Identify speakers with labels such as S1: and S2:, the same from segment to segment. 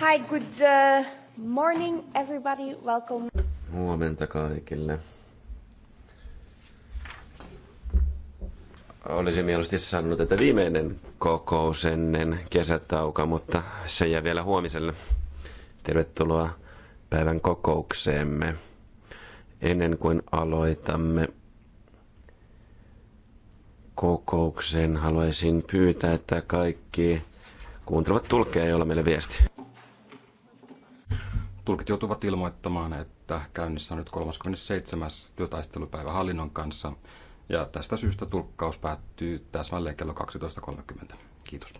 S1: Hi, good uh, morning everybody. Welcome.
S2: Huomenta kaikille. Olisin mieluusti sanonut, että viimeinen kokous ennen kesätauka, mutta se jää vielä huomiselle. Tervetuloa päivän kokoukseemme. Ennen kuin aloitamme kokouksen, haluaisin pyytää, että kaikki kuuntelevat tulkkeja, joilla meille viesti
S3: tulkit joutuvat ilmoittamaan, että käynnissä on nyt 37. työtaistelupäivä hallinnon kanssa, ja tästä syystä tulkkaus päättyy täsmälleen kello 12.30. Kiitos.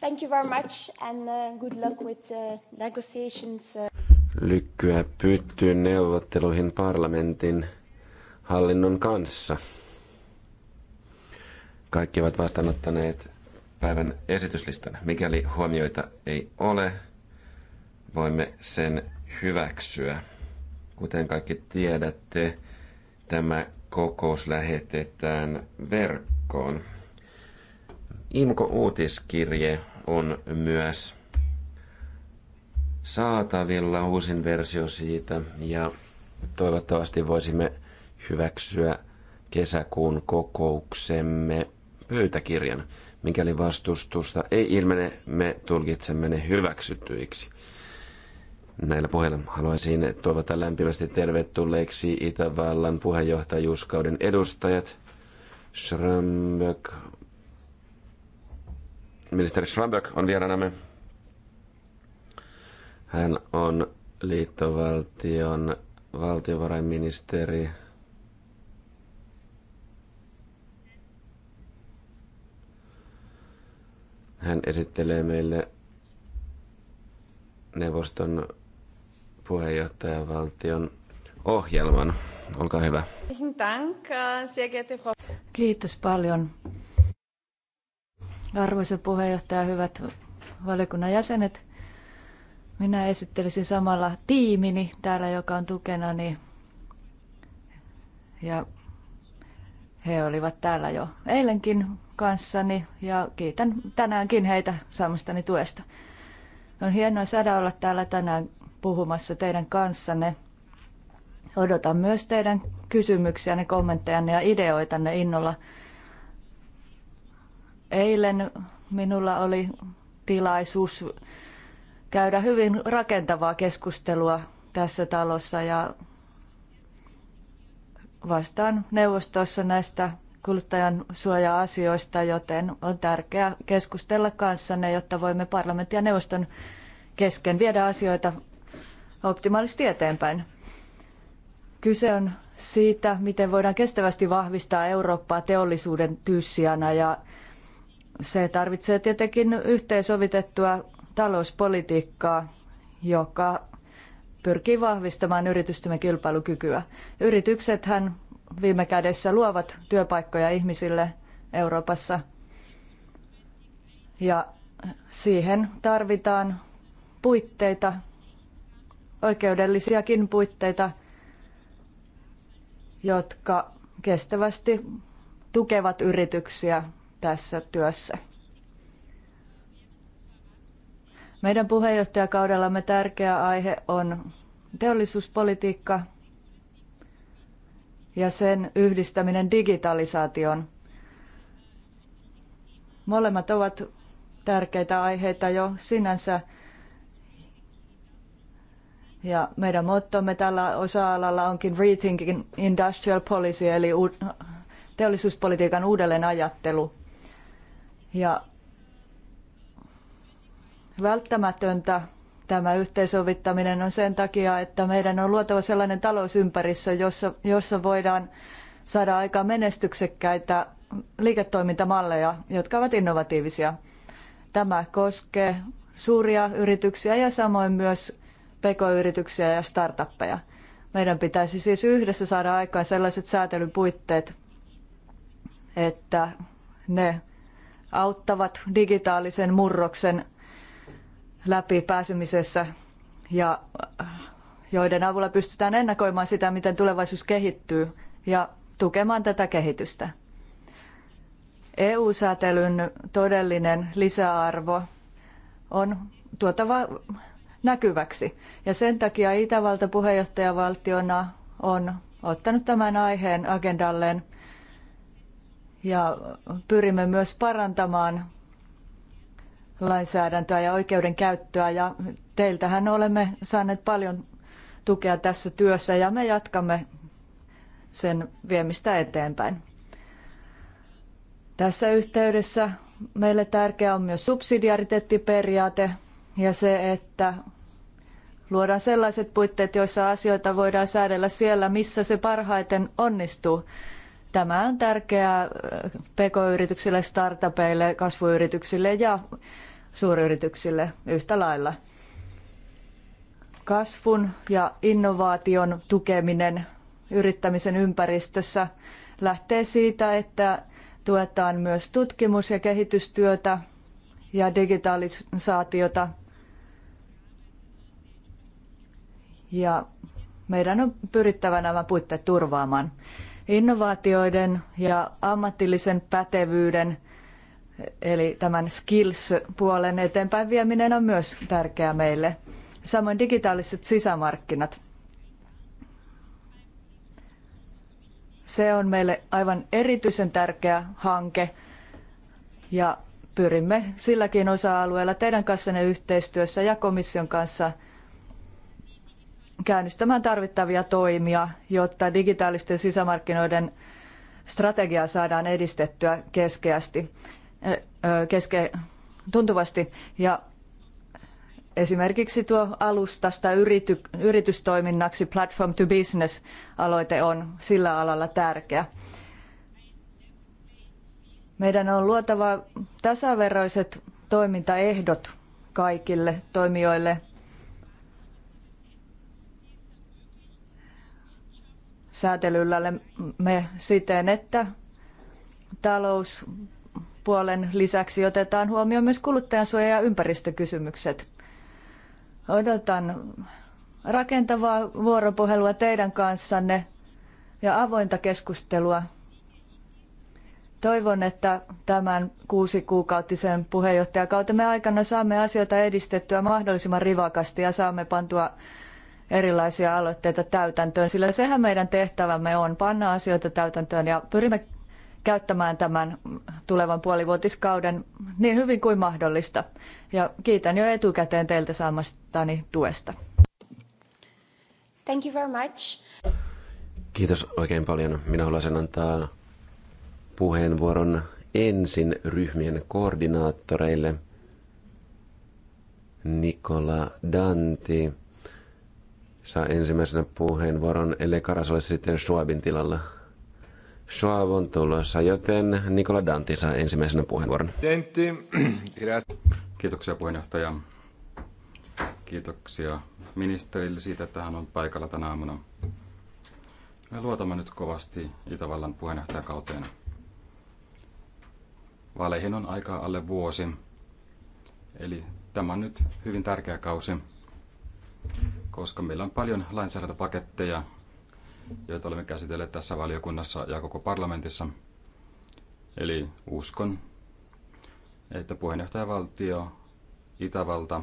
S1: Thank you very much and uh, good luck with the negotiations. Uh.
S2: Lykkyä pyyttyy neuvotteluihin parlamentin hallinnon kanssa. Kaikki ovat vastaanottaneet päivän esityslistan. Mikäli huomioita ei ole, voimme sen hyväksyä. Kuten kaikki tiedätte, tämä kokous lähetetään verkkoon. IMKO-uutiskirje on myös saatavilla, uusin versio siitä, ja toivottavasti voisimme hyväksyä kesäkuun kokouksemme pöytäkirjan. Mikäli vastustusta ei ilmene, me tulkitsemme ne hyväksyttyiksi. Näillä puheilla haluaisin toivota lämpimästi tervetulleeksi Itävallan puheenjohtajuuskauden edustajat Schramböck. Ministeri Schramböck on vieraanamme. Hän on liittovaltion valtiovarainministeri Hän esittelee meille neuvoston puheenjohtajavaltion ohjelman. Olkaa hyvä.
S1: Kiitos paljon. Arvoisa puheenjohtaja, hyvät valiokunnan jäsenet. Minä esittelisin samalla tiimini täällä, joka on tukenani. Ja he olivat täällä jo eilenkin kanssani ja kiitän tänäänkin heitä saamastani tuesta. On hienoa saada olla täällä tänään puhumassa teidän kanssanne. Odotan myös teidän kysymyksiänne, kommenttejanne ja ideoitanne innolla. Eilen minulla oli tilaisuus käydä hyvin rakentavaa keskustelua tässä talossa ja vastaan neuvostossa näistä kuluttajan suoja-asioista, joten on tärkeää keskustella kanssanne, jotta voimme parlamentin ja neuvoston kesken viedä asioita optimaalisesti eteenpäin. Kyse on siitä, miten voidaan kestävästi vahvistaa Eurooppaa teollisuuden tyyssijana ja se tarvitsee tietenkin yhteensovitettua talouspolitiikkaa, joka pyrkii vahvistamaan yritystemme kilpailukykyä. Yrityksethän viime kädessä luovat työpaikkoja ihmisille Euroopassa. Ja siihen tarvitaan puitteita, oikeudellisiakin puitteita, jotka kestävästi tukevat yrityksiä tässä työssä. Meidän puheenjohtajakaudellamme tärkeä aihe on teollisuuspolitiikka – ja sen yhdistäminen digitalisaatioon. Molemmat ovat tärkeitä aiheita jo sinänsä. Ja meidän mottomme tällä osa-alalla onkin Rethinking Industrial Policy, eli teollisuuspolitiikan uudelleenajattelu. Ja välttämätöntä Tämä yhteensovittaminen on sen takia, että meidän on luotava sellainen talousympäristö, jossa, jossa voidaan saada aikaan menestyksekkäitä liiketoimintamalleja, jotka ovat innovatiivisia. Tämä koskee suuria yrityksiä ja samoin myös pk-yrityksiä ja startuppeja. Meidän pitäisi siis yhdessä saada aikaan sellaiset säätelypuitteet, että ne auttavat digitaalisen murroksen läpi pääsemisessä ja joiden avulla pystytään ennakoimaan sitä, miten tulevaisuus kehittyy ja tukemaan tätä kehitystä. EU-säätelyn todellinen lisäarvo on tuotava näkyväksi ja sen takia Itävalta puheenjohtajavaltiona on ottanut tämän aiheen agendalleen ja pyrimme myös parantamaan lainsäädäntöä ja oikeudenkäyttöä ja teiltähän olemme saaneet paljon tukea tässä työssä ja me jatkamme sen viemistä eteenpäin. Tässä yhteydessä meille tärkeä on myös subsidiariteettiperiaate ja se, että luodaan sellaiset puitteet, joissa asioita voidaan säädellä siellä, missä se parhaiten onnistuu. Tämä on tärkeää äh, pk-yrityksille, startupeille, kasvuyrityksille ja suuryrityksille yhtä lailla. Kasvun ja innovaation tukeminen yrittämisen ympäristössä lähtee siitä, että tuetaan myös tutkimus- ja kehitystyötä ja digitalisaatiota. Ja meidän on pyrittävä nämä puitteet turvaamaan innovaatioiden ja ammatillisen pätevyyden eli tämän skills-puolen eteenpäin vieminen on myös tärkeää meille. Samoin digitaaliset sisämarkkinat. Se on meille aivan erityisen tärkeä hanke ja pyrimme silläkin osa-alueella teidän kanssanne yhteistyössä ja komission kanssa – käynnistämään tarvittavia toimia, jotta digitaalisten sisämarkkinoiden strategiaa saadaan edistettyä keskeästi, keske, tuntuvasti. Ja esimerkiksi tuo alustasta yrity, yritystoiminnaksi Platform to Business-aloite on sillä alalla tärkeä. Meidän on luotava tasaveroiset toimintaehdot kaikille toimijoille – säätelyllämme siten, että talouspuolen lisäksi otetaan huomioon myös kuluttajansuoja- ja ympäristökysymykset. Odotan rakentavaa vuoropuhelua teidän kanssanne ja avointa keskustelua. Toivon, että tämän kuusi kuukautisen puheenjohtajakautemme aikana saamme asioita edistettyä mahdollisimman rivakasti ja saamme pantua erilaisia aloitteita täytäntöön, sillä sehän meidän tehtävämme on panna asioita täytäntöön ja pyrimme käyttämään tämän tulevan puolivuotiskauden niin hyvin kuin mahdollista. Ja kiitän jo etukäteen teiltä saamastani tuesta. Thank you very much.
S2: Kiitos oikein paljon. Minä haluaisin antaa puheenvuoron ensin ryhmien koordinaattoreille. Nikola Danti saa ensimmäisenä puheenvuoron, ellei Karas ole sitten Schwabin tilalla. Schwab on tulossa, joten Nikola Danti saa ensimmäisenä puheenvuoron.
S3: Tentti. Kiitoksia puheenjohtaja. Kiitoksia ministerille siitä, että hän on paikalla tänä aamuna. Me luotamme nyt kovasti Itävallan puheenjohtajakauteen. Vaaleihin on aikaa alle vuosi, eli tämä on nyt hyvin tärkeä kausi koska meillä on paljon lainsäädäntöpaketteja, joita olemme käsitelleet tässä valiokunnassa ja koko parlamentissa. Eli uskon, että puheenjohtajavaltio Itävalta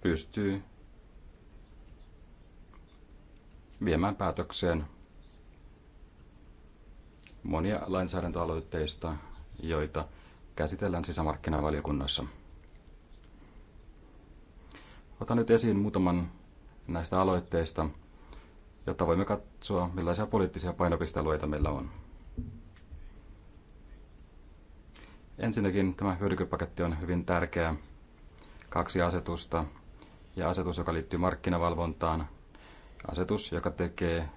S3: pystyy viemään päätökseen monia lainsäädäntöaloitteista, joita käsitellään sisämarkkinavaliokunnassa. Otan nyt esiin muutaman näistä aloitteista, jotta voimme katsoa, millaisia poliittisia painopistealueita meillä on. Ensinnäkin tämä hyödykepaketti on hyvin tärkeä. Kaksi asetusta ja asetus, joka liittyy markkinavalvontaan. Asetus, joka tekee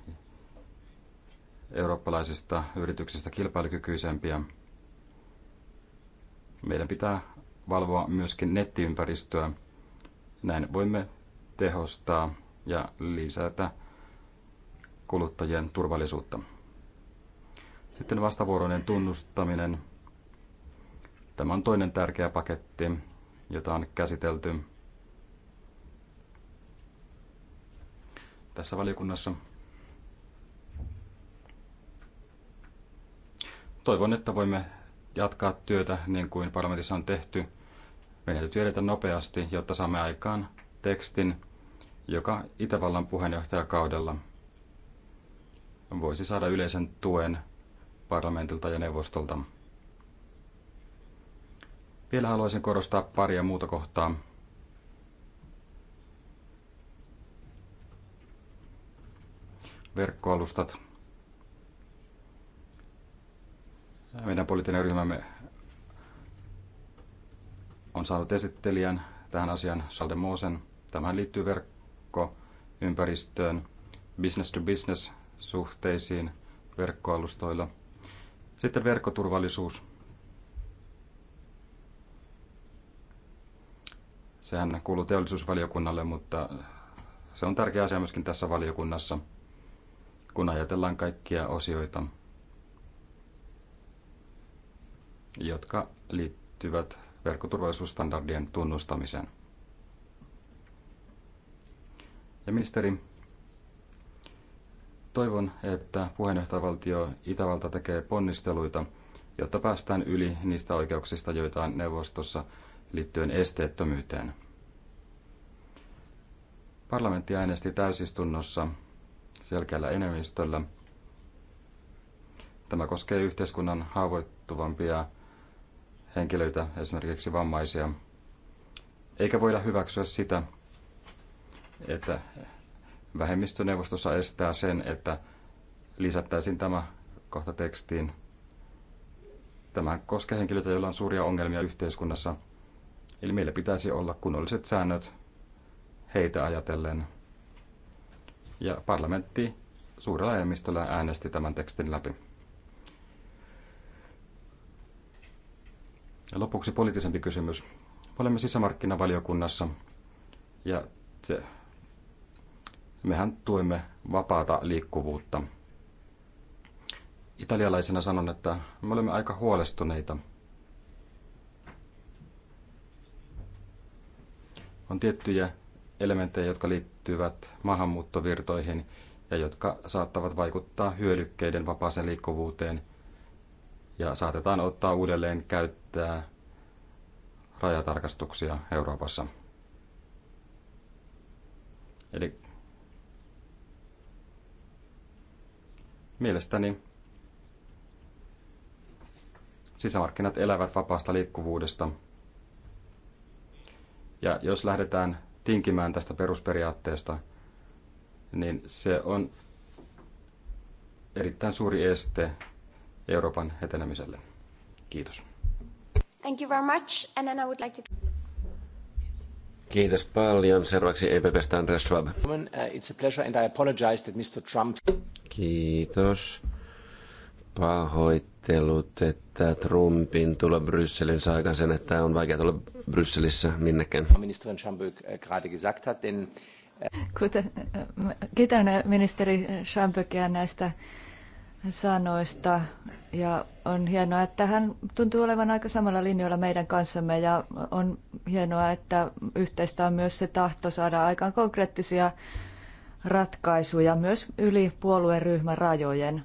S3: eurooppalaisista yrityksistä kilpailukykyisempiä. Meidän pitää valvoa myöskin nettiympäristöä, näin voimme tehostaa ja lisätä kuluttajien turvallisuutta. Sitten vastavuoroinen tunnustaminen. Tämä on toinen tärkeä paketti, jota on käsitelty tässä valiokunnassa. Toivon, että voimme jatkaa työtä niin kuin parlamentissa on tehty – meidän täytyy edetä nopeasti, jotta saamme aikaan tekstin, joka Itävallan puheenjohtajakaudella voisi saada yleisen tuen parlamentilta ja neuvostolta. Vielä haluaisin korostaa paria muuta kohtaa. Verkkoalustat. Meidän poliittinen ryhmämme on saanut esittelijän tähän asian Schaldemosen. Tämähän liittyy verkkoympäristöön, business-to-business suhteisiin verkkoalustoilla. Sitten verkkoturvallisuus. Sehän kuuluu teollisuusvaliokunnalle, mutta se on tärkeä asia myöskin tässä valiokunnassa, kun ajatellaan kaikkia osioita, jotka liittyvät verkkoturvallisuusstandardien tunnustamisen. Ja ministeri, toivon, että puheenjohtajavaltio Itävalta tekee ponnisteluita, jotta päästään yli niistä oikeuksista, joita on neuvostossa liittyen esteettömyyteen. Parlamentti äänesti täysistunnossa selkeällä enemmistöllä. Tämä koskee yhteiskunnan haavoittuvampia henkilöitä, esimerkiksi vammaisia. Eikä voida hyväksyä sitä, että vähemmistöneuvostossa estää sen, että lisättäisiin tämä kohta tekstiin. Tämä koskee henkilöitä, joilla on suuria ongelmia yhteiskunnassa. Eli meillä pitäisi olla kunnolliset säännöt heitä ajatellen. Ja parlamentti suurella enemmistöllä äänesti tämän tekstin läpi. Ja lopuksi poliittisempi kysymys. Me olemme sisämarkkinavaliokunnassa ja se, mehän tuemme vapaata liikkuvuutta. Italialaisena sanon, että me olemme aika huolestuneita. On tiettyjä elementtejä, jotka liittyvät maahanmuuttovirtoihin ja jotka saattavat vaikuttaa hyödykkeiden vapaaseen liikkuvuuteen ja saatetaan ottaa uudelleen käyttää rajatarkastuksia Euroopassa. Eli mielestäni sisämarkkinat elävät vapaasta liikkuvuudesta. Ja jos lähdetään tinkimään tästä perusperiaatteesta, niin se on erittäin suuri este Euroopan etenemiselle. Kiitos.
S1: Thank
S2: you very much, and then I would like to... Kiitos paljon. Seuraavaksi EPPstä Andreas Schwab. Uh, it's a pleasure and I apologize that Mr. Trump... Kiitos. Pahoittelut, että Trumpin tulla Brysselin saa aikaan sen, että on vaikea tulla Brysselissä minnekään. Ministerin Schamburg uh, gerade gesagt hat, denn...
S1: Uh- Kuten, kiitän ministeri Schamburgia näistä sanoista ja on hienoa, että hän tuntuu olevan aika samalla linjoilla meidän kanssamme ja on hienoa, että yhteistä on myös se tahto saada aikaan konkreettisia ratkaisuja myös yli puolueryhmän rajojen.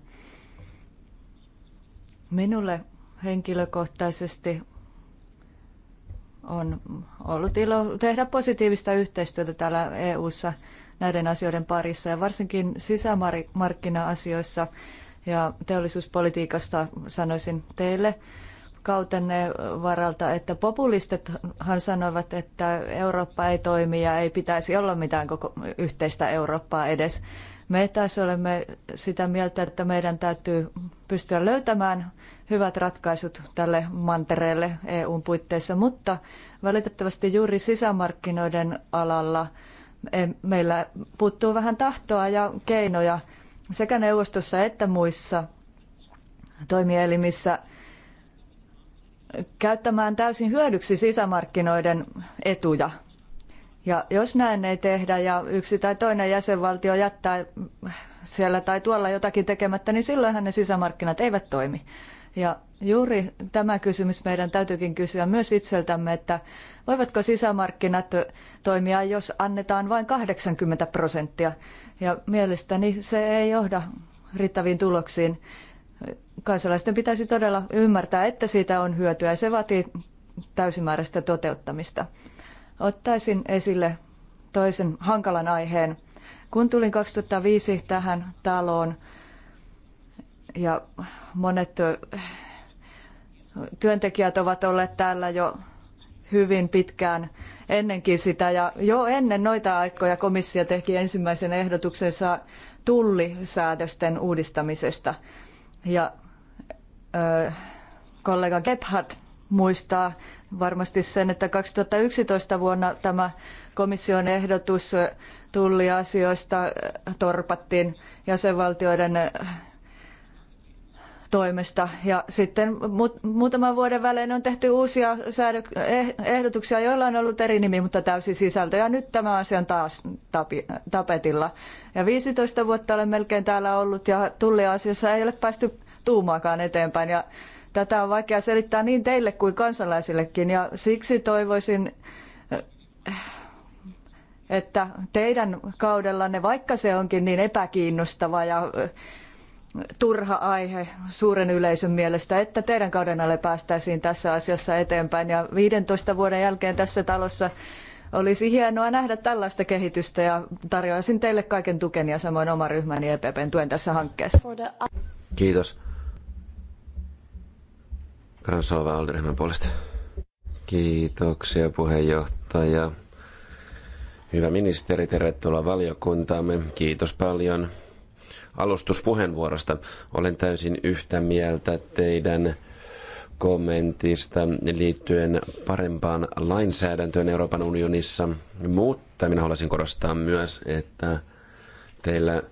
S1: Minulle henkilökohtaisesti on ollut ilo tehdä positiivista yhteistyötä täällä EU:ssa näiden asioiden parissa ja varsinkin sisämarkkina-asioissa ja teollisuuspolitiikasta sanoisin teille kautenne varalta, että populistithan sanoivat, että Eurooppa ei toimi ja ei pitäisi olla mitään koko yhteistä Eurooppaa edes. Me taas olemme sitä mieltä, että meidän täytyy pystyä löytämään hyvät ratkaisut tälle mantereelle EUn puitteissa, mutta valitettavasti juuri sisämarkkinoiden alalla meillä puuttuu vähän tahtoa ja keinoja sekä neuvostossa että muissa toimielimissä käyttämään täysin hyödyksi sisämarkkinoiden etuja. Ja jos näin ei tehdä ja yksi tai toinen jäsenvaltio jättää siellä tai tuolla jotakin tekemättä, niin silloinhan ne sisämarkkinat eivät toimi. Ja juuri tämä kysymys meidän täytyykin kysyä myös itseltämme, että voivatko sisämarkkinat toimia, jos annetaan vain 80 prosenttia ja mielestäni se ei johda riittäviin tuloksiin. Kansalaisten pitäisi todella ymmärtää, että siitä on hyötyä ja se vaatii täysimääräistä toteuttamista. Ottaisin esille toisen hankalan aiheen. Kun tulin 2005 tähän taloon ja monet työntekijät ovat olleet täällä jo hyvin pitkään ennenkin sitä. Ja jo ennen noita aikoja komissio teki ensimmäisen ehdotuksensa tullisäädösten uudistamisesta. Ja ö, kollega Gebhardt muistaa varmasti sen, että 2011 vuonna tämä komission ehdotus tulliasioista torpattiin jäsenvaltioiden toimesta. Ja sitten muutaman vuoden välein on tehty uusia säädö- eh-, ehdotuksia, joilla on ollut eri nimi, mutta täysi sisältö. Ja nyt tämä asia on taas tapetilla. Ja 15 vuotta olen melkein täällä ollut ja tulliasiassa ei ole päästy tuumaakaan eteenpäin. Ja tätä on vaikea selittää niin teille kuin kansalaisillekin. Ja siksi toivoisin että teidän kaudellanne, vaikka se onkin niin epäkiinnostava ja turha aihe suuren yleisön mielestä, että teidän kauden alle päästäisiin tässä asiassa eteenpäin. Ja 15 vuoden jälkeen tässä talossa olisi hienoa nähdä tällaista kehitystä ja tarjoaisin teille kaiken tukeni ja samoin oma ryhmäni EPPn tuen tässä hankkeessa.
S2: Kiitos. Sova Alderyhmän puolesta. Kiitoksia puheenjohtaja. Hyvä ministeri, tervetuloa valiokuntaamme. Kiitos paljon alustuspuheenvuorosta. Olen täysin yhtä mieltä teidän kommentista liittyen parempaan lainsäädäntöön Euroopan unionissa, mutta minä haluaisin korostaa myös, että teillä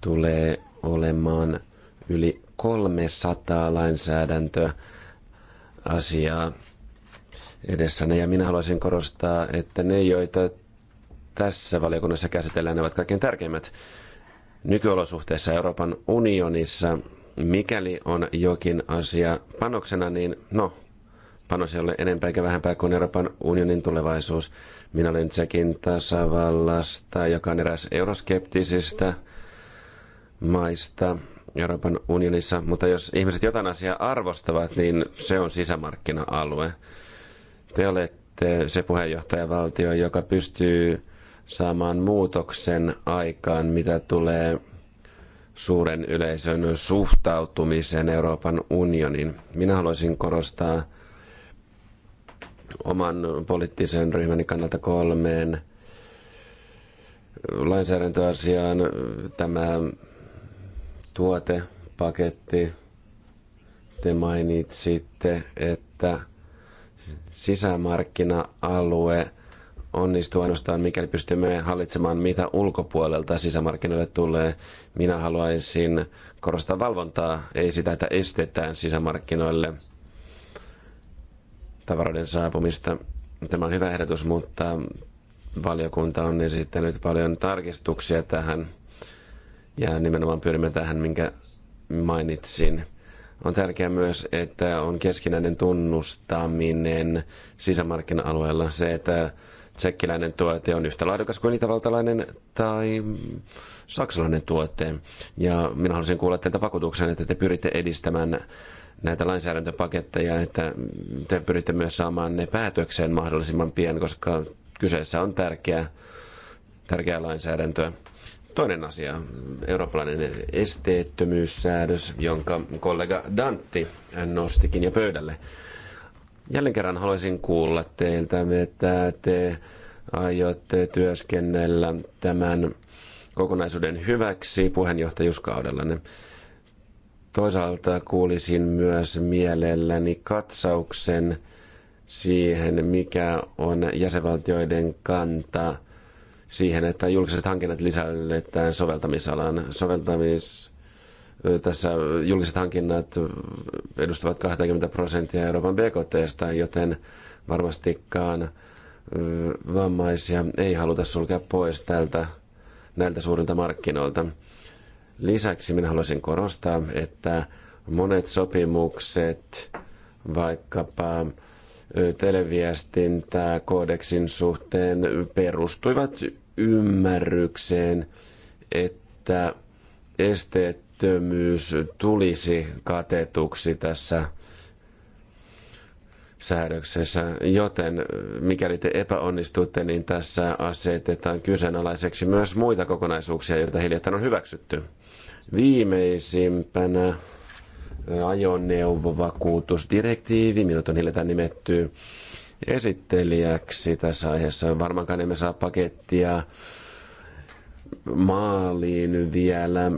S2: tulee olemaan yli 300 lainsäädäntöasiaa edessänne. Ja minä haluaisin korostaa, että ne, joita tässä valiokunnassa käsitellään, ne ovat kaikkein tärkeimmät nykyolosuhteissa Euroopan unionissa, mikäli on jokin asia panoksena, niin no, panos ei ole enempää eikä vähempää kuin Euroopan unionin tulevaisuus. Minä olen Tsekin tasavallasta, joka on eräs euroskeptisistä maista Euroopan unionissa, mutta jos ihmiset jotain asiaa arvostavat, niin se on sisämarkkina-alue. Te olette se puheenjohtajavaltio, joka pystyy saamaan muutoksen aikaan, mitä tulee suuren yleisön suhtautumiseen Euroopan unionin. Minä haluaisin korostaa oman poliittisen ryhmäni kannalta kolmeen lainsäädäntöasiaan tämä tuotepaketti. Te mainitsitte, että sisämarkkina-alue – onnistuu ainoastaan, mikäli pystymme hallitsemaan, mitä ulkopuolelta sisämarkkinoille tulee. Minä haluaisin korostaa valvontaa, ei sitä, että estetään sisämarkkinoille tavaroiden saapumista. Tämä on hyvä ehdotus, mutta valiokunta on esittänyt paljon tarkistuksia tähän ja nimenomaan pyrimme tähän, minkä mainitsin. On tärkeää myös, että on keskinäinen tunnustaminen sisämarkkina-alueella. Se, että tsekkiläinen tuote on yhtä laadukas kuin itävaltalainen tai saksalainen tuote. Ja minä haluaisin kuulla teiltä vakuutuksen, että te pyritte edistämään näitä lainsäädäntöpaketteja, että te pyritte myös saamaan ne päätökseen mahdollisimman pian, koska kyseessä on tärkeä, tärkeä lainsäädäntöä. Toinen asia, eurooppalainen esteettömyyssäädös, jonka kollega Dantti nostikin jo pöydälle. Jälleen kerran haluaisin kuulla teiltä, että te aiotte työskennellä tämän kokonaisuuden hyväksi puheenjohtajuuskaudellanne. Toisaalta kuulisin myös mielelläni katsauksen siihen, mikä on jäsenvaltioiden kanta siihen, että julkiset hankinnat lisätään soveltamisalan. Soveltamis tässä julkiset hankinnat edustavat 20 prosenttia Euroopan BKTstä, joten varmastikaan vammaisia ei haluta sulkea pois tältä, näiltä suurilta markkinoilta. Lisäksi minä haluaisin korostaa, että monet sopimukset, vaikkapa televiestintää kodeksin suhteen, perustuivat ymmärrykseen, että esteet työttömyys tulisi katetuksi tässä säädöksessä, joten mikäli te epäonnistutte, niin tässä asetetaan kyseenalaiseksi myös muita kokonaisuuksia, joita hiljattain on hyväksytty. Viimeisimpänä ajoneuvovakuutusdirektiivi, minut on hiljattain nimetty esittelijäksi tässä aiheessa. Varmaankaan emme saa pakettia maaliin vielä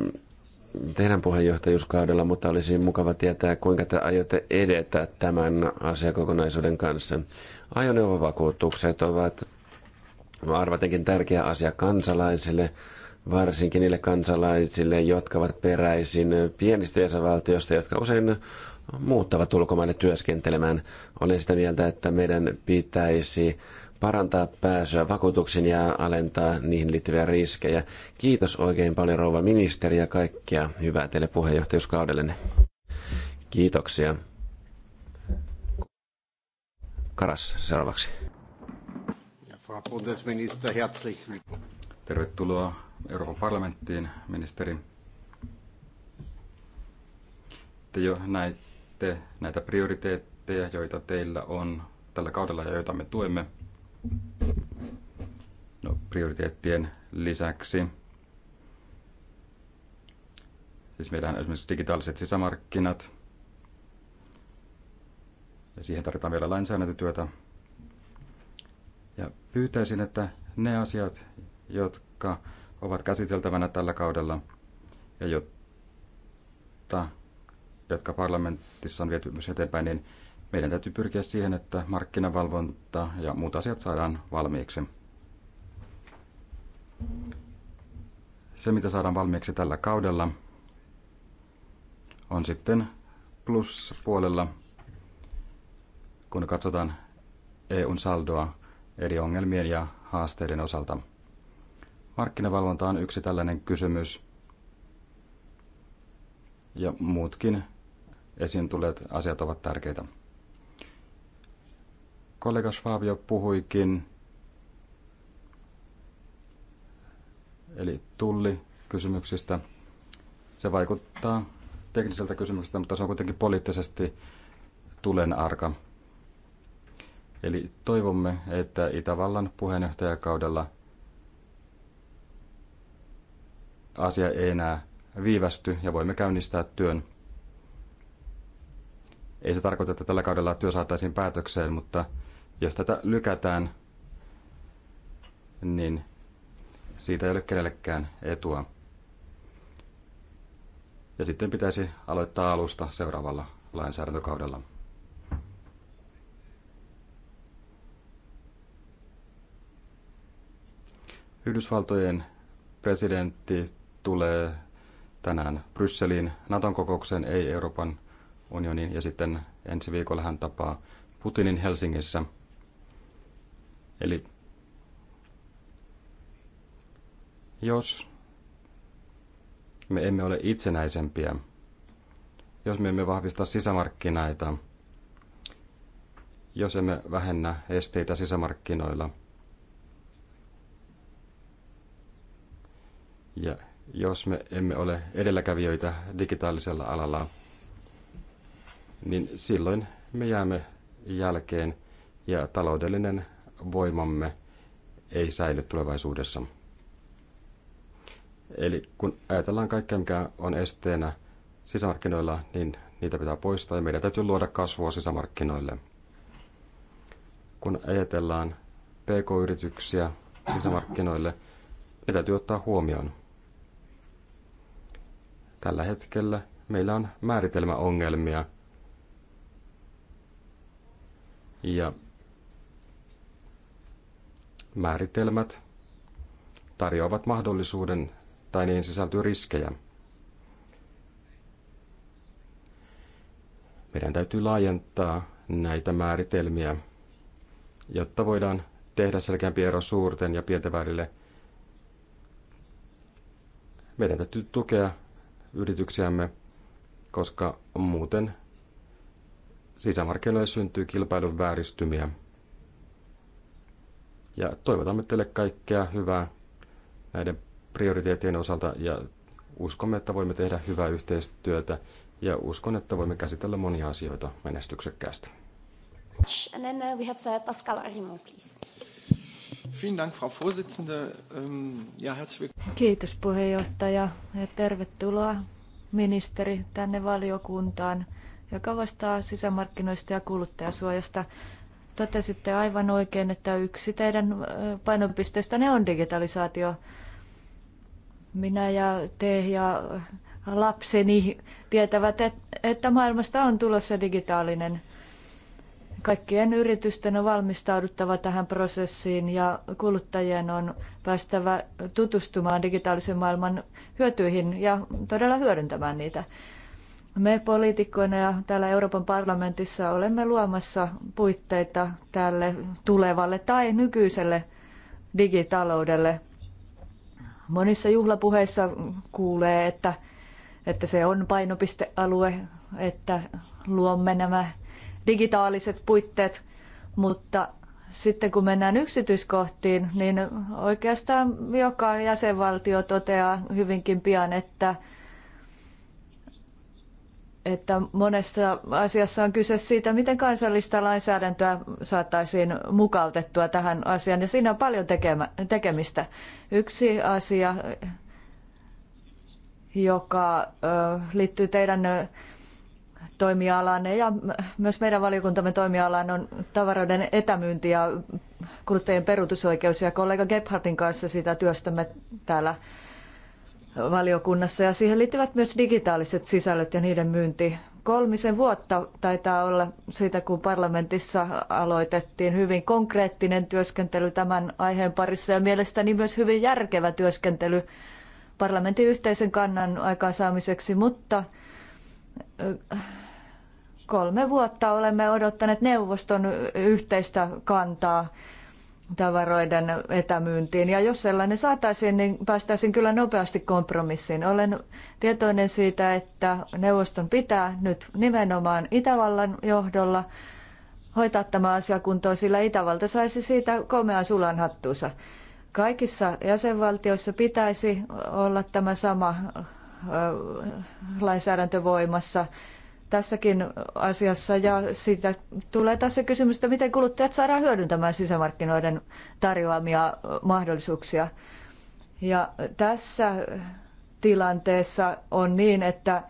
S2: teidän puheenjohtajuuskaudella, mutta olisi mukava tietää, kuinka te aiotte edetä tämän asiakokonaisuuden kanssa. Ajoneuvovakuutukset ovat arvatenkin tärkeä asia kansalaisille, varsinkin niille kansalaisille, jotka ovat peräisin pienistä jäsenvaltioista, jotka usein muuttavat ulkomaille työskentelemään. Olen sitä mieltä, että meidän pitäisi parantaa pääsyä vakuutuksen ja alentaa niihin liittyviä riskejä. Kiitos oikein paljon rouva ministeri ja kaikkia hyvää teille puheenjohtajuuskaudellenne. Kiitoksia. Karas seuraavaksi.
S3: Tervetuloa Euroopan parlamenttiin, ministeri. Te jo näitte näitä prioriteetteja, joita teillä on tällä kaudella ja joita me tuemme. No, prioriteettien lisäksi. Siis meillä on esimerkiksi digitaaliset sisämarkkinat. Ja siihen tarvitaan vielä lainsäädäntötyötä. Ja pyytäisin, että ne asiat, jotka ovat käsiteltävänä tällä kaudella ja jotta, jotka parlamentissa on viety myös eteenpäin, niin meidän täytyy pyrkiä siihen, että markkinavalvonta ja muut asiat saadaan valmiiksi. Se, mitä saadaan valmiiksi tällä kaudella, on sitten pluspuolella, kun katsotaan EUn saldoa eri ongelmien ja haasteiden osalta. Markkinavalvonta on yksi tällainen kysymys, ja muutkin esiin tulleet asiat ovat tärkeitä kollega Schwab jo puhuikin, eli kysymyksistä. Se vaikuttaa tekniseltä kysymykseltä, mutta se on kuitenkin poliittisesti tulen arka. Eli toivomme, että Itävallan puheenjohtajakaudella asia ei enää viivästy ja voimme käynnistää työn. Ei se tarkoita, että tällä kaudella työ saataisiin päätökseen, mutta jos tätä lykätään, niin siitä ei ole kenellekään etua. Ja sitten pitäisi aloittaa alusta seuraavalla lainsäädäntökaudella. Yhdysvaltojen presidentti tulee tänään Brysseliin Naton kokoukseen, ei Euroopan unioniin, ja sitten ensi viikolla hän tapaa Putinin Helsingissä – Eli jos me emme ole itsenäisempiä, jos me emme vahvista sisämarkkinaita, jos emme vähennä esteitä sisämarkkinoilla, ja jos me emme ole edelläkävijöitä digitaalisella alalla, niin silloin me jäämme jälkeen ja taloudellinen voimamme ei säily tulevaisuudessa. Eli kun ajatellaan kaikkea, mikä on esteenä sisämarkkinoilla, niin niitä pitää poistaa ja meidän täytyy luoda kasvua sisämarkkinoille. Kun ajatellaan pk-yrityksiä sisämarkkinoille, ne täytyy ottaa huomioon. Tällä hetkellä meillä on määritelmäongelmia ja määritelmät tarjoavat mahdollisuuden tai niihin sisältyy riskejä. Meidän täytyy laajentaa näitä määritelmiä, jotta voidaan tehdä selkeämpi ero suurten ja pienten välille. Meidän täytyy tukea yrityksiämme, koska muuten sisämarkkinoille syntyy kilpailun vääristymiä. Ja toivotamme teille kaikkea hyvää näiden prioriteettien osalta ja uskomme, että voimme tehdä hyvää yhteistyötä ja uskon, että voimme käsitellä monia asioita menestyksekkäästi.
S1: And then uh, we have uh, Pascal please. Vielen Dank, Frau Vorsitzende. Ähm, ja, Kiitos puheenjohtaja ja tervetuloa ministeri tänne valiokuntaan, joka vastaa sisämarkkinoista ja kuluttajasuojasta. Totesitte aivan oikein, että yksi teidän painopisteistä ne on digitalisaatio. Minä ja te ja lapseni tietävät, että maailmasta on tulossa digitaalinen. Kaikkien yritysten on valmistauduttava tähän prosessiin ja kuluttajien on päästävä tutustumaan digitaalisen maailman hyötyihin ja todella hyödyntämään niitä. Me poliitikkoina ja täällä Euroopan parlamentissa olemme luomassa puitteita tälle tulevalle tai nykyiselle digitaloudelle. Monissa juhlapuheissa kuulee, että, että se on painopistealue, että luomme nämä digitaaliset puitteet, mutta sitten kun mennään yksityiskohtiin, niin oikeastaan joka jäsenvaltio toteaa hyvinkin pian, että että monessa asiassa on kyse siitä, miten kansallista lainsäädäntöä saataisiin mukautettua tähän asiaan, ja siinä on paljon tekemä, tekemistä. Yksi asia, joka liittyy teidän toimialaanne ja myös meidän valiokuntamme toimialaan on tavaroiden etämyynti ja kuluttajien peruutusoikeus ja kollega Gebhardin kanssa sitä työstämme täällä valiokunnassa ja siihen liittyvät myös digitaaliset sisällöt ja niiden myynti. Kolmisen vuotta taitaa olla siitä, kun parlamentissa aloitettiin hyvin konkreettinen työskentely tämän aiheen parissa ja mielestäni myös hyvin järkevä työskentely parlamentin yhteisen kannan aikaansaamiseksi, mutta kolme vuotta olemme odottaneet neuvoston yhteistä kantaa tavaroiden etämyyntiin. Ja jos sellainen saataisiin, niin päästäisiin kyllä nopeasti kompromissiin. Olen tietoinen siitä, että neuvoston pitää nyt nimenomaan Itävallan johdolla hoitaa tämä asia kuntoon, sillä Itävalta saisi siitä komean sulan hattuunsa. Kaikissa jäsenvaltioissa pitäisi olla tämä sama lainsäädäntö voimassa tässäkin asiassa ja siitä tulee tässä kysymys, että miten kuluttajat saadaan hyödyntämään sisämarkkinoiden tarjoamia mahdollisuuksia. Ja tässä tilanteessa on niin, että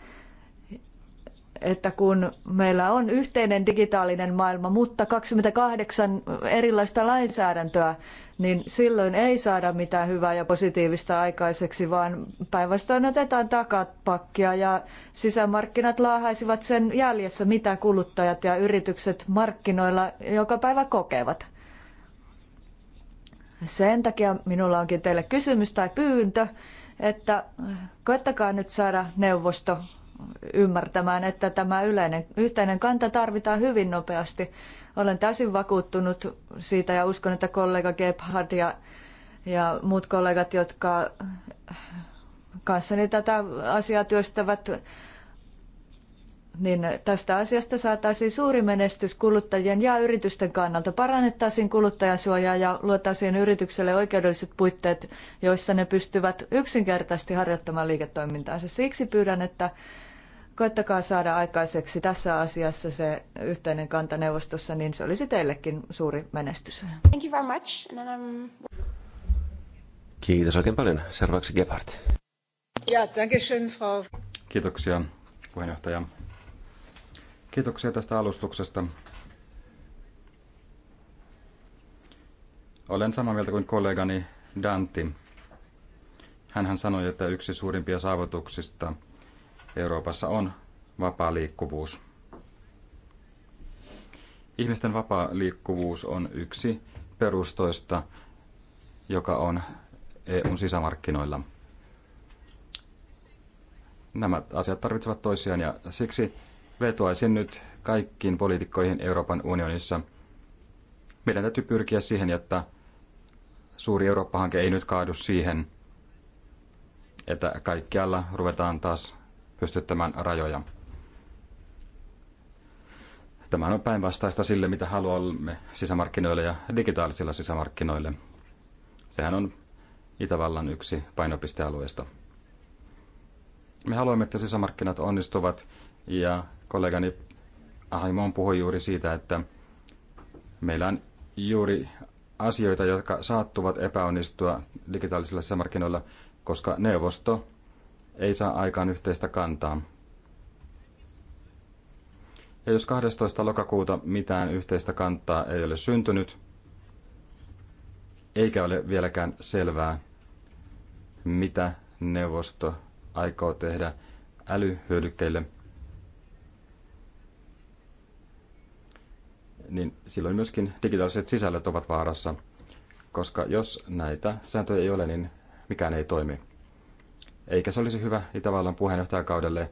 S1: että kun meillä on yhteinen digitaalinen maailma, mutta 28 erilaista lainsäädäntöä, niin silloin ei saada mitään hyvää ja positiivista aikaiseksi, vaan päinvastoin otetaan takapakkia ja sisämarkkinat laahaisivat sen jäljessä, mitä kuluttajat ja yritykset markkinoilla joka päivä kokevat. Sen takia minulla onkin teille kysymys tai pyyntö, että koettakaa nyt saada neuvosto ymmärtämään, että tämä yleinen, yhteinen kanta tarvitaan hyvin nopeasti. Olen täysin vakuuttunut siitä ja uskon, että kollega Gebhard ja, ja muut kollegat, jotka kanssani tätä asiaa työstävät, niin tästä asiasta saataisiin suuri menestys kuluttajien ja yritysten kannalta. Parannettaisiin kuluttajasuojaa ja luotaisiin yritykselle oikeudelliset puitteet, joissa ne pystyvät yksinkertaisesti harjoittamaan liiketoimintaansa. Siksi pyydän, että Koettakaa saada aikaiseksi tässä asiassa se yhteinen kanta neuvostossa, niin se olisi teillekin suuri menestys. Thank you very much. And then I'm... Um,
S2: Kiitos oikein paljon. Seuraavaksi Gebhardt.
S1: Ja, danke schön, Frau.
S2: Kiitoksia, puheenjohtaja.
S3: Kiitoksia tästä alustuksesta. Olen samaa mieltä kuin kollegani Dantti. Hänhän sanoi, että yksi suurimpia saavutuksista – Euroopassa on vapaa liikkuvuus. Ihmisten vapaa liikkuvuus on yksi perustoista, joka on EUn sisämarkkinoilla. Nämä asiat tarvitsevat toisiaan ja siksi vetoaisin nyt kaikkiin poliitikkoihin Euroopan unionissa. Meidän täytyy pyrkiä siihen, jotta suuri Eurooppa-hanke ei nyt kaadu siihen, että kaikkialla ruvetaan taas pystyttämään rajoja. Tämä on päinvastaista sille, mitä haluamme sisämarkkinoille ja digitaalisilla sisämarkkinoille. Sehän on Itävallan yksi painopistealueesta. Me haluamme, että sisämarkkinat onnistuvat ja kollegani Ahimon puhui juuri siitä, että meillä on juuri asioita, jotka saattuvat epäonnistua digitaalisilla sisämarkkinoilla, koska neuvosto ei saa aikaan yhteistä kantaa. Ja jos 12. lokakuuta mitään yhteistä kantaa ei ole syntynyt, eikä ole vieläkään selvää, mitä neuvosto aikoo tehdä älyhyödykkeille, niin silloin myöskin digitaaliset sisällöt ovat vaarassa, koska jos näitä sääntöjä ei ole, niin mikään ei toimi. Eikä se olisi hyvä Itävallan puheenjohtajakaudelle,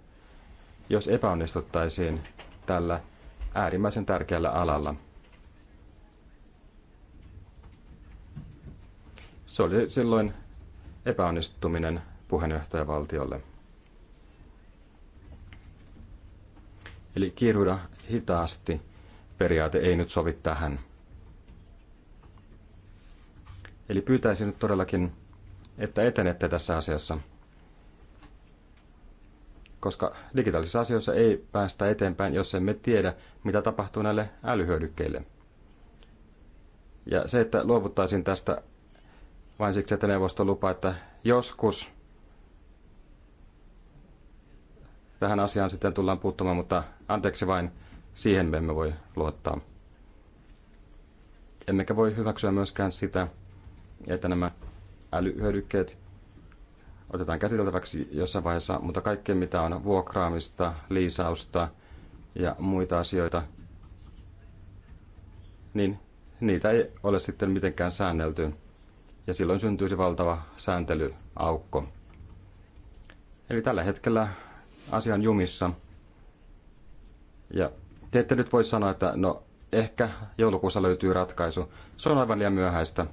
S3: jos epäonnistuttaisiin tällä äärimmäisen tärkeällä alalla. Se oli silloin epäonnistuminen puheenjohtajavaltiolle. Eli kiiruda hitaasti periaate ei nyt sovi tähän. Eli pyytäisin nyt todellakin, että etenette tässä asiassa koska digitaalisissa asioissa ei päästä eteenpäin, jos emme tiedä, mitä tapahtuu näille älyhyödykkeille. Ja se, että luovuttaisin tästä vain siksi, että neuvosto lupaa, että joskus tähän asiaan sitten tullaan puuttumaan, mutta anteeksi vain, siihen me emme voi luottaa. Emmekä voi hyväksyä myöskään sitä, että nämä älyhyödykkeet otetaan käsiteltäväksi jossain vaiheessa, mutta kaikki mitä on vuokraamista, liisausta ja muita asioita, niin niitä ei ole sitten mitenkään säännelty. Ja silloin syntyisi valtava sääntelyaukko. Eli tällä hetkellä asian jumissa. Ja te ette nyt voi sanoa, että no ehkä joulukuussa löytyy ratkaisu. Se on aivan liian myöhäistä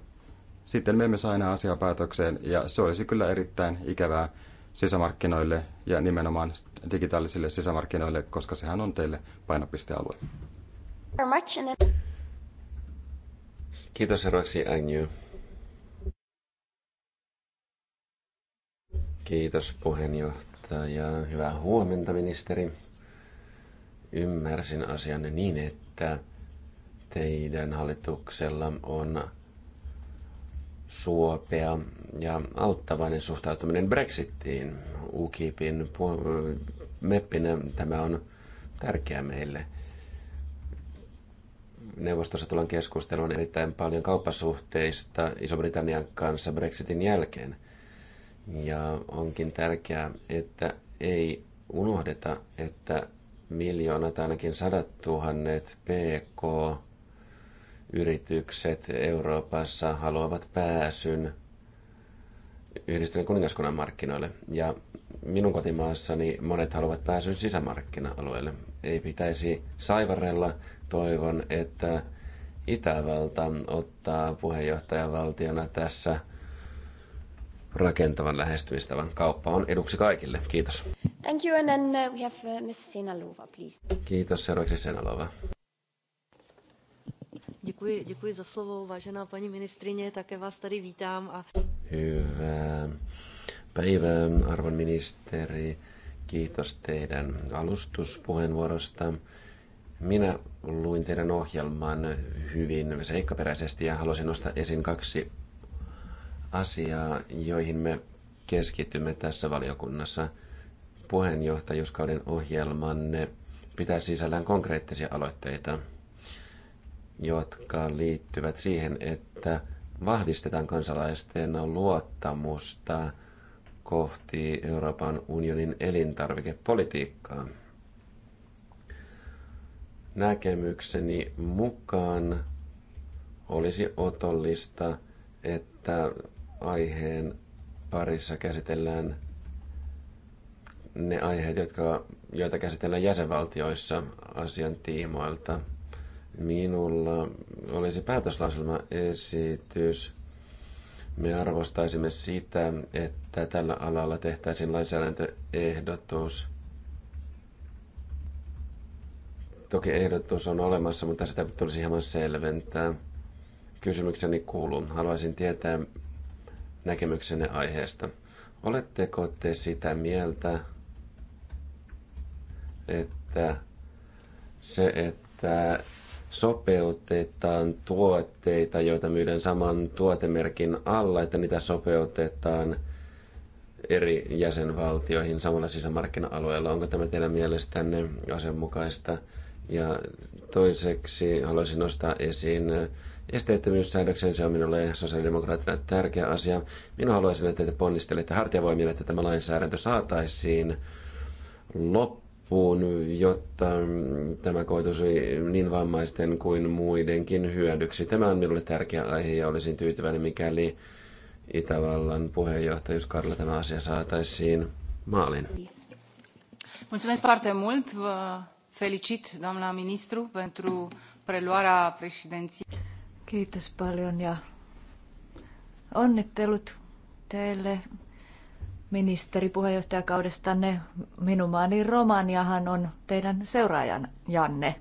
S3: sitten me emme saa enää asiaa päätökseen, ja se olisi kyllä erittäin ikävää sisämarkkinoille ja nimenomaan digitaalisille sisämarkkinoille, koska sehän on teille painopistealue.
S2: Kiitos seuraavaksi Agnew. Kiitos puheenjohtaja. Hyvää huomenta, ministeri. Ymmärsin asian niin, että teidän hallituksella on suopea ja auttavainen suhtautuminen Brexittiin. UKIPin meppinä tämä on tärkeää meille. Neuvostossa tullaan keskusteluun erittäin paljon kauppasuhteista Iso-Britannian kanssa Brexitin jälkeen. Ja onkin tärkeää, että ei unohdeta, että miljoonat, ainakin sadat tuhannet PK yritykset Euroopassa haluavat pääsyn yhdistyneen kuningaskunnan markkinoille. Ja minun kotimaassani monet haluavat pääsyn sisämarkkina-alueelle. Ei pitäisi saivarella. Toivon, että Itävalta ottaa puheenjohtajavaltiona tässä rakentavan lähestymistavan. Kauppa on eduksi kaikille. Kiitos. Thank you, and then uh, we have uh, Miss Senalova, please. Kiitos. Seuraavaksi Senalova.
S1: Děkuji, děkuji za slovo, vážená paní ministrině, také vás tady vítám. A...
S2: Hyvää päivää, arvon ministeri. Kiitos teidän alustuspuheenvuorosta. Minä luin teidän ohjelman hyvin seikkaperäisesti ja haluaisin nostaa esiin kaksi asiaa, joihin me keskitymme tässä valiokunnassa. Puheenjohtajuuskauden ohjelmanne pitää sisällään konkreettisia aloitteita – jotka liittyvät siihen, että vahvistetaan kansalaisten luottamusta kohti Euroopan unionin elintarvikepolitiikkaa. Näkemykseni mukaan olisi otollista, että aiheen parissa käsitellään ne aiheet, jotka, joita käsitellään jäsenvaltioissa asian tiimoilta – Minulla olisi esitys, Me arvostaisimme sitä, että tällä alalla tehtäisiin lainsäädäntöehdotus. Toki ehdotus on olemassa, mutta sitä tulisi hieman selventää. Kysymykseni kuuluu. Haluaisin tietää näkemyksenne aiheesta. Oletteko te sitä mieltä, että se, että sopeutetaan tuotteita, joita myydään saman tuotemerkin alla, että niitä sopeutetaan eri jäsenvaltioihin samalla sisämarkkina-alueella. Onko tämä teidän mielestänne asianmukaista? Ja toiseksi haluaisin nostaa esiin esteettömyyssäädöksen. Se on minulle sosiaalidemokraattina tärkeä asia. Minä haluaisin, että te ponnistelette hartiavoimille, että tämä lainsäädäntö saataisiin loppuun puun, jotta tämä koituisi niin vammaisten kuin muidenkin hyödyksi. Tämä on minulle tärkeä aihe ja olisin tyytyväinen, mikäli Itävallan puheenjohtajuuskaudella tämä asia saataisiin maalin.
S1: Mulțumesc foarte mult, vă felicit, doamna ministru, pentru preluarea președinției. Kiitos paljon ja onnittelut teille ministeripuheenjohtajakaudestanne. Minun maani Romaniahan on teidän seuraajan Janne.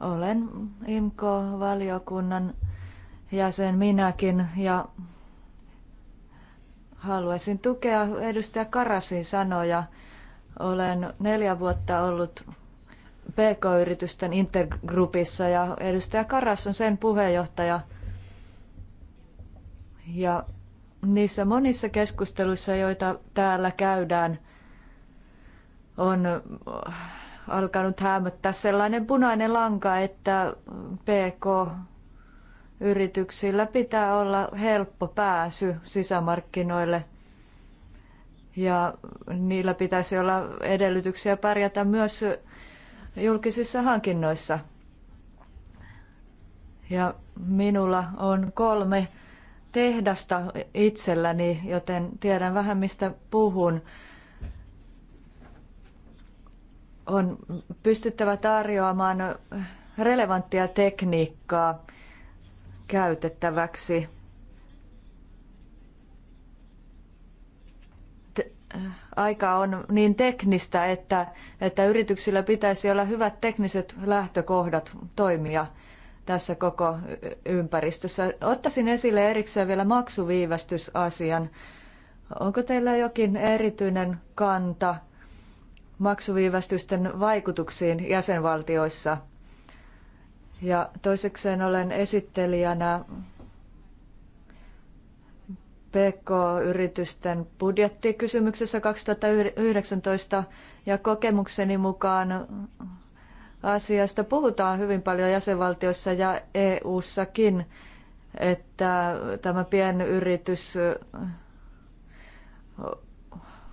S1: Olen IMKO-valiokunnan jäsen minäkin ja haluaisin tukea edustaja Karasin sanoja. Olen neljä vuotta ollut PK-yritysten intergrupissa ja edustaja Karas on sen puheenjohtaja. Ja niissä monissa keskusteluissa, joita täällä käydään, on äh, alkanut hämöttää sellainen punainen lanka, että PK-yrityksillä pitää olla helppo pääsy sisämarkkinoille ja niillä pitäisi olla edellytyksiä pärjätä myös julkisissa hankinnoissa. Ja minulla on kolme tehdasta itselläni, joten tiedän vähän mistä puhun. On pystyttävä tarjoamaan relevanttia tekniikkaa käytettäväksi. aika on niin teknistä, että, että yrityksillä pitäisi olla hyvät tekniset lähtökohdat toimia – tässä koko ympäristössä. Ottaisin esille erikseen vielä maksuviivästysasian. Onko teillä jokin erityinen kanta maksuviivästysten vaikutuksiin jäsenvaltioissa? Ja toisekseen olen esittelijänä PK-yritysten budjettikysymyksessä 2019 ja kokemukseni mukaan asiasta puhutaan hyvin paljon jäsenvaltioissa ja eu ssakin että tämä pienyritys äh,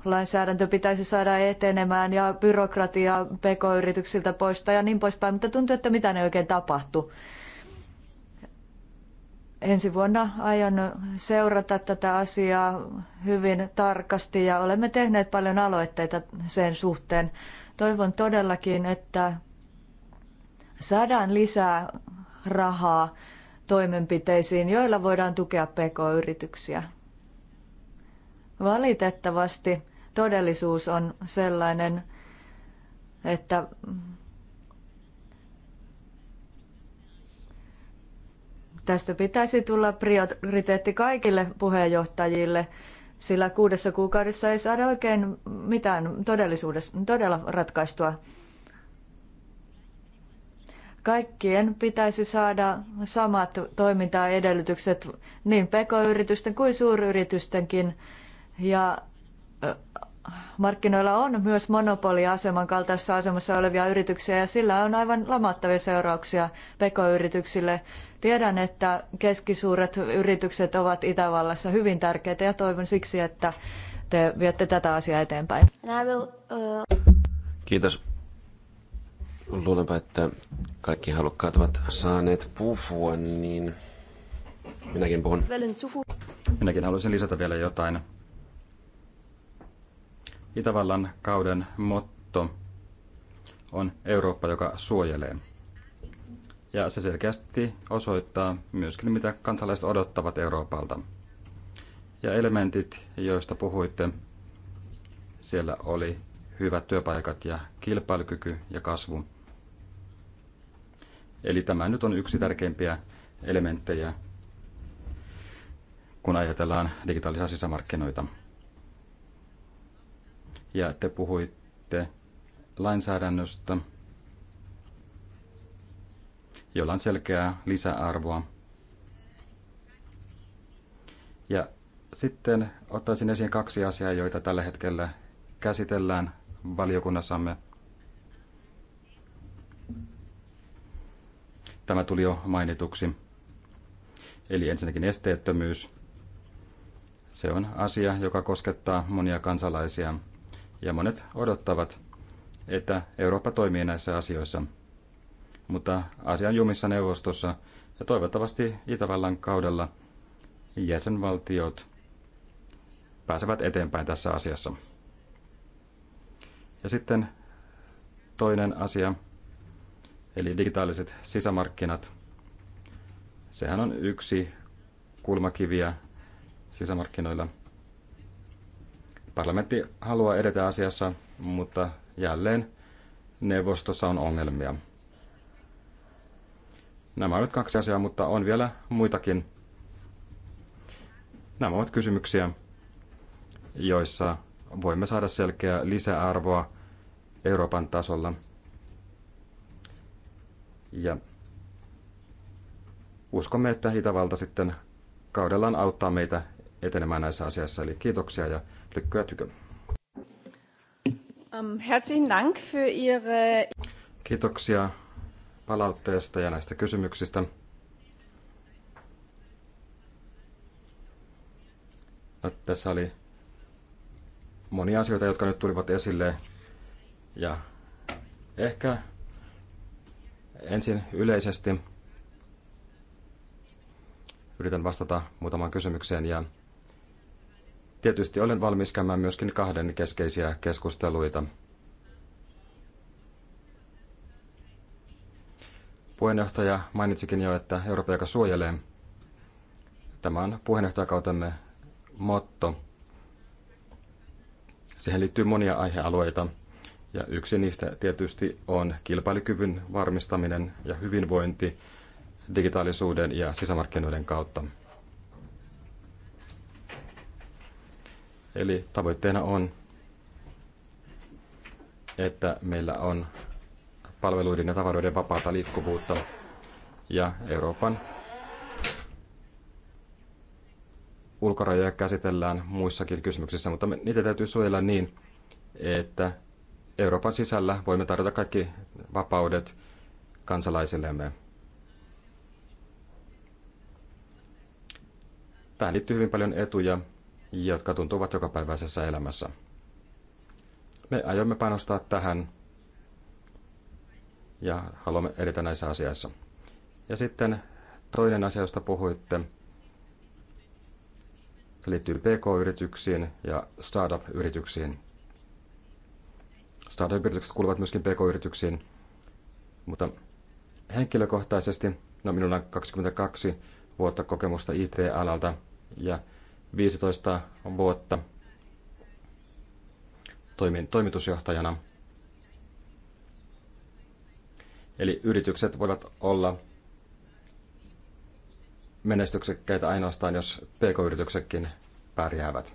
S1: lainsäädäntö pitäisi saada etenemään ja byrokratia pk-yrityksiltä poistaa ja niin poispäin, mutta tuntuu, että mitä ne oikein tapahtuu. Ensi vuonna aion seurata tätä asiaa hyvin tarkasti ja olemme tehneet paljon aloitteita sen suhteen. Toivon todellakin, että saadaan lisää rahaa toimenpiteisiin, joilla voidaan tukea pk-yrityksiä. Valitettavasti todellisuus on sellainen, että tästä pitäisi tulla prioriteetti kaikille puheenjohtajille, sillä kuudessa kuukaudessa ei saada oikein mitään todellisuudessa, todella ratkaistua Kaikkien pitäisi saada samat toimintaedellytykset niin pk-yritysten kuin suuryritystenkin. Ja markkinoilla on myös monopoliaseman kaltaisessa asemassa olevia yrityksiä ja sillä on aivan lamattavia seurauksia pk-yrityksille. Tiedän, että keskisuuret yritykset ovat Itävallassa hyvin tärkeitä ja toivon siksi, että te viette tätä asiaa eteenpäin.
S2: Kiitos. Luulenpa, että kaikki halukkaat ovat saaneet puhua, niin minäkin puhun.
S3: Minäkin haluaisin lisätä vielä jotain. Itävallan kauden motto on Eurooppa, joka suojelee. Ja se selkeästi osoittaa myöskin, mitä kansalaiset odottavat Euroopalta. Ja elementit, joista puhuitte, siellä oli hyvät työpaikat ja kilpailukyky ja kasvu – Eli tämä nyt on yksi tärkeimpiä elementtejä, kun ajatellaan digitaalisia sisämarkkinoita. Ja te puhuitte lainsäädännöstä, jolla on selkeää lisäarvoa. Ja sitten ottaisin esiin kaksi asiaa, joita tällä hetkellä käsitellään valiokunnassamme – Tämä tuli jo mainituksi. Eli ensinnäkin esteettömyys. Se on asia, joka koskettaa monia kansalaisia ja monet odottavat, että Eurooppa toimii näissä asioissa. Mutta asian jumissa neuvostossa ja toivottavasti Itävallan kaudella jäsenvaltiot pääsevät eteenpäin tässä asiassa. Ja sitten toinen asia, Eli digitaaliset sisämarkkinat, sehän on yksi kulmakiviä sisämarkkinoilla. Parlamentti haluaa edetä asiassa, mutta jälleen neuvostossa on ongelmia. Nämä ovat kaksi asiaa, mutta on vielä muitakin. Nämä ovat kysymyksiä, joissa voimme saada selkeää lisäarvoa Euroopan tasolla – ja uskomme, että Itävalta sitten kaudellaan auttaa meitä etenemään näissä asiassa. Eli kiitoksia ja lykkyä tykö.
S1: Ähm, herzlichen Dank für Ihre...
S3: Kiitoksia palautteesta ja näistä kysymyksistä. No, tässä oli monia asioita, jotka nyt tulivat esille. Ja ehkä Ensin yleisesti yritän vastata muutamaan kysymykseen ja tietysti olen valmis käymään myöskin kahden keskeisiä keskusteluita. Puheenjohtaja mainitsikin jo, että Eurooppa, joka suojelee, tämä on puheenjohtajakautemme motto. Siihen liittyy monia aihealueita – ja yksi niistä tietysti on kilpailukyvyn varmistaminen ja hyvinvointi digitaalisuuden ja sisämarkkinoiden kautta. Eli tavoitteena on, että meillä on palveluiden ja tavaroiden vapaata liikkuvuutta ja Euroopan ulkorajoja käsitellään muissakin kysymyksissä, mutta niitä täytyy suojella niin, että Euroopan sisällä voimme tarjota kaikki vapaudet kansalaisillemme. Tähän liittyy hyvin paljon etuja, jotka tuntuvat jokapäiväisessä elämässä. Me aiomme panostaa tähän ja haluamme edetä näissä asioissa. Ja sitten toinen asia, josta puhuitte, se liittyy PK-yrityksiin ja startup-yrityksiin. Startup-yritykset kuuluvat myöskin pk-yrityksiin, mutta henkilökohtaisesti, no minulla on 22 vuotta kokemusta IT-alalta ja 15 vuotta toimin toimitusjohtajana. Eli yritykset voivat olla menestyksekkäitä ainoastaan, jos pk-yrityksetkin pärjäävät.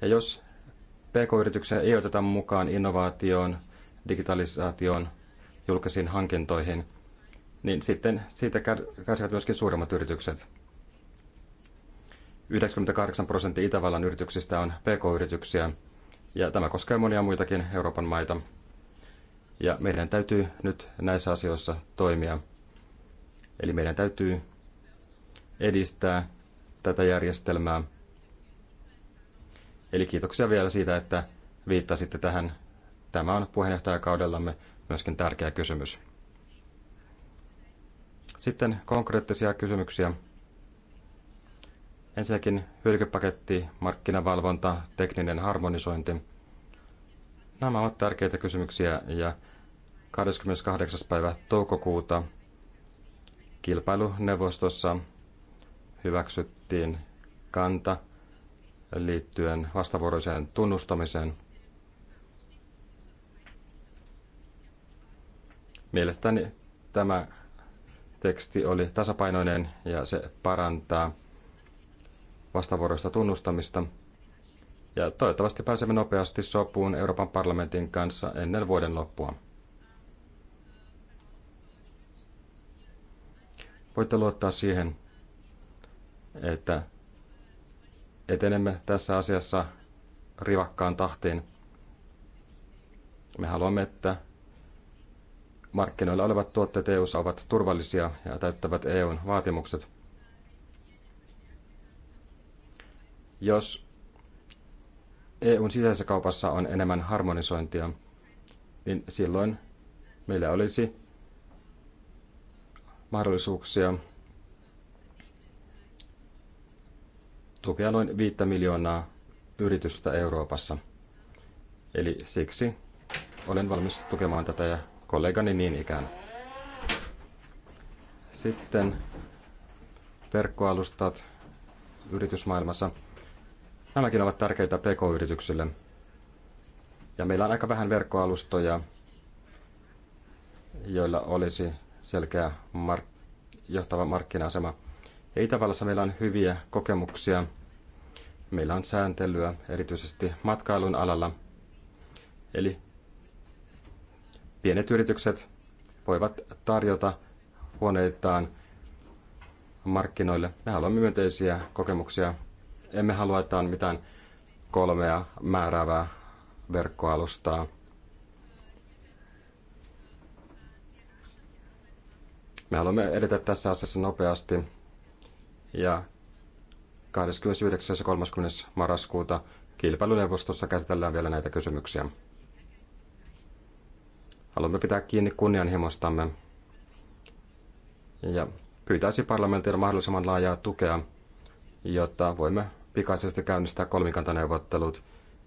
S3: Ja jos PK-yrityksiä ei oteta mukaan innovaatioon, digitalisaatioon, julkisiin hankintoihin, niin sitten siitä kärsivät myöskin suuremmat yritykset. 98 prosenttia Itävallan yrityksistä on PK-yrityksiä, ja tämä koskee monia muitakin Euroopan maita. Ja meidän täytyy nyt näissä asioissa toimia. Eli meidän täytyy edistää tätä järjestelmää – Eli kiitoksia vielä siitä, että viittasitte tähän. Tämä on puheenjohtajakaudellamme myöskin tärkeä kysymys. Sitten konkreettisia kysymyksiä. Ensinnäkin hylkypaketti, markkinavalvonta, tekninen harmonisointi. Nämä ovat tärkeitä kysymyksiä ja 28. päivä toukokuuta kilpailuneuvostossa hyväksyttiin kanta liittyen vastavuoroiseen tunnustamiseen. Mielestäni tämä teksti oli tasapainoinen ja se parantaa vastavuoroista tunnustamista. Ja toivottavasti pääsemme nopeasti sopuun Euroopan parlamentin kanssa ennen vuoden loppua. Voitte luottaa siihen, että etenemme tässä asiassa rivakkaan tahtiin. Me haluamme, että markkinoilla olevat tuotteet eu ovat turvallisia ja täyttävät EUn vaatimukset. Jos EUn sisäisessä kaupassa on enemmän harmonisointia, niin silloin meillä olisi mahdollisuuksia tukea noin 5 miljoonaa yritystä Euroopassa. Eli siksi olen valmis tukemaan tätä ja kollegani niin ikään. Sitten verkkoalustat yritysmaailmassa. Nämäkin ovat tärkeitä pk-yrityksille. Ja meillä on aika vähän verkkoalustoja, joilla olisi selkeä mark- johtava markkina-asema – ja Itävallassa meillä on hyviä kokemuksia. Meillä on sääntelyä erityisesti matkailun alalla. Eli pienet yritykset voivat tarjota huoneitaan markkinoille. Me haluamme myönteisiä kokemuksia. Emme halua, että on mitään kolmea määräävää verkkoalustaa. Me haluamme edetä tässä asiassa nopeasti ja 29. ja 30. marraskuuta kilpailuneuvostossa käsitellään vielä näitä kysymyksiä. Haluamme pitää kiinni kunnianhimostamme ja pyytäisi parlamentilta mahdollisimman laajaa tukea, jotta voimme pikaisesti käynnistää kolmikantaneuvottelut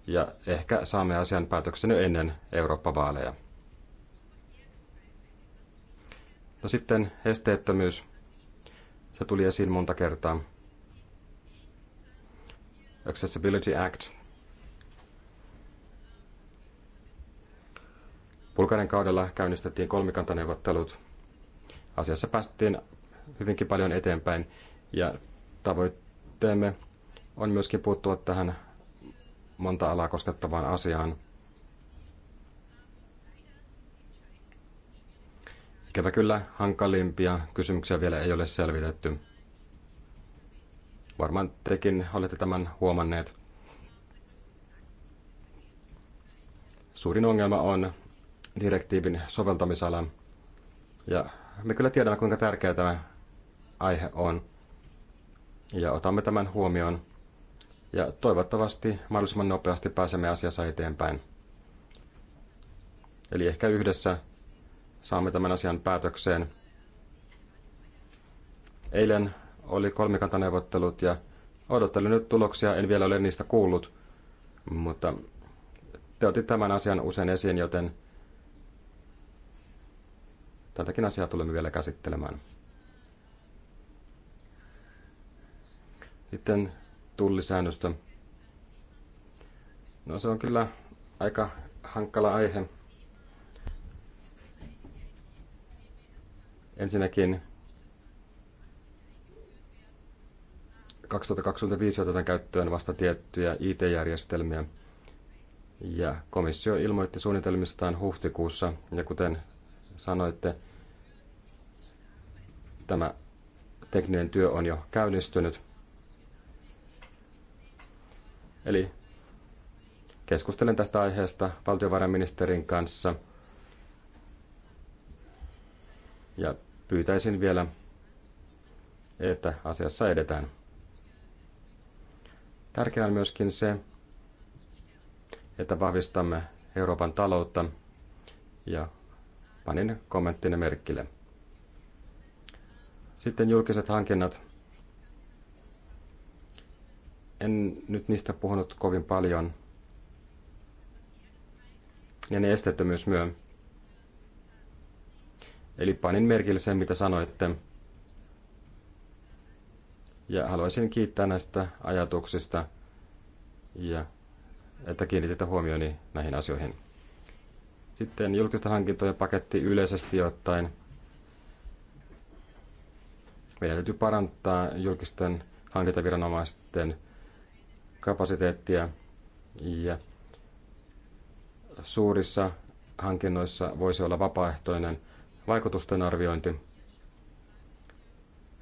S3: ja ehkä saamme asian päätöksen jo ennen Eurooppa-vaaleja. No sitten esteettömyys. Se tuli esiin monta kertaa. Accessibility Act. Bulgarian kaudella käynnistettiin kolmikantaneuvottelut. Asiassa päästiin hyvinkin paljon eteenpäin ja tavoitteemme on myöskin puuttua tähän monta alaa koskettavaan asiaan – Ikävä kyllä hankalimpia kysymyksiä vielä ei ole selvitetty. Varmaan tekin olette tämän huomanneet. Suurin ongelma on direktiivin soveltamisala. Ja me kyllä tiedämme, kuinka tärkeä tämä aihe on. Ja otamme tämän huomioon. Ja toivottavasti mahdollisimman nopeasti pääsemme asiassa eteenpäin. Eli ehkä yhdessä saamme tämän asian päätökseen. Eilen oli kolmikantaneuvottelut ja odottelin nyt tuloksia, en vielä ole niistä kuullut, mutta te otit tämän asian usein esiin, joten tätäkin asiaa tulemme vielä käsittelemään. Sitten tullisäännöstö. No se on kyllä aika hankala aihe. Ensinnäkin 2025 otetaan käyttöön vasta tiettyjä IT-järjestelmiä, ja komissio ilmoitti suunnitelmistaan huhtikuussa, ja kuten sanoitte, tämä tekninen työ on jo käynnistynyt. Eli keskustelen tästä aiheesta valtiovarainministerin kanssa. Ja pyytäisin vielä, että asiassa edetään. Tärkeää on myöskin se, että vahvistamme Euroopan taloutta ja panin kommenttine merkille. Sitten julkiset hankinnat. En nyt niistä puhunut kovin paljon. Ja ne esteettömyys myös. Eli panin merkille sen, mitä sanoitte. Ja haluaisin kiittää näistä ajatuksista ja että kiinnititte huomioni näihin asioihin. Sitten julkisten hankintojen paketti yleisesti ottaen. Meidän täytyy parantaa julkisten hankintaviranomaisten kapasiteettia ja suurissa hankinnoissa voisi olla vapaaehtoinen – Vaikutusten arviointi.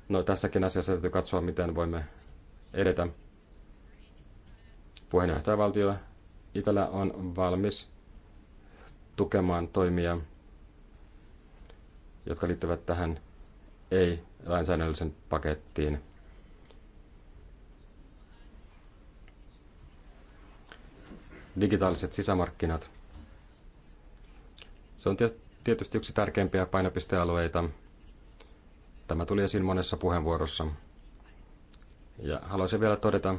S3: No tässäkin asiassa täytyy katsoa, miten voimme edetä. Puheenjohtajavaltio Itälä on valmis tukemaan toimia, jotka liittyvät tähän ei-lainsäädännöllisen pakettiin. Digitaaliset sisämarkkinat. Se on tietysti tietysti yksi tärkeimpiä painopistealueita. Tämä tuli esiin monessa puheenvuorossa. Ja haluaisin vielä todeta,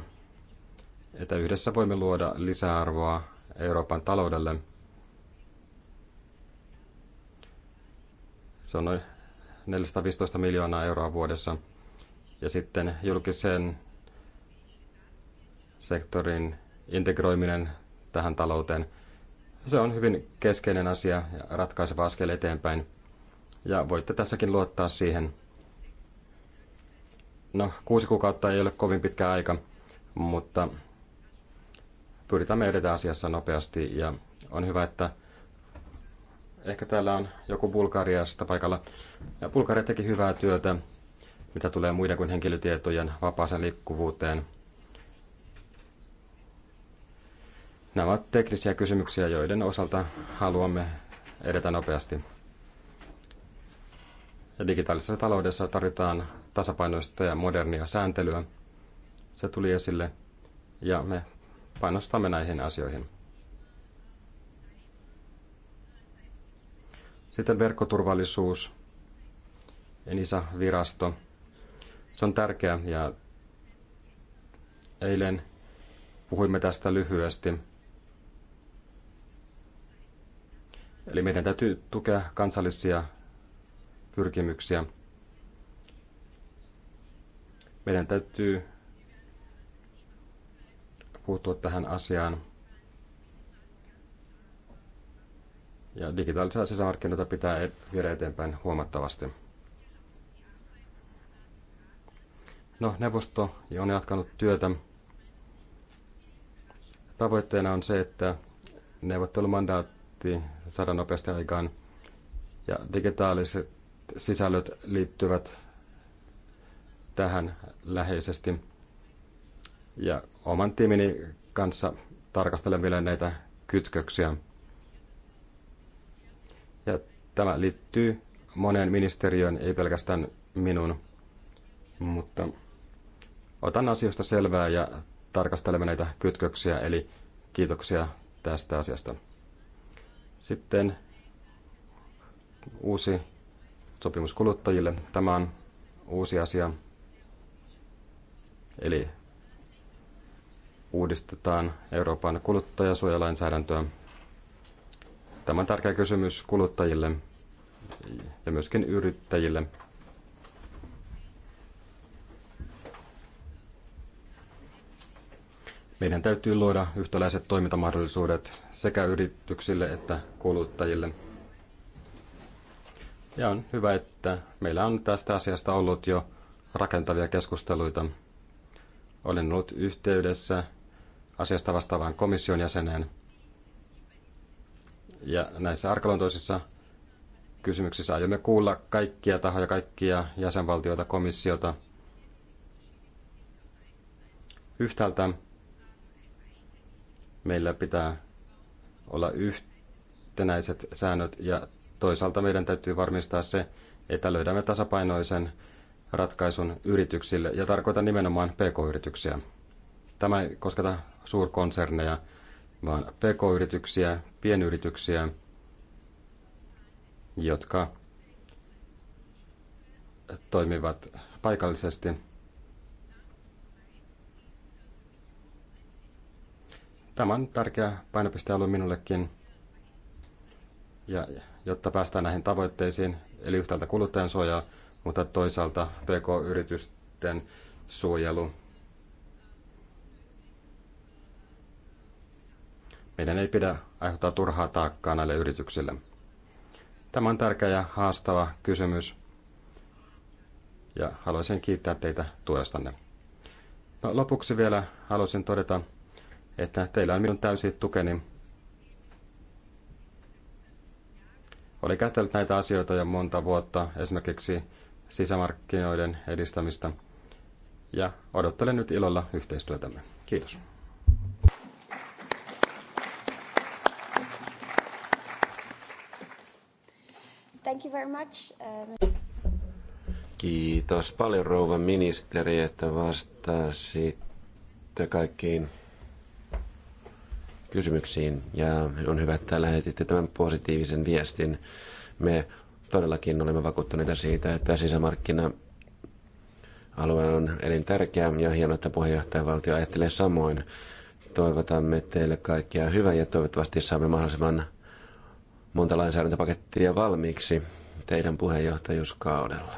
S3: että yhdessä voimme luoda lisäarvoa Euroopan taloudelle. Se on noin 415 miljoonaa euroa vuodessa. Ja sitten julkisen sektorin integroiminen tähän talouteen – se on hyvin keskeinen asia ja ratkaiseva askel eteenpäin. Ja voitte tässäkin luottaa siihen. No, kuusi kuukautta ei ole kovin pitkä aika, mutta pyritämme edetä asiassa nopeasti ja on hyvä, että ehkä täällä on joku Bulgariasta paikalla. Ja Bulgaria teki hyvää työtä, mitä tulee muiden kuin henkilötietojen vapaaseen liikkuvuuteen – Nämä ovat teknisiä kysymyksiä, joiden osalta haluamme edetä nopeasti. Ja digitaalisessa taloudessa tarvitaan tasapainoista ja modernia sääntelyä. Se tuli esille ja me painostamme näihin asioihin. Sitten verkkoturvallisuus, ENISA-virasto. Se on tärkeä ja eilen puhuimme tästä lyhyesti Eli meidän täytyy tukea kansallisia pyrkimyksiä. Meidän täytyy puuttua tähän asiaan. Ja digitaalisia sisämarkkinoita pitää e- viedä eteenpäin huomattavasti. No, neuvosto on jatkanut työtä. Tavoitteena on se, että neuvottelumandaatti paketti saada nopeasti aikaan. Ja digitaaliset sisällöt liittyvät tähän läheisesti. Ja oman tiimini kanssa tarkastelen vielä näitä kytköksiä. Ja tämä liittyy moneen ministeriön ei pelkästään minun, mutta otan asioista selvää ja tarkastelemme näitä kytköksiä, eli kiitoksia tästä asiasta. Sitten uusi sopimus kuluttajille. Tämä on uusi asia. Eli uudistetaan Euroopan kuluttajasuojalainsäädäntöä. Tämä on tärkeä kysymys kuluttajille ja myöskin yrittäjille. Meidän täytyy luoda yhtäläiset toimintamahdollisuudet sekä yrityksille että kuluttajille. Ja on hyvä, että meillä on tästä asiasta ollut jo rakentavia keskusteluita. Olen ollut yhteydessä asiasta vastaavaan komission jäseneen. Ja näissä arkaluontoisissa kysymyksissä aiomme kuulla kaikkia tahoja, kaikkia jäsenvaltioita, komissiota. Yhtäältä Meillä pitää olla yhtenäiset säännöt ja toisaalta meidän täytyy varmistaa se, että löydämme tasapainoisen ratkaisun yrityksille ja tarkoitan nimenomaan pk-yrityksiä. Tämä ei kosketa suurkonserneja, vaan pk-yrityksiä, pienyrityksiä, jotka toimivat paikallisesti – Tämä on tärkeä painopistealue minullekin, ja, jotta päästään näihin tavoitteisiin, eli yhtäältä kuluttajan suojaa, mutta toisaalta pk-yritysten suojelu. Meidän ei pidä aiheuttaa turhaa taakkaa näille yrityksille. Tämä on tärkeä ja haastava kysymys, ja haluaisin kiittää teitä tuestanne. No, lopuksi vielä haluaisin todeta, että teillä on minun täysi tukeni. Olen käsitellyt näitä asioita jo monta vuotta, esimerkiksi sisämarkkinoiden edistämistä, ja odottelen nyt ilolla yhteistyötämme. Kiitos.
S2: Thank you very much. Uh, Kiitos paljon rouva ministeri, että vastasitte kaikkiin kysymyksiin ja on hyvä, että lähetitte tämän positiivisen viestin. Me todellakin olemme vakuuttuneita siitä, että sisämarkkina alue on elintärkeä ja hienoa, että puheenjohtajavaltio ajattelee samoin. Toivotamme teille kaikkia hyvää ja toivottavasti saamme mahdollisimman monta lainsäädäntöpakettia valmiiksi teidän puheenjohtajuuskaudella.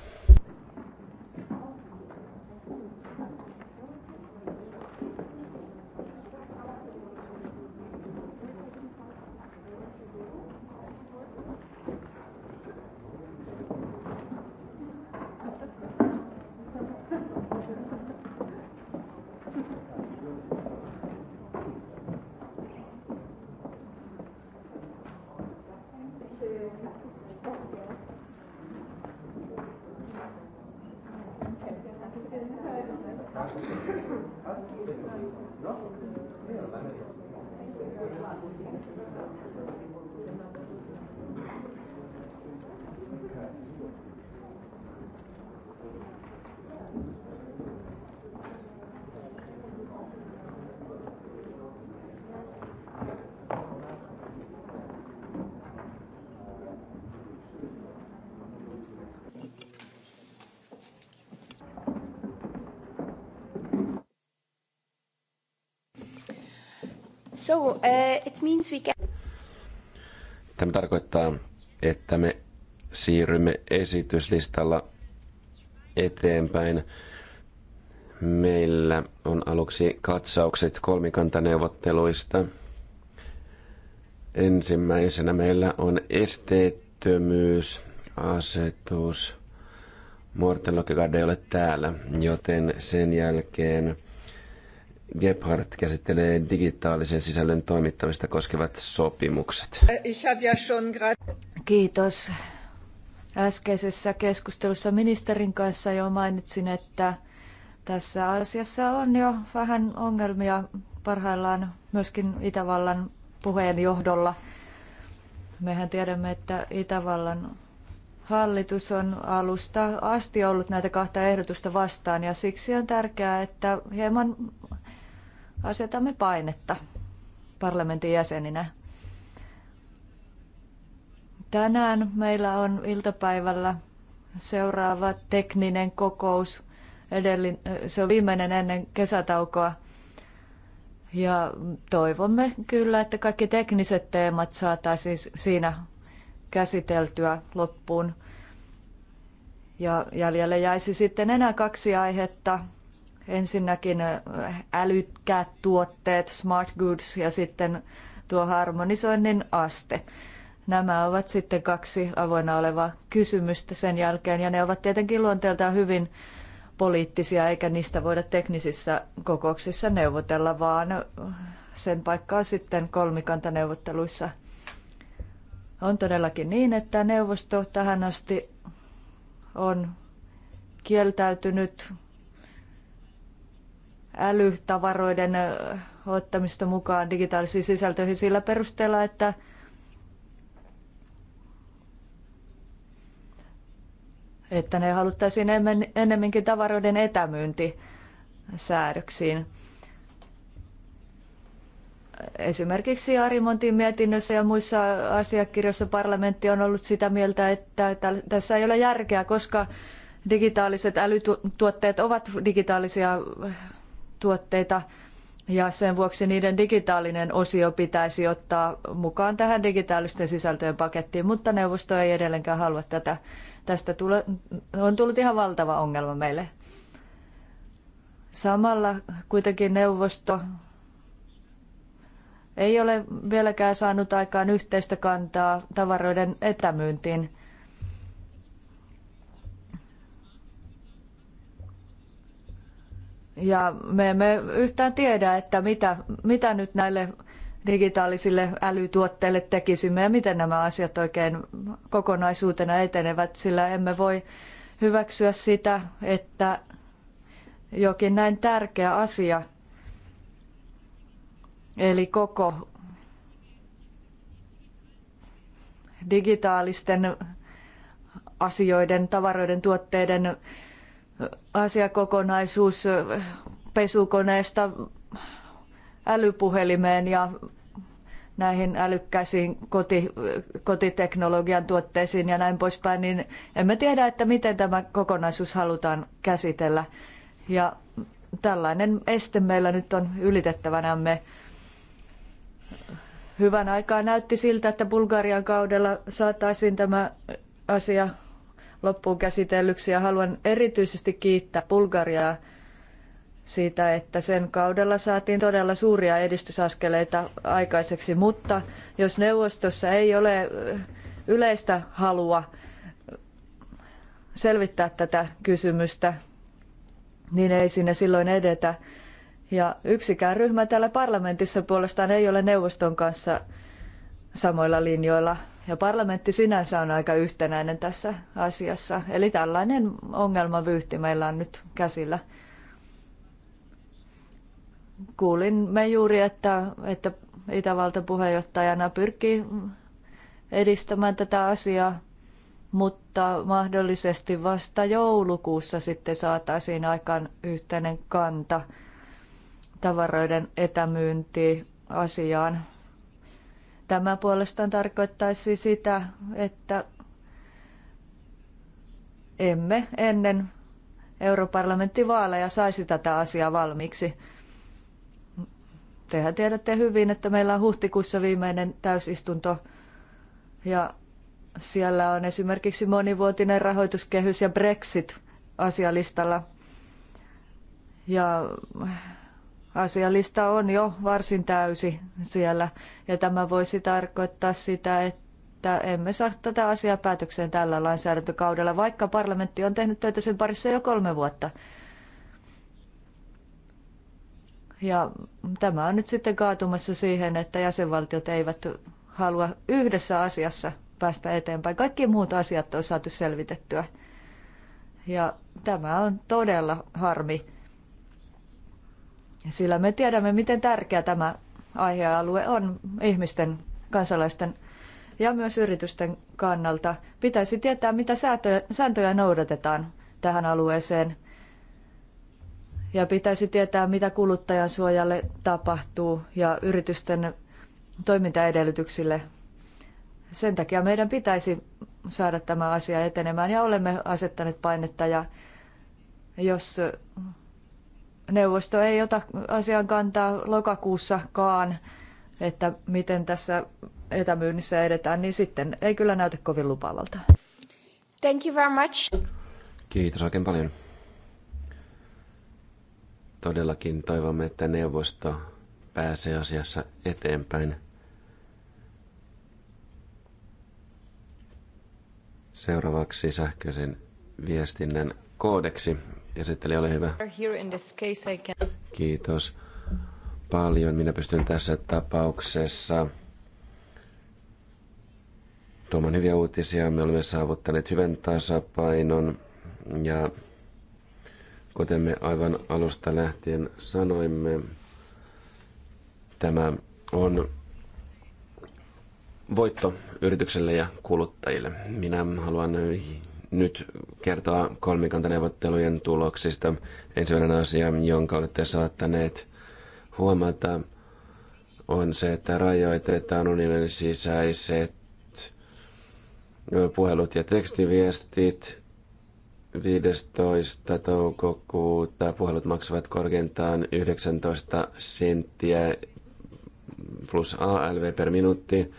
S2: Tämä tarkoittaa, että me siirrymme esityslistalla eteenpäin. Meillä on aluksi katsaukset kolmikantaneuvotteluista. Ensimmäisenä meillä on esteettömyysasetus. Morten Muorten ei ole täällä, joten sen jälkeen Gebhardt käsittelee digitaalisen sisällön toimittamista koskevat sopimukset.
S1: Kiitos. Äskeisessä keskustelussa ministerin kanssa jo mainitsin, että tässä asiassa on jo vähän ongelmia parhaillaan myöskin Itävallan johdolla Mehän tiedämme, että Itävallan hallitus on alusta asti ollut näitä kahta ehdotusta vastaan ja siksi on tärkeää, että hieman asetamme painetta parlamentin jäseninä. Tänään meillä on iltapäivällä seuraava tekninen kokous. Edellin, se on viimeinen ennen kesätaukoa. Ja toivomme kyllä, että kaikki tekniset teemat saataisiin siinä käsiteltyä loppuun. Ja jäljelle jäisi sitten enää kaksi aihetta, ensinnäkin äh, älykkäät tuotteet, smart goods ja sitten tuo harmonisoinnin aste. Nämä ovat sitten kaksi avoinna olevaa kysymystä sen jälkeen ja ne ovat tietenkin luonteeltaan hyvin poliittisia eikä niistä voida teknisissä kokouksissa neuvotella, vaan sen on sitten kolmikantaneuvotteluissa. On todellakin niin, että neuvosto tähän asti on kieltäytynyt älytavaroiden ottamista mukaan digitaalisiin sisältöihin sillä perusteella, että että ne haluttaisiin ennemminkin tavaroiden etämyyntisäädöksiin. Esimerkiksi Arimontin mietinnössä ja muissa asiakirjoissa parlamentti on ollut sitä mieltä, että tässä ei ole järkeä, koska digitaaliset älytuotteet ovat digitaalisia tuotteita ja sen vuoksi niiden digitaalinen osio pitäisi ottaa mukaan tähän digitaalisten sisältöjen pakettiin, mutta neuvosto ei edelleenkään halua tätä. Tästä tule, on tullut ihan valtava ongelma meille. Samalla kuitenkin neuvosto ei ole vieläkään saanut aikaan yhteistä kantaa tavaroiden etämyyntiin. Ja me emme yhtään tiedä, että mitä, mitä nyt näille digitaalisille älytuotteille tekisimme ja miten nämä asiat oikein kokonaisuutena etenevät, sillä emme voi hyväksyä sitä, että jokin näin tärkeä asia, eli koko digitaalisten asioiden, tavaroiden, tuotteiden asiakokonaisuus pesukoneesta älypuhelimeen ja näihin älykkäisiin koti, kotiteknologian tuotteisiin ja näin poispäin, niin emme tiedä, että miten tämä kokonaisuus halutaan käsitellä. Ja tällainen este meillä nyt on ylitettävänämme. Hyvän aikaa näytti siltä, että Bulgarian kaudella saataisiin tämä asia loppuun käsitellyksi ja haluan erityisesti kiittää Bulgariaa siitä, että sen kaudella saatiin todella suuria edistysaskeleita aikaiseksi, mutta jos neuvostossa ei ole eh, yleistä halua selvittää tätä kysymystä, niin ei sinne silloin edetä. Ja yksikään ryhmä täällä parlamentissa puolestaan ei ole neuvoston kanssa samoilla linjoilla. Ja parlamentti sinänsä on aika yhtenäinen tässä asiassa. Eli tällainen ongelmavyyhti meillä on nyt käsillä. Kuulimme juuri, että, että Itävalta puheenjohtajana pyrkii edistämään tätä asiaa, mutta mahdollisesti vasta joulukuussa sitten saataisiin aikaan yhteinen kanta tavaroiden etämyynti asiaan. Tämä puolestaan tarkoittaisi sitä, että emme ennen europarlamenttivaaleja saisi tätä asiaa valmiiksi. Tehän tiedätte hyvin, että meillä on huhtikuussa viimeinen täysistunto ja siellä on esimerkiksi monivuotinen rahoituskehys ja Brexit asialistalla. Ja asialista on jo varsin täysi siellä ja tämä voisi tarkoittaa sitä, että emme saa tätä asiaa päätökseen tällä lainsäädäntökaudella, vaikka parlamentti on tehnyt töitä sen parissa jo kolme vuotta. Ja tämä on nyt sitten kaatumassa siihen, että jäsenvaltiot eivät halua yhdessä asiassa päästä eteenpäin. Kaikki muut asiat on saatu selvitettyä. Ja tämä on todella harmi sillä me tiedämme, miten tärkeä tämä aihealue on ihmisten, kansalaisten ja myös yritysten kannalta. Pitäisi tietää, mitä sääntöjä noudatetaan tähän alueeseen ja pitäisi tietää, mitä kuluttajan suojalle tapahtuu ja yritysten toimintaedellytyksille. Sen takia meidän pitäisi saada tämä asia etenemään ja olemme asettaneet painetta ja jos neuvosto ei ota asian kantaa lokakuussakaan, että miten tässä etämyynnissä edetään, niin sitten ei kyllä näytä kovin lupaavalta. Thank you very much.
S2: Kiitos oikein paljon. Todellakin toivomme, että neuvosto pääsee asiassa eteenpäin. Seuraavaksi sähköisen viestinnän koodeksi Esittelijä, ole hyvä. Kiitos paljon. Minä pystyn tässä tapauksessa tuomaan hyviä uutisia. Me olemme saavuttaneet hyvän tasapainon ja kuten me aivan alusta lähtien sanoimme, tämä on voitto yritykselle ja kuluttajille. Minä haluan nyt kertoa kolmikantaneuvottelujen tuloksista. Ensimmäinen asia, jonka olette saattaneet huomata, on se, että rajoitetaan unionin sisäiset puhelut ja tekstiviestit. 15. toukokuuta puhelut maksavat korkeintaan 19 senttiä plus ALV per minuutti.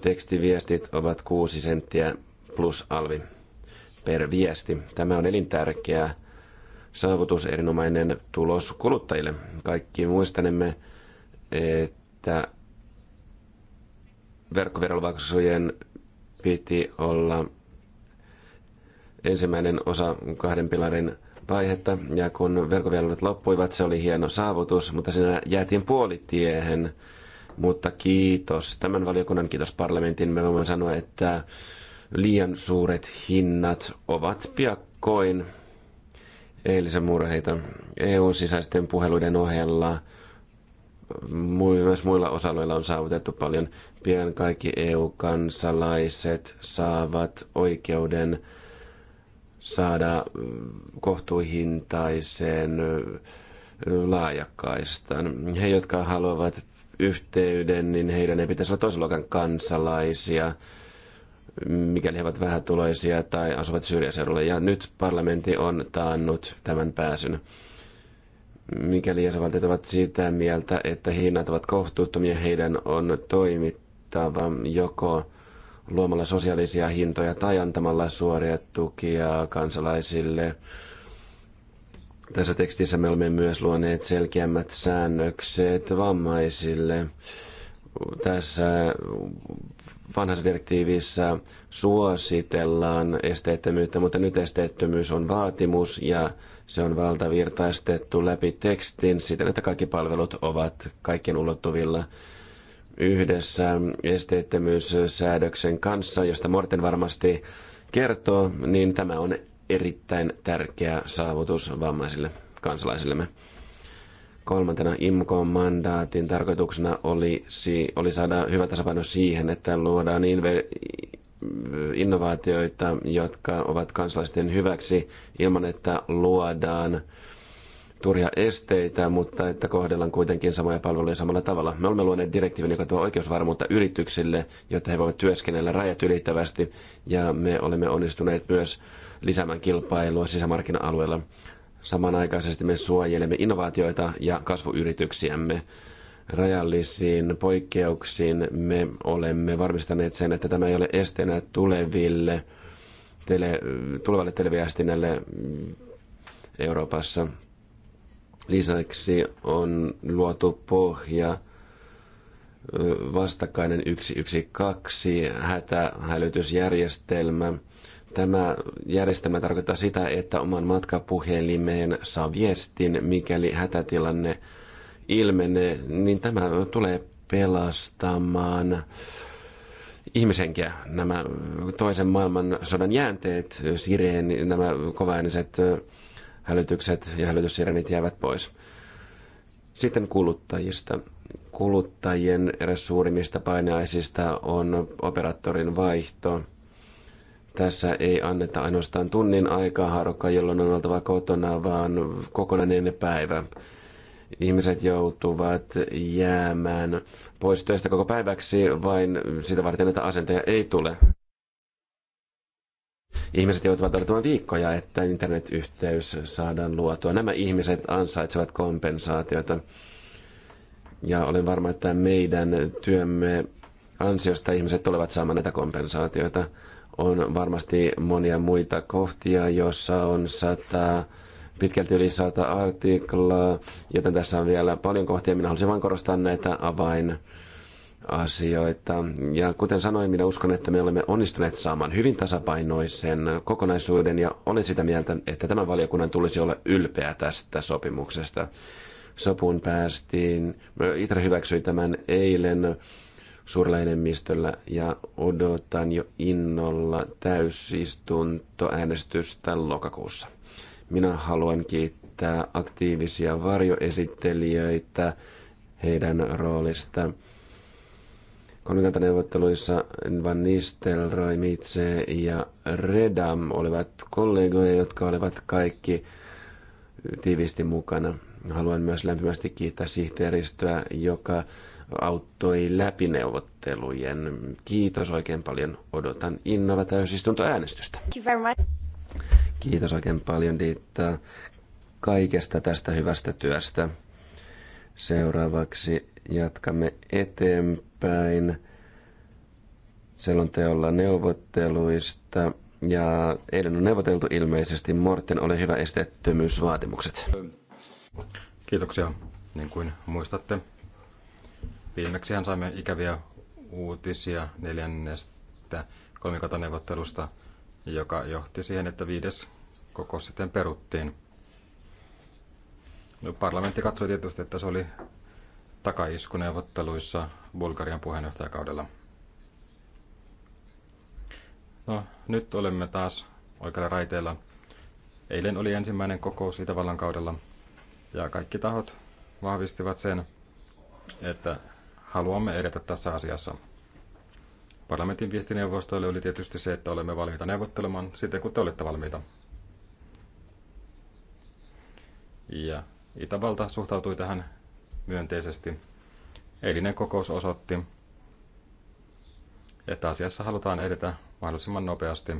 S2: Tekstiviestit ovat 6 senttiä plus alvi per viesti. Tämä on elintärkeä saavutus, erinomainen tulos kuluttajille. Kaikki muistanemme, että verkkoverolmaksujen piti olla ensimmäinen osa kahden pilarin vaihetta, ja kun verkkovelvoitet loppuivat, se oli hieno saavutus, mutta siinä jäätiin puolitiehen. Mutta kiitos tämän valiokunnan, kiitos parlamentin. Me voimme sanoa, että liian suuret hinnat ovat piakkoin eilisen murheita. EU-sisäisten puheluiden ohella myös muilla osa-alueilla on saavutettu paljon. Pian kaikki EU-kansalaiset saavat oikeuden saada kohtuuhintaisen laajakaistan. He, jotka haluavat yhteyden, niin heidän ei pitäisi olla toisen luokan kansalaisia – mikäli he ovat vähätuloisia tai asuvat syrjäseudulla. Ja nyt parlamentti on taannut tämän pääsyn. Mikäli jäsenvaltiot ovat sitä mieltä, että hinnat ovat kohtuuttomia, heidän on toimittava joko luomalla sosiaalisia hintoja tai antamalla suoria tukia kansalaisille. Tässä tekstissä me olemme myös luoneet selkeämmät säännökset vammaisille. Tässä vanhassa direktiivissä suositellaan esteettömyyttä, mutta nyt esteettömyys on vaatimus ja se on valtavirtaistettu läpi tekstin siten, että kaikki palvelut ovat kaikkien ulottuvilla yhdessä esteettömyyssäädöksen kanssa, josta Morten varmasti kertoo, niin tämä on erittäin tärkeä saavutus vammaisille kansalaisillemme. Kolmantena IMKOn mandaatin tarkoituksena oli, oli saada hyvä tasapaino siihen, että luodaan innovaatioita, jotka ovat kansalaisten hyväksi ilman, että luodaan turhia esteitä, mutta että kohdellaan kuitenkin samoja palveluja samalla tavalla. Me olemme luoneet direktiivin, joka tuo oikeusvarmuutta yrityksille, jotta he voivat työskennellä rajat ylittävästi, ja me olemme onnistuneet myös lisäämään kilpailua sisämarkkina-alueella. Samanaikaisesti me suojelemme innovaatioita ja kasvuyrityksiämme. Rajallisiin poikkeuksiin me olemme varmistaneet sen, että tämä ei ole esteenä tuleville tele, tulevalle televiastinelle Euroopassa. Lisäksi on luotu pohja vastakkainen 112 hätähälytysjärjestelmä – Tämä järjestelmä tarkoittaa sitä, että oman matkapuhelimeen saa viestin, mikäli hätätilanne ilmenee, niin tämä tulee pelastamaan ihmisenkiä. Nämä toisen maailman sodan jäänteet, sireen, nämä kovaääniset hälytykset ja hälytyssirenit jäävät pois. Sitten kuluttajista. Kuluttajien eräs suurimmista paineaisista on operaattorin vaihto – tässä ei anneta ainoastaan tunnin aikaa haarukkaa, jolloin on oltava kotona, vaan kokonainen päivä. Ihmiset joutuvat jäämään pois töistä koko päiväksi vain sitä varten, että asenteja ei tule. Ihmiset joutuvat odottamaan viikkoja, että internetyhteys saadaan luotua. Nämä ihmiset ansaitsevat kompensaatiota. Ja olen varma, että meidän työmme ansiosta ihmiset tulevat saamaan näitä kompensaatioita on varmasti monia muita kohtia, joissa on sata, pitkälti yli sata artiklaa, joten tässä on vielä paljon kohtia. Minä haluaisin vain korostaa näitä avain asioita. Ja kuten sanoin, minä uskon, että me olemme onnistuneet saamaan hyvin tasapainoisen kokonaisuuden ja olen sitä mieltä, että tämän valiokunnan tulisi olla ylpeä tästä sopimuksesta. Sopuun päästiin. Itre hyväksyi tämän eilen suurella enemmistöllä ja odotan jo innolla täysistuntoäänestystä lokakuussa. Minä haluan kiittää aktiivisia varjoesittelijöitä heidän roolista. kolmikantaneuvotteluissa Van Nistelrooy, Mitse ja Redam olivat kollegoja, jotka olivat kaikki tiivisti mukana. Haluan myös lämpimästi kiittää sihteeristöä, joka auttoi läpineuvottelujen. Kiitos oikein paljon. Odotan innolla täysistuntoäänestystä. Kiitos oikein paljon Diitta kaikesta tästä hyvästä työstä. Seuraavaksi jatkamme eteenpäin selonteolla neuvotteluista. Ja eilen on neuvoteltu ilmeisesti. Morten, ole hyvä esteettömyysvaatimukset. Kiitoksia.
S3: Niin kuin muistatte, hän saimme ikäviä uutisia neljännestä kolmikantaneuvottelusta, joka johti siihen, että viides kokous sitten peruttiin. No, parlamentti katsoi tietysti, että se oli takaisku neuvotteluissa Bulgarian puheenjohtajakaudella. No, nyt olemme taas oikealla raiteella. Eilen oli ensimmäinen kokous Itävallan kaudella ja kaikki tahot vahvistivat sen, että haluamme edetä tässä asiassa. Parlamentin viestineuvostoille oli tietysti se, että olemme valmiita neuvottelemaan sitten, kun te olette valmiita. Ja Itävalta suhtautui tähän myönteisesti. Eilinen kokous osoitti, että asiassa halutaan edetä mahdollisimman nopeasti.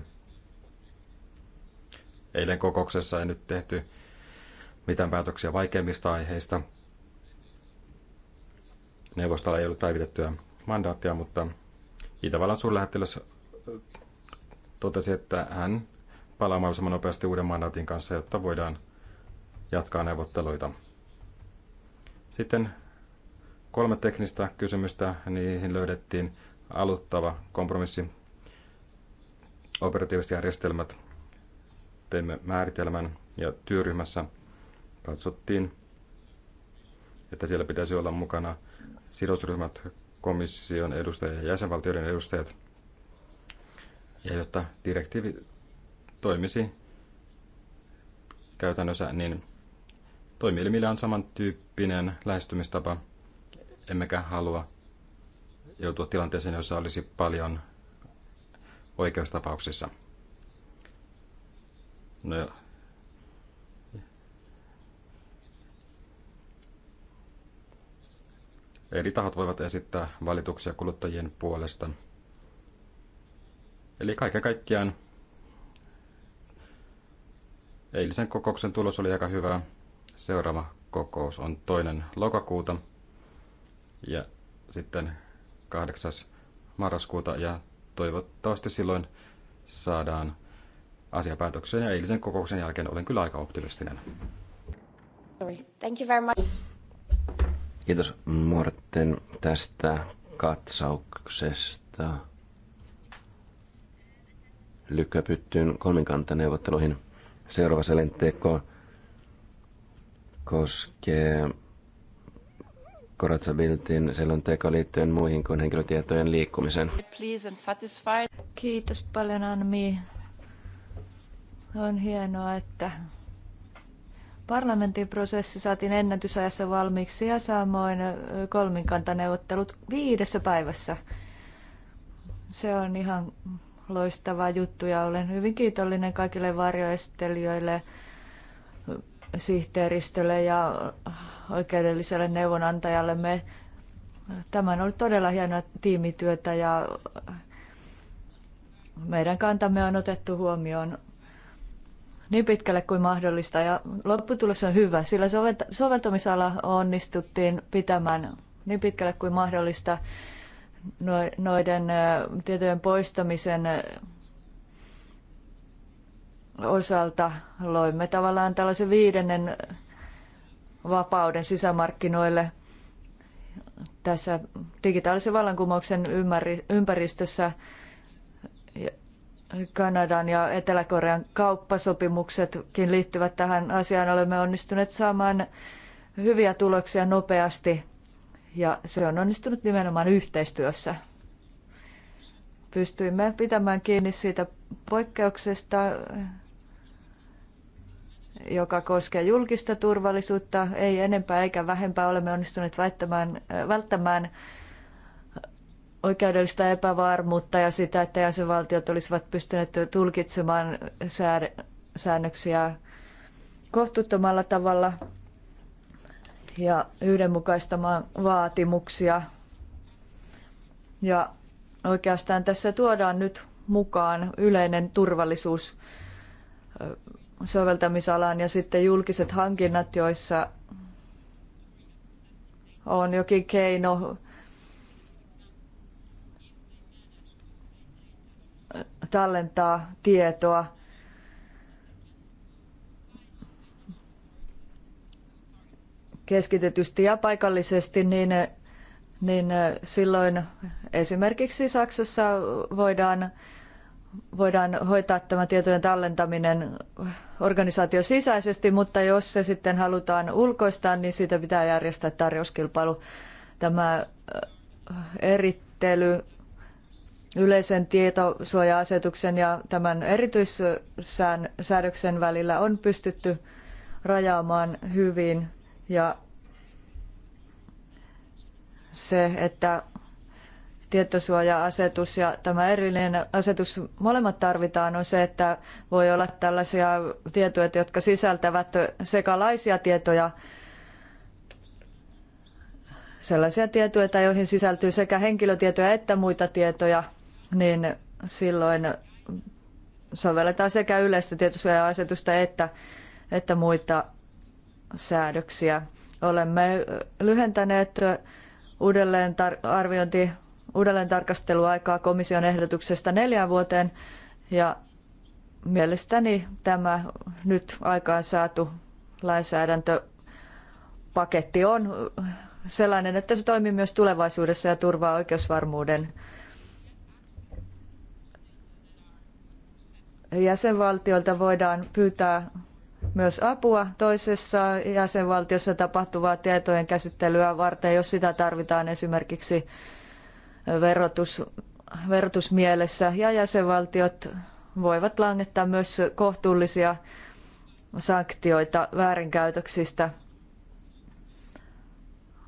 S3: Eilen kokouksessa ei nyt tehty mitään päätöksiä vaikeimmista aiheista, neuvostolla ei ollut päivitettyä mandaattia, mutta Itävallan suurlähettiläs äh, totesi, että hän palaa mahdollisimman nopeasti uuden mandaatin kanssa, jotta voidaan jatkaa neuvotteluita. Sitten kolme teknistä kysymystä, niihin löydettiin aluttava kompromissi. Operatiiviset järjestelmät teimme määritelmän ja työryhmässä katsottiin, että siellä pitäisi olla mukana – sidosryhmät, komission edustajat ja jäsenvaltioiden edustajat. Ja jotta direktiivi toimisi käytännössä, niin toimielimillä on samantyyppinen lähestymistapa. Emmekä halua joutua tilanteeseen, jossa olisi paljon oikeustapauksissa. No, Eri tahot voivat esittää valituksia kuluttajien puolesta. Eli kaiken kaikkiaan eilisen kokouksen tulos oli aika hyvä. Seuraava kokous on toinen lokakuuta ja sitten 8. marraskuuta ja toivottavasti silloin saadaan asiapäätökseen ja eilisen kokouksen
S2: jälkeen olen kyllä aika optimistinen.
S1: Thank you very much.
S2: Kiitos Morten tästä katsauksesta lykäpyttyyn kolminkantaneuvotteluihin. Seuraava selenteko koskee Koratsabiltin selonteko liittyen muihin kuin henkilötietojen liikkumisen.
S1: Kiitos paljon Anmi. On hienoa, että parlamentin prosessi saatiin ennätysajassa valmiiksi ja samoin kolminkantaneuvottelut viidessä päivässä. Se on ihan loistava juttu ja olen hyvin kiitollinen kaikille varjoestelijoille, sihteeristölle ja oikeudelliselle neuvonantajalle. Tämä on ollut todella hienoa tiimityötä ja meidän kantamme on otettu huomioon niin pitkälle kuin mahdollista ja lopputulos on hyvä, sillä soveltamisala onnistuttiin pitämään niin pitkälle kuin mahdollista noiden tietojen poistamisen osalta loimme tavallaan tällaisen viidennen vapauden sisämarkkinoille tässä digitaalisen vallankumouksen ympäristössä Kanadan ja Etelä-Korean kauppasopimuksetkin liittyvät tähän asiaan. Olemme onnistuneet saamaan hyviä tuloksia nopeasti ja se on onnistunut nimenomaan yhteistyössä. Pystyimme pitämään kiinni siitä poikkeuksesta, joka koskee julkista turvallisuutta. Ei enempää eikä vähempää olemme onnistuneet välttämään, välttämään oikeudellista epävarmuutta ja sitä, että jäsenvaltiot olisivat pystyneet tulkitsemaan säännöksiä kohtuuttomalla tavalla ja yhdenmukaistamaan vaatimuksia. Ja oikeastaan tässä tuodaan nyt mukaan yleinen turvallisuus soveltamisalaan ja sitten julkiset hankinnat, joissa on jokin keino tallentaa tietoa. keskitetysti ja paikallisesti, niin, niin silloin esimerkiksi Saksassa voidaan, voidaan hoitaa tämä tietojen tallentaminen organisaatio sisäisesti, mutta jos se sitten halutaan ulkoistaa, niin siitä pitää järjestää tarjouskilpailu. Tämä erittely yleisen tietosuoja-asetuksen ja tämän erityissäädöksen välillä on pystytty rajaamaan hyvin ja se, että tietosuoja-asetus ja tämä erillinen asetus molemmat tarvitaan on se, että voi olla tällaisia tietoja, jotka sisältävät sekalaisia tietoja, sellaisia tietoja, joihin sisältyy sekä henkilötietoja että muita tietoja – niin silloin sovelletaan sekä yleistä tietosuoja-asetusta että, että muita säädöksiä. Olemme lyhentäneet uudelleen tar- arviointi, uudelleen tarkasteluaikaa komission ehdotuksesta neljään vuoteen ja mielestäni tämä nyt aikaan saatu lainsäädäntöpaketti on sellainen, että se toimii myös tulevaisuudessa ja turvaa oikeusvarmuuden jäsenvaltioilta voidaan pyytää myös apua toisessa jäsenvaltiossa tapahtuvaa tietojen käsittelyä varten, jos sitä tarvitaan esimerkiksi verotus, verotusmielessä. Ja jäsenvaltiot voivat langettaa myös kohtuullisia sanktioita väärinkäytöksistä.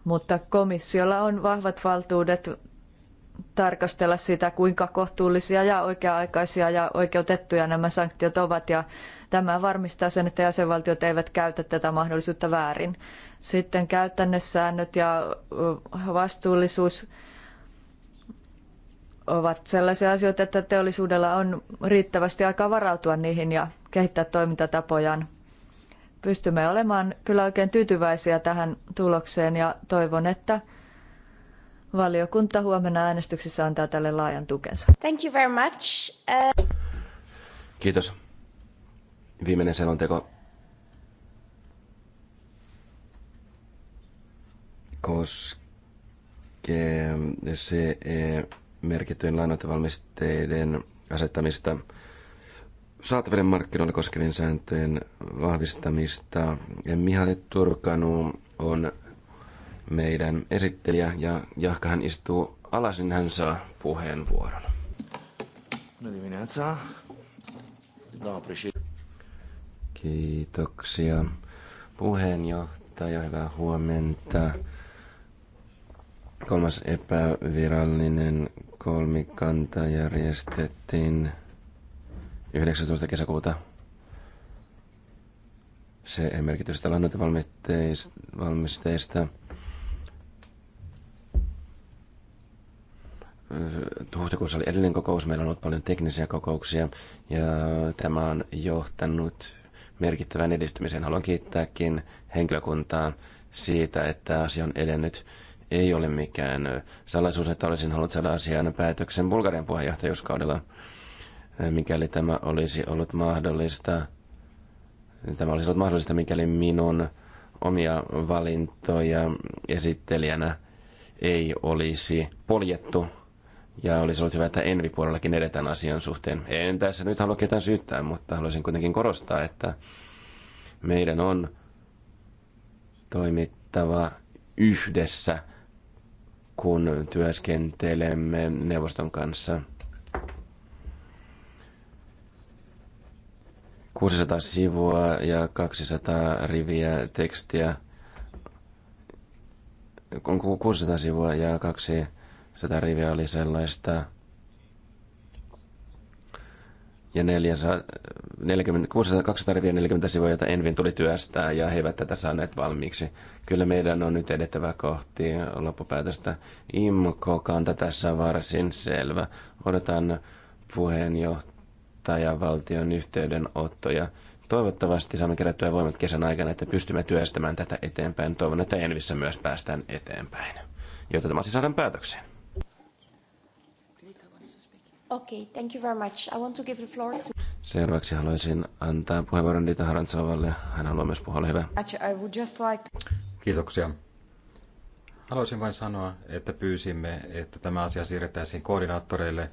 S1: Mutta komissiolla on vahvat valtuudet tarkastella sitä, kuinka kohtuullisia ja oikea-aikaisia ja oikeutettuja nämä sanktiot ovat ja tämä varmistaa sen, että jäsenvaltiot eivät käytä tätä mahdollisuutta väärin. Sitten käytännössäännöt ja vastuullisuus ovat sellaisia asioita, että teollisuudella on riittävästi aikaa varautua niihin ja kehittää toimintatapojaan. Pystymme olemaan kyllä oikein tyytyväisiä tähän tulokseen ja toivon, että Valiokunta huomenna äänestyksessä antaa tälle laajan tukensa. Thank you very much. Uh...
S2: Kiitos. Viimeinen selonteko koskee CE-merkittyjen lainoitevalmisteiden asettamista saataville markkinoille koskevien sääntöjen vahvistamista. Ja Mihail Turkanu on meidän esittelijä ja jahka hän istuu alas, niin hän saa puheenvuoron. Kiitoksia puheenjohtaja, hyvää huomenta. Kolmas epävirallinen kolmikanta järjestettiin 19. kesäkuuta se merkitystä lannoitevalmisteista huhtikuussa oli edellinen kokous, meillä on ollut paljon teknisiä kokouksia ja tämä on johtanut merkittävän edistymiseen. Haluan kiittääkin henkilökuntaa siitä, että asia on edennyt. Ei ole mikään salaisuus, että olisin halunnut saada asian päätöksen Bulgarian puheenjohtajuuskaudella, mikäli tämä olisi ollut mahdollista. Tämä olisi ollut mahdollista, mikäli minun omia valintoja esittelijänä ei olisi poljettu ja olisi ollut hyvä, että Envi-puolellakin edetään asian suhteen. En tässä nyt halua ketään syyttää, mutta haluaisin kuitenkin korostaa, että meidän on toimittava yhdessä, kun työskentelemme neuvoston kanssa. 600 sivua ja 200 riviä tekstiä. On 600 sivua ja kaksi se riviä oli sellaista. Ja 400, 40, 600, 240 sivuja, joita Envin tuli työstää, ja he eivät tätä saaneet valmiiksi. Kyllä meidän on nyt edettävä kohti loppupäätöstä. Imko kanta tässä on varsin selvä. Odotan valtion yhteydenottoja toivottavasti saamme kerättyä voimat kesän aikana, että pystymme työstämään tätä eteenpäin. Toivon, että Envissä myös päästään eteenpäin, jotta tämä siis saadaan päätökseen.
S1: Okay, thank you very much. I want to give the floor to...
S2: Seuraavaksi haluaisin antaa puheenvuoron Dita Harantsovalle. Hän haluaa myös puhua, hyvä.
S1: I would just like...
S2: Kiitoksia.
S3: Haluaisin vain sanoa, että pyysimme, että tämä asia siirrettäisiin koordinaattoreille,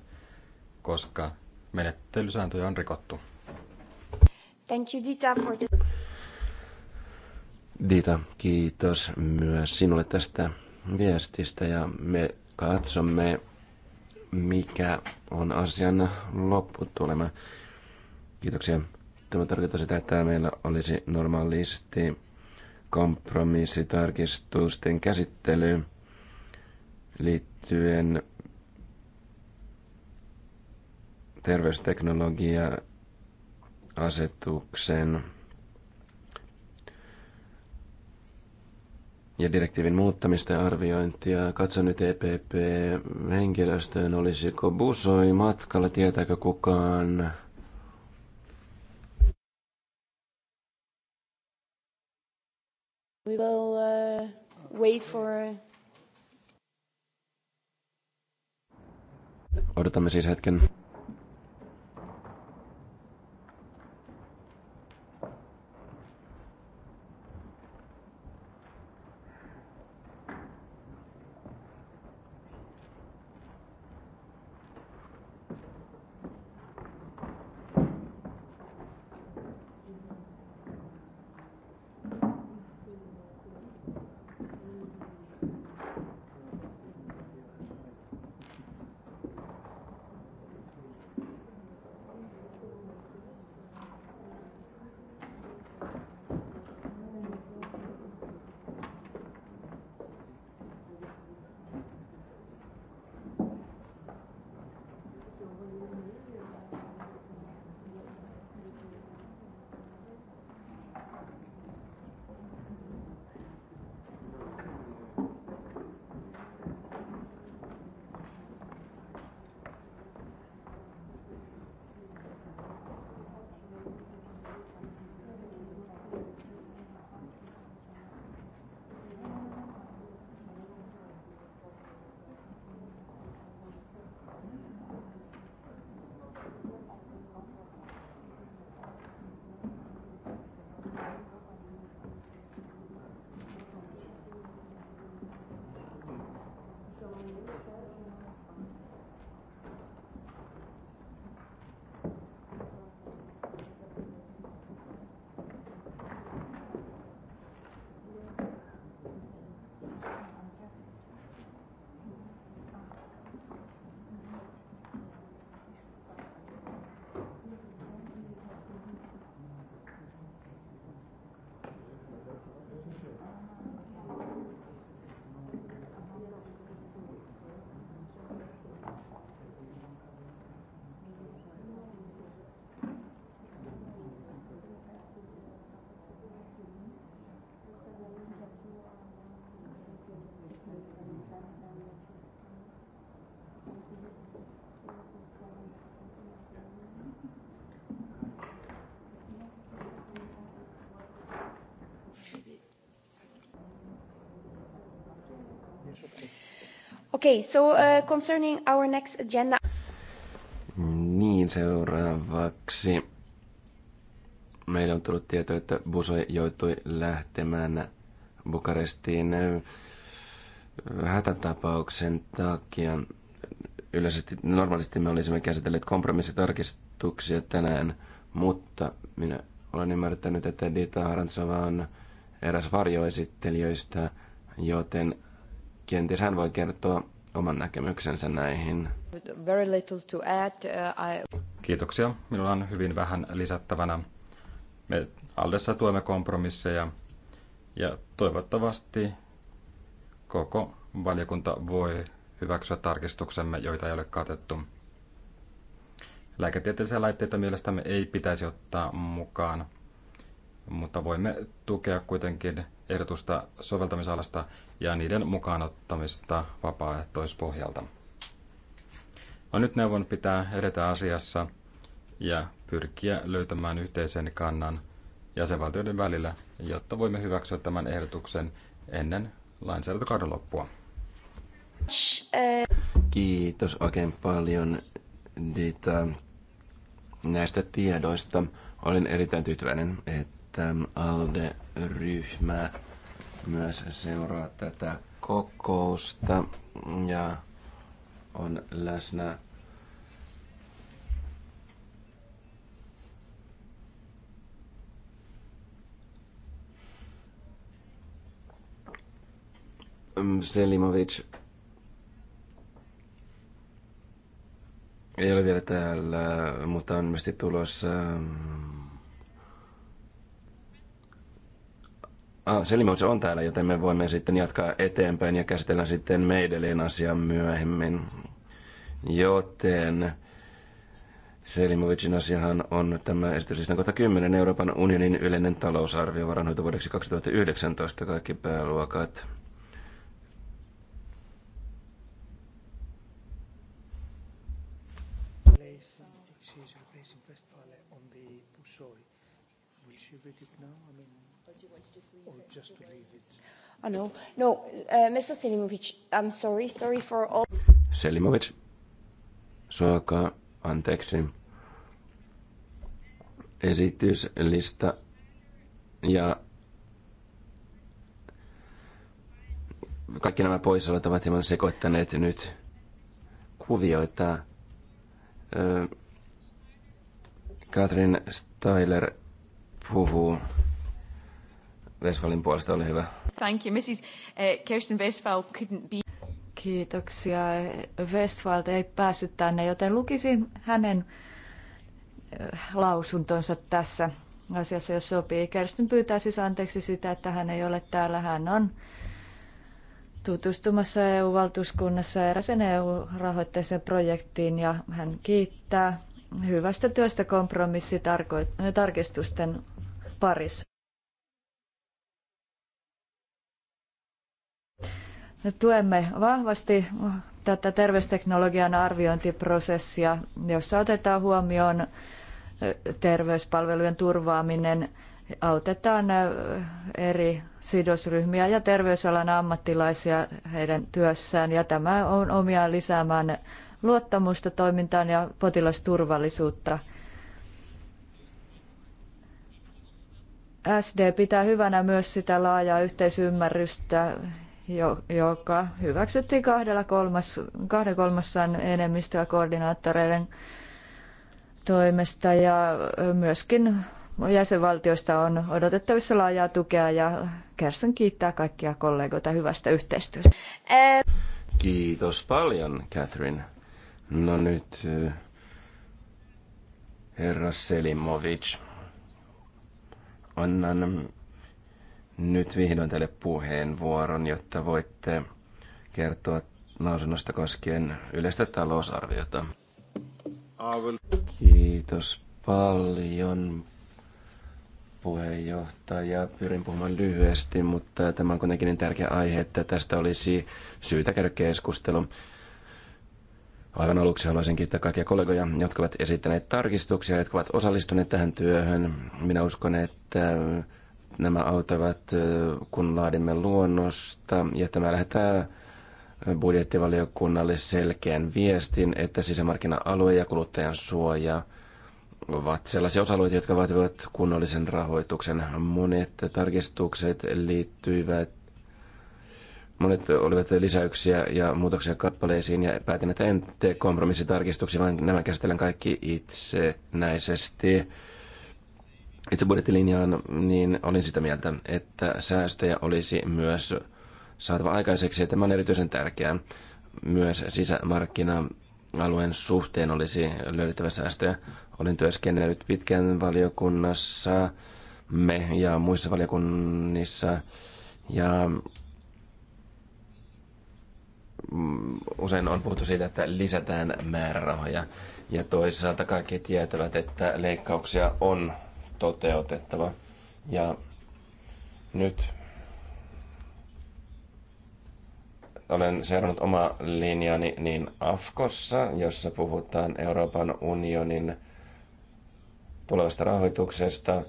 S3: koska menettelysääntöjä on rikottu.
S1: Thank you, Dita, for the...
S2: Dita, kiitos myös sinulle tästä viestistä ja me katsomme mikä on asian lopputulema. Kiitoksia. Tämä tarkoittaa sitä, että meillä olisi normaalisti kompromissitarkistusten käsittely liittyen terveysteknologia-asetuksen ja direktiivin muuttamista ja arviointia. Katso nyt EPP-henkilöstöön, olisiko busoi matkalla, tietääkö kukaan?
S1: We will uh, wait for... Uh,
S2: Odotamme siis hetken.
S1: Okay, so uh, concerning our next agenda.
S2: Niin, seuraavaksi meillä on tullut tieto, että Buso joutui lähtemään Bukarestiin äh, hätätapauksen takia. Yleisesti, normaalisti me olisimme käsitelleet kompromissitarkistuksia tänään, mutta minä olen ymmärtänyt, että Dita Harantsova on eräs varjoesittelijöistä, joten Kenties hän voi kertoa oman näkemyksensä näihin.
S1: Very little to add, uh, I...
S3: Kiitoksia. Minulla on hyvin vähän lisättävänä. Me Aldessa tuemme kompromisseja ja toivottavasti koko valiokunta voi hyväksyä tarkistuksemme, joita ei ole katettu. Lääketieteellisiä laitteita mielestämme ei pitäisi ottaa mukaan, mutta voimme tukea kuitenkin ehdotusta soveltamisalasta ja niiden mukaanottamista vapaaehtoispohjalta. No nyt neuvon pitää edetä asiassa ja pyrkiä löytämään yhteisen kannan jäsenvaltioiden välillä, jotta voimme hyväksyä tämän ehdotuksen ennen lainsäädäntökauden loppua.
S2: Kiitos oikein paljon näistä tiedoista. Olen erittäin tyytyväinen, että tämän ALDE-ryhmä myös seuraa tätä kokousta ja on läsnä Selimovic ei ole vielä täällä, mutta on ilmeisesti tulossa Ah, Selimoutse on täällä, joten me voimme sitten jatkaa eteenpäin ja käsitellä sitten Meidelin asiaa myöhemmin. Joten Selimovicin asiahan on tämä siis kohta 10 Euroopan unionin yleinen talousarvio varanhoitovuodeksi 2019 kaikki pääluokat.
S1: no, uh, Mr. Selimovic, I'm sorry, sorry for all...
S2: Selimovic, suokaa anteeksi. Esityslista ja kaikki nämä poissaolot ovat hieman sekoittaneet nyt kuvioita. Katrin Steiler puhuu Westfalin puolesta, oli hyvä.
S1: Thank you. Mrs. Eh, Kirsten Westfall couldn't be... Kiitoksia. Westfall ei päässyt tänne, joten lukisin hänen eh, lausuntonsa tässä asiassa, jos sopii. Kirsten pyytää siis anteeksi sitä, että hän ei ole täällä. Hän on tutustumassa EU-valtuuskunnassa eräsen eu rahoitteeseen projektiin ja hän kiittää hyvästä työstä kompromissitarkistusten parissa. Tuemme vahvasti tätä terveysteknologian arviointiprosessia, jossa otetaan huomioon terveyspalvelujen turvaaminen, autetaan eri sidosryhmiä ja terveysalan ammattilaisia heidän työssään ja tämä on omiaan lisäämään luottamusta toimintaan ja potilasturvallisuutta. SD pitää hyvänä myös sitä laajaa yhteisymmärrystä, joka hyväksyttiin kahdella kolmas, kahden kolmassaan enemmistöä koordinaattoreiden toimesta ja myöskin jäsenvaltioista on odotettavissa laajaa tukea ja Kersen kiittää kaikkia kollegoita hyvästä yhteistyöstä.
S2: Kiitos paljon, Catherine. No nyt, eh, herra Selimovic, annan nyt vihdoin teille puheenvuoron, jotta voitte kertoa lausunnosta koskien yleistä talousarviota. Kiitos paljon puheenjohtaja. Pyrin puhumaan lyhyesti, mutta tämä on kuitenkin niin tärkeä aihe, että tästä olisi syytä käydä keskustelu. Aivan aluksi haluaisin kiittää kaikkia kollegoja, jotka ovat esittäneet tarkistuksia, jotka ovat osallistuneet tähän työhön. Minä uskon, että Nämä auttavat, kun laadimme luonnosta, ja tämä lähettää budjettivaliokunnalle selkeän viestin, että sisämarkkina-alue ja kuluttajan suoja ovat sellaisia osa-alueita, jotka vaativat kunnollisen rahoituksen. Monet tarkistukset liittyivät Monet olivat lisäyksiä ja muutoksia kappaleisiin ja päätin, että en tee kompromissitarkistuksia, vaan nämä käsitellen kaikki itsenäisesti itse budjettilinjaan, niin olin sitä mieltä, että säästöjä olisi myös saatava aikaiseksi, tämä on erityisen tärkeää. Myös sisämarkkina-alueen suhteen olisi löydettävä säästöjä. Olin työskennellyt pitkään valiokunnassa, me ja muissa valiokunnissa, ja usein on puhuttu siitä, että lisätään määrärahoja, ja toisaalta kaikki tietävät, että leikkauksia on toteutettava. Ja nyt olen seurannut oma linjani niin Afkossa, jossa puhutaan Euroopan unionin tulevasta rahoituksesta,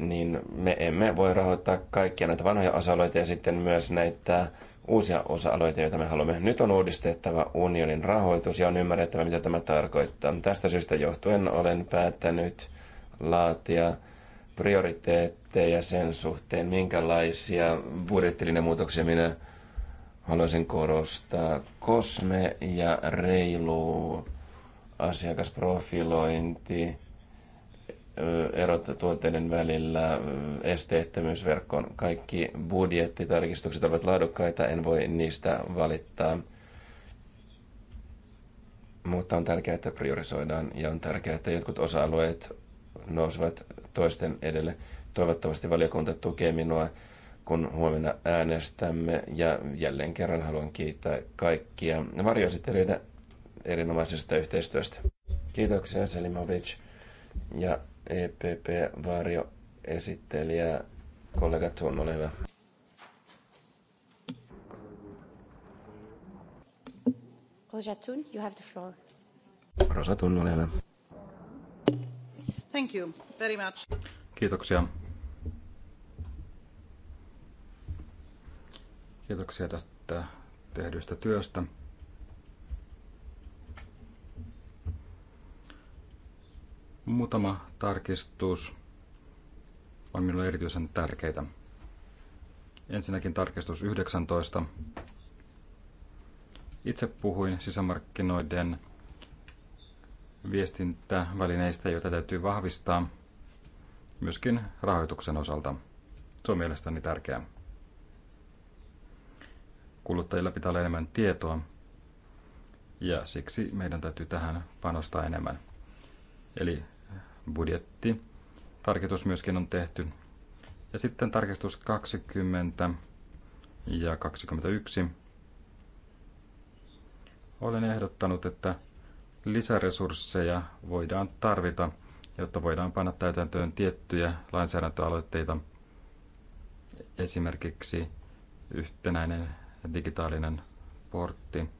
S2: niin me emme voi rahoittaa kaikkia näitä vanhoja osa-alueita ja sitten myös näitä uusia osa-alueita, joita me haluamme. Nyt on uudistettava unionin rahoitus ja on ymmärrettävä, mitä tämä tarkoittaa. Tästä syystä johtuen olen päättänyt – laatia prioriteetteja sen suhteen, minkälaisia muutoksia minä haluaisin korostaa. Kosme ja reilu asiakasprofilointi, erot tuotteiden välillä, esteettömyysverkkoon. Kaikki budjettitarkistukset ovat laadukkaita, en voi niistä valittaa. Mutta on tärkeää, että priorisoidaan ja on tärkeää, että jotkut osa-alueet nousevat toisten edelle. Toivottavasti valiokunta tukee minua, kun huomenna äänestämme. Ja jälleen kerran haluan kiittää kaikkia varjoesittelijöitä erinomaisesta yhteistyöstä. Kiitoksia Selimovic ja EPP-varjo esittelijä kollega Tuon, ole hyvä.
S1: Rosatun, you have the floor.
S2: Rosatun, ole hyvä.
S1: Thank you very much.
S2: Kiitoksia.
S3: Kiitoksia tästä tehdystä työstä. Muutama tarkistus on minulle erityisen tärkeitä. Ensinnäkin tarkistus 19. Itse puhuin sisämarkkinoiden viestintävälineistä, joita täytyy vahvistaa myöskin rahoituksen osalta. Se on mielestäni tärkeää. Kuluttajilla pitää olla enemmän tietoa ja siksi meidän täytyy tähän panostaa enemmän. Eli budjetti, tarkistus myöskin on tehty. Ja sitten tarkistus 20 ja 21. Olen ehdottanut, että lisäresursseja voidaan tarvita, jotta voidaan panna täytäntöön tiettyjä lainsäädäntöaloitteita, esimerkiksi yhtenäinen digitaalinen portti,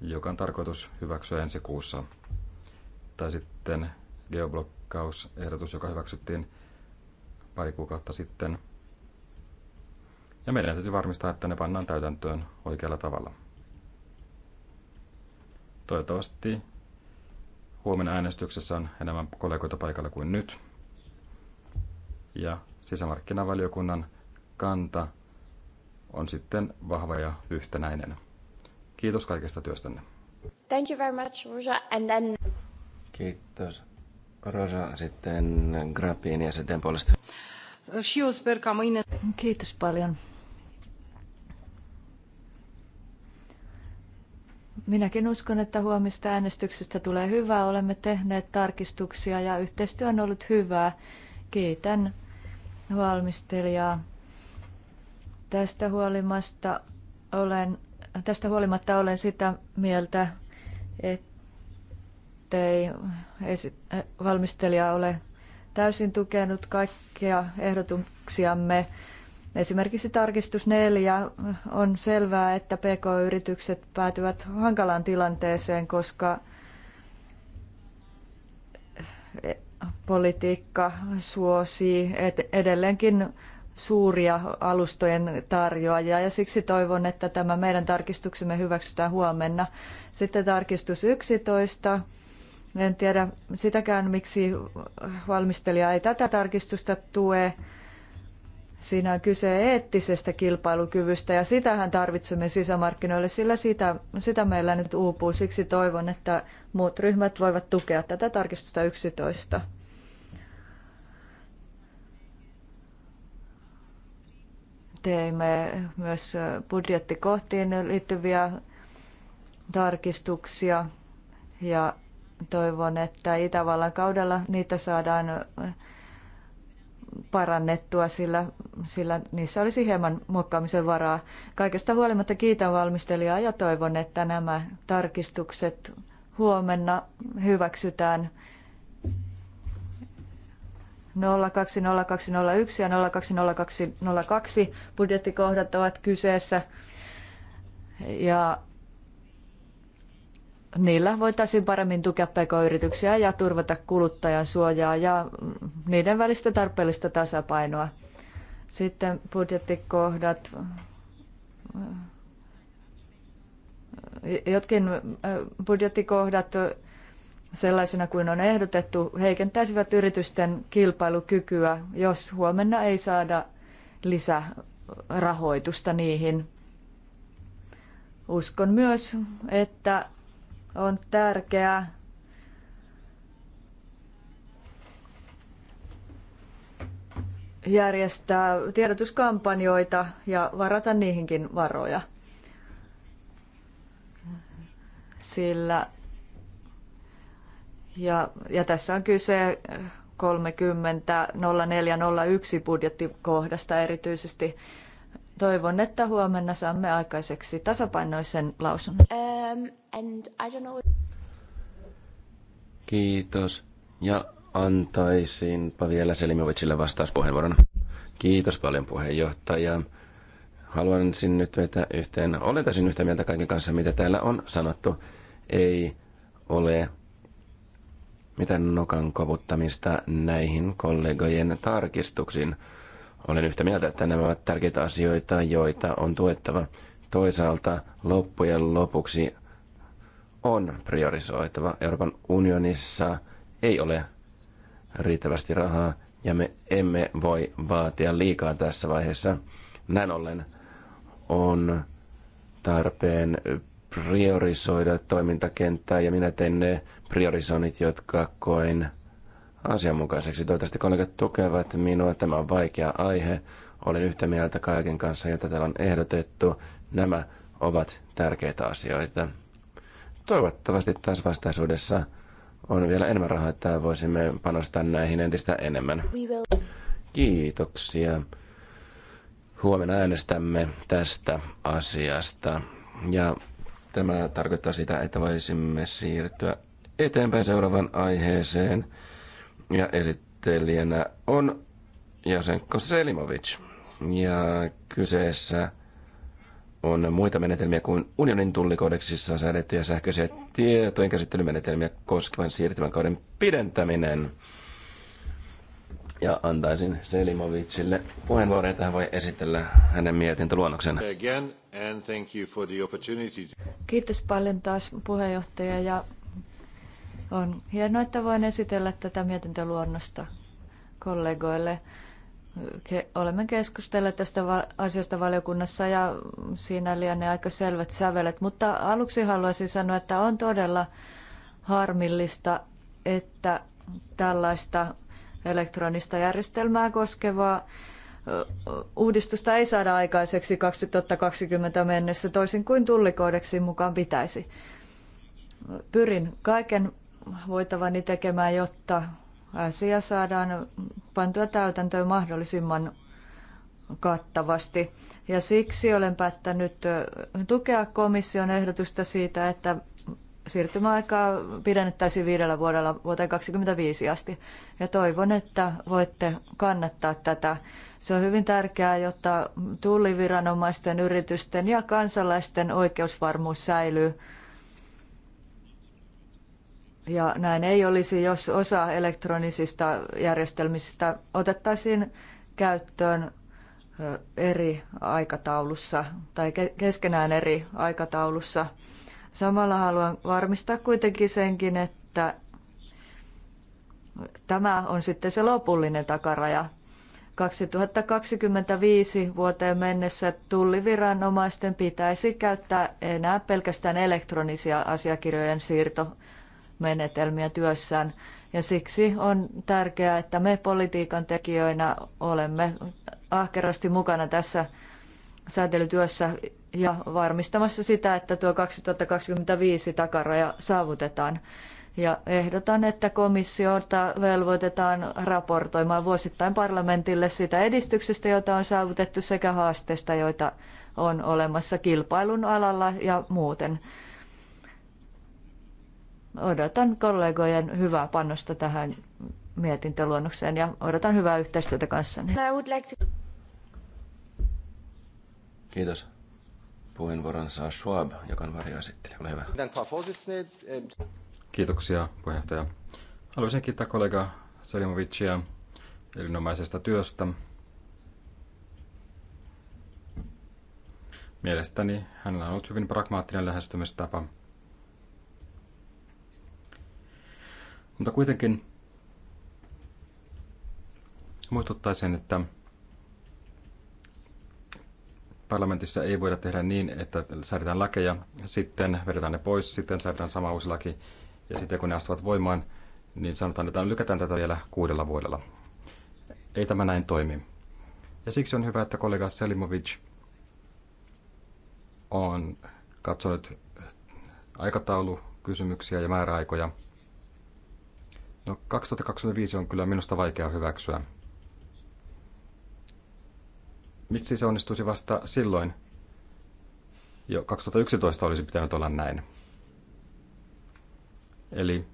S3: joka on tarkoitus hyväksyä ensi kuussa, tai sitten geoblokkausehdotus, joka hyväksyttiin pari kuukautta sitten. Ja meidän täytyy varmistaa, että ne pannaan täytäntöön oikealla tavalla. Toivottavasti huomenna äänestyksessä on enemmän kollegoita paikalla kuin nyt. Ja sisämarkkinavaliokunnan kanta on sitten vahva ja yhtenäinen. Kiitos kaikesta työstänne.
S1: Thank you very much, Rosa. And then...
S2: Kiitos. Rosa sitten Grappiin ja sitten puolesta.
S1: Kiitos paljon. Minäkin uskon, että huomista äänestyksestä tulee hyvää. Olemme tehneet tarkistuksia ja yhteistyö on ollut hyvää. Kiitän valmistelijaa. Tästä huolimatta olen, tästä huolimatta olen sitä mieltä, ettei valmistelija ole täysin tukenut kaikkia ehdotuksiamme Esimerkiksi tarkistus neljä on selvää, että PK-yritykset päätyvät hankalaan tilanteeseen, koska politiikka suosii edelleenkin suuria alustojen tarjoajia ja siksi toivon, että tämä meidän tarkistuksemme hyväksytään huomenna. Sitten tarkistus 11. En tiedä sitäkään, miksi valmistelija ei tätä tarkistusta tue. Siinä on kyse eettisestä kilpailukyvystä ja sitähän tarvitsemme sisämarkkinoille, sillä sitä, sitä meillä nyt uupuu. Siksi toivon, että muut ryhmät voivat tukea tätä tarkistusta 11. Teimme myös budjettikohtiin liittyviä tarkistuksia ja toivon, että Itävallan kaudella niitä saadaan parannettua, sillä, sillä niissä olisi hieman muokkaamisen varaa. Kaikesta huolimatta kiitän valmistelijaa ja toivon, että nämä tarkistukset huomenna hyväksytään 020201 ja 020202 budjettikohdat ovat kyseessä. Ja niillä voitaisiin paremmin tukea pk-yrityksiä ja turvata kuluttajan suojaa ja niiden välistä tarpeellista tasapainoa. Sitten budjettikohdat. Jotkin budjettikohdat sellaisena kuin on ehdotettu heikentäisivät yritysten kilpailukykyä, jos huomenna ei saada lisärahoitusta niihin. Uskon myös, että on tärkeää. järjestää tiedotuskampanjoita ja varata niihinkin varoja. Sillä ja, ja tässä on kyse 30.04.01 budjettikohdasta erityisesti Toivon, että huomenna saamme aikaiseksi tasapainoisen lausunnon. Um, and I don't know...
S2: Kiitos. Ja antaisinpa vielä Selimovicille vastauspuheenvuoron. Kiitos paljon puheenjohtaja. Haluan sin nyt vetää yhteen. Olen täysin yhtä mieltä kaiken kanssa, mitä täällä on sanottu. Ei ole mitään nokan kovuttamista näihin kollegojen tarkistuksiin. Olen yhtä mieltä, että nämä ovat tärkeitä asioita, joita on tuettava. Toisaalta loppujen lopuksi on priorisoitava. Euroopan unionissa ei ole riittävästi rahaa ja me emme voi vaatia liikaa tässä vaiheessa. Näin ollen on tarpeen priorisoida toimintakenttää ja minä teen ne priorisoinnit, jotka koen – asianmukaiseksi. Toivottavasti kollegat tukevat minua. Tämä on vaikea aihe. Olen yhtä mieltä kaiken kanssa, jota täällä on ehdotettu. Nämä ovat tärkeitä asioita. Toivottavasti taas vastaisuudessa on vielä enemmän rahaa, että voisimme panostaa näihin entistä enemmän. Kiitoksia. Huomenna äänestämme tästä asiasta. Ja tämä tarkoittaa sitä, että voisimme siirtyä eteenpäin seuraavaan aiheeseen. Ja esittelijänä on Jasenko Selimovic. Ja kyseessä on muita menetelmiä kuin unionin tullikodeksissa säädettyjä sähköisiä tietojen käsittelymenetelmiä koskevan siirtymän kauden pidentäminen. Ja antaisin Selimovicille puheenvuoron, että hän voi esitellä hänen mietintöluonnoksen.
S1: Kiitos paljon taas puheenjohtaja ja on hienoa, että voin esitellä tätä mietintöluonnosta kollegoille. Olemme keskustelleet tästä asiasta valiokunnassa ja siinä lienee aika selvät sävelet, mutta aluksi haluaisin sanoa, että on todella harmillista, että tällaista elektronista järjestelmää koskevaa uudistusta ei saada aikaiseksi 2020 mennessä toisin kuin tullikoodeksi mukaan pitäisi. Pyrin kaiken voitavani tekemään, jotta asia saadaan pantua täytäntöön mahdollisimman kattavasti. Ja siksi olen päättänyt tukea komission ehdotusta siitä, että siirtymäaikaa pidennettäisiin viidellä vuodella vuoteen 2025 asti. Ja toivon, että voitte kannattaa tätä. Se on hyvin tärkeää, jotta tulliviranomaisten, yritysten ja kansalaisten oikeusvarmuus säilyy ja näin ei olisi, jos osa elektronisista järjestelmistä otettaisiin käyttöön eri aikataulussa tai keskenään eri aikataulussa. Samalla haluan varmistaa kuitenkin senkin, että tämä on sitten se lopullinen takaraja. 2025 vuoteen mennessä tulliviranomaisten pitäisi käyttää enää pelkästään elektronisia asiakirjojen siirto menetelmiä työssään. Ja siksi on tärkeää, että me politiikan tekijöinä olemme ahkerasti mukana tässä säätelytyössä ja varmistamassa sitä, että tuo 2025 takaraja saavutetaan. Ja ehdotan, että komissiota velvoitetaan raportoimaan vuosittain parlamentille sitä edistyksestä, jota on saavutettu sekä haasteista, joita on olemassa kilpailun alalla ja muuten odotan kollegojen hyvää panosta tähän mietintöluonnokseen ja odotan hyvää yhteistyötä kanssanne.
S2: Kiitos. Puheenvuoron saa Schwab, joka on varjoesittelijä. Ole hyvä. Kiitoksia
S3: puheenjohtaja. Haluaisin kiittää kollega Selimovicia erinomaisesta työstä. Mielestäni hänellä on ollut hyvin pragmaattinen lähestymistapa – Mutta kuitenkin muistuttaisin, että parlamentissa ei voida tehdä niin, että säädetään lakeja, sitten vedetään ne pois, sitten säädetään sama uusi laki, ja sitten kun ne astuvat voimaan, niin sanotaan, että lykätään tätä vielä kuudella vuodella. Ei tämä näin toimi. Ja siksi on hyvä, että kollega Selimovic on katsonut aikataulukysymyksiä ja määräaikoja. No 2025 on kyllä minusta vaikea hyväksyä. Miksi se onnistuisi vasta silloin? Jo 2011 olisi pitänyt olla näin. Eli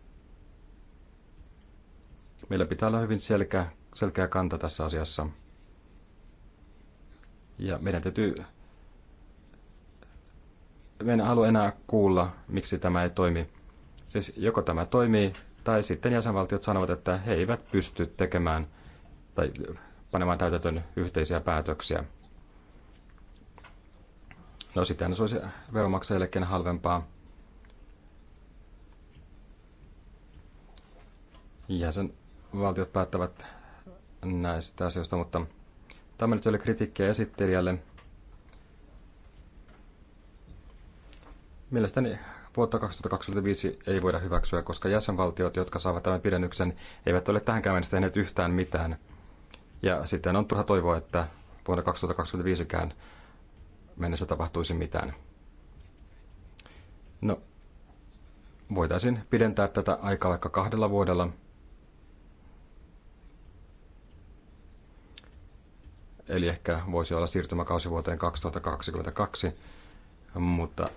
S3: meillä pitää olla hyvin selkeä, selkeä kanta tässä asiassa. Ja meidän täytyy... Me en halua enää kuulla, miksi tämä ei toimi. Siis joko tämä toimii tai sitten jäsenvaltiot sanovat, että he eivät pysty tekemään tai panemaan täytäntöön yhteisiä päätöksiä. No sitten se olisi veronmaksajillekin halvempaa. Jäsenvaltiot päättävät näistä asioista, mutta tämä nyt oli kritiikkiä esittelijälle. Mielestäni vuotta 2025 ei voida hyväksyä, koska jäsenvaltiot, jotka saavat tämän pidennyksen, eivät ole tähänkään mennessä tehneet yhtään mitään. Ja sitten on turha toivoa, että vuonna 2025kään mennessä tapahtuisi mitään. No, voitaisiin pidentää tätä aikaa vaikka kahdella vuodella. Eli ehkä voisi olla siirtymäkausi vuoteen 2022, mutta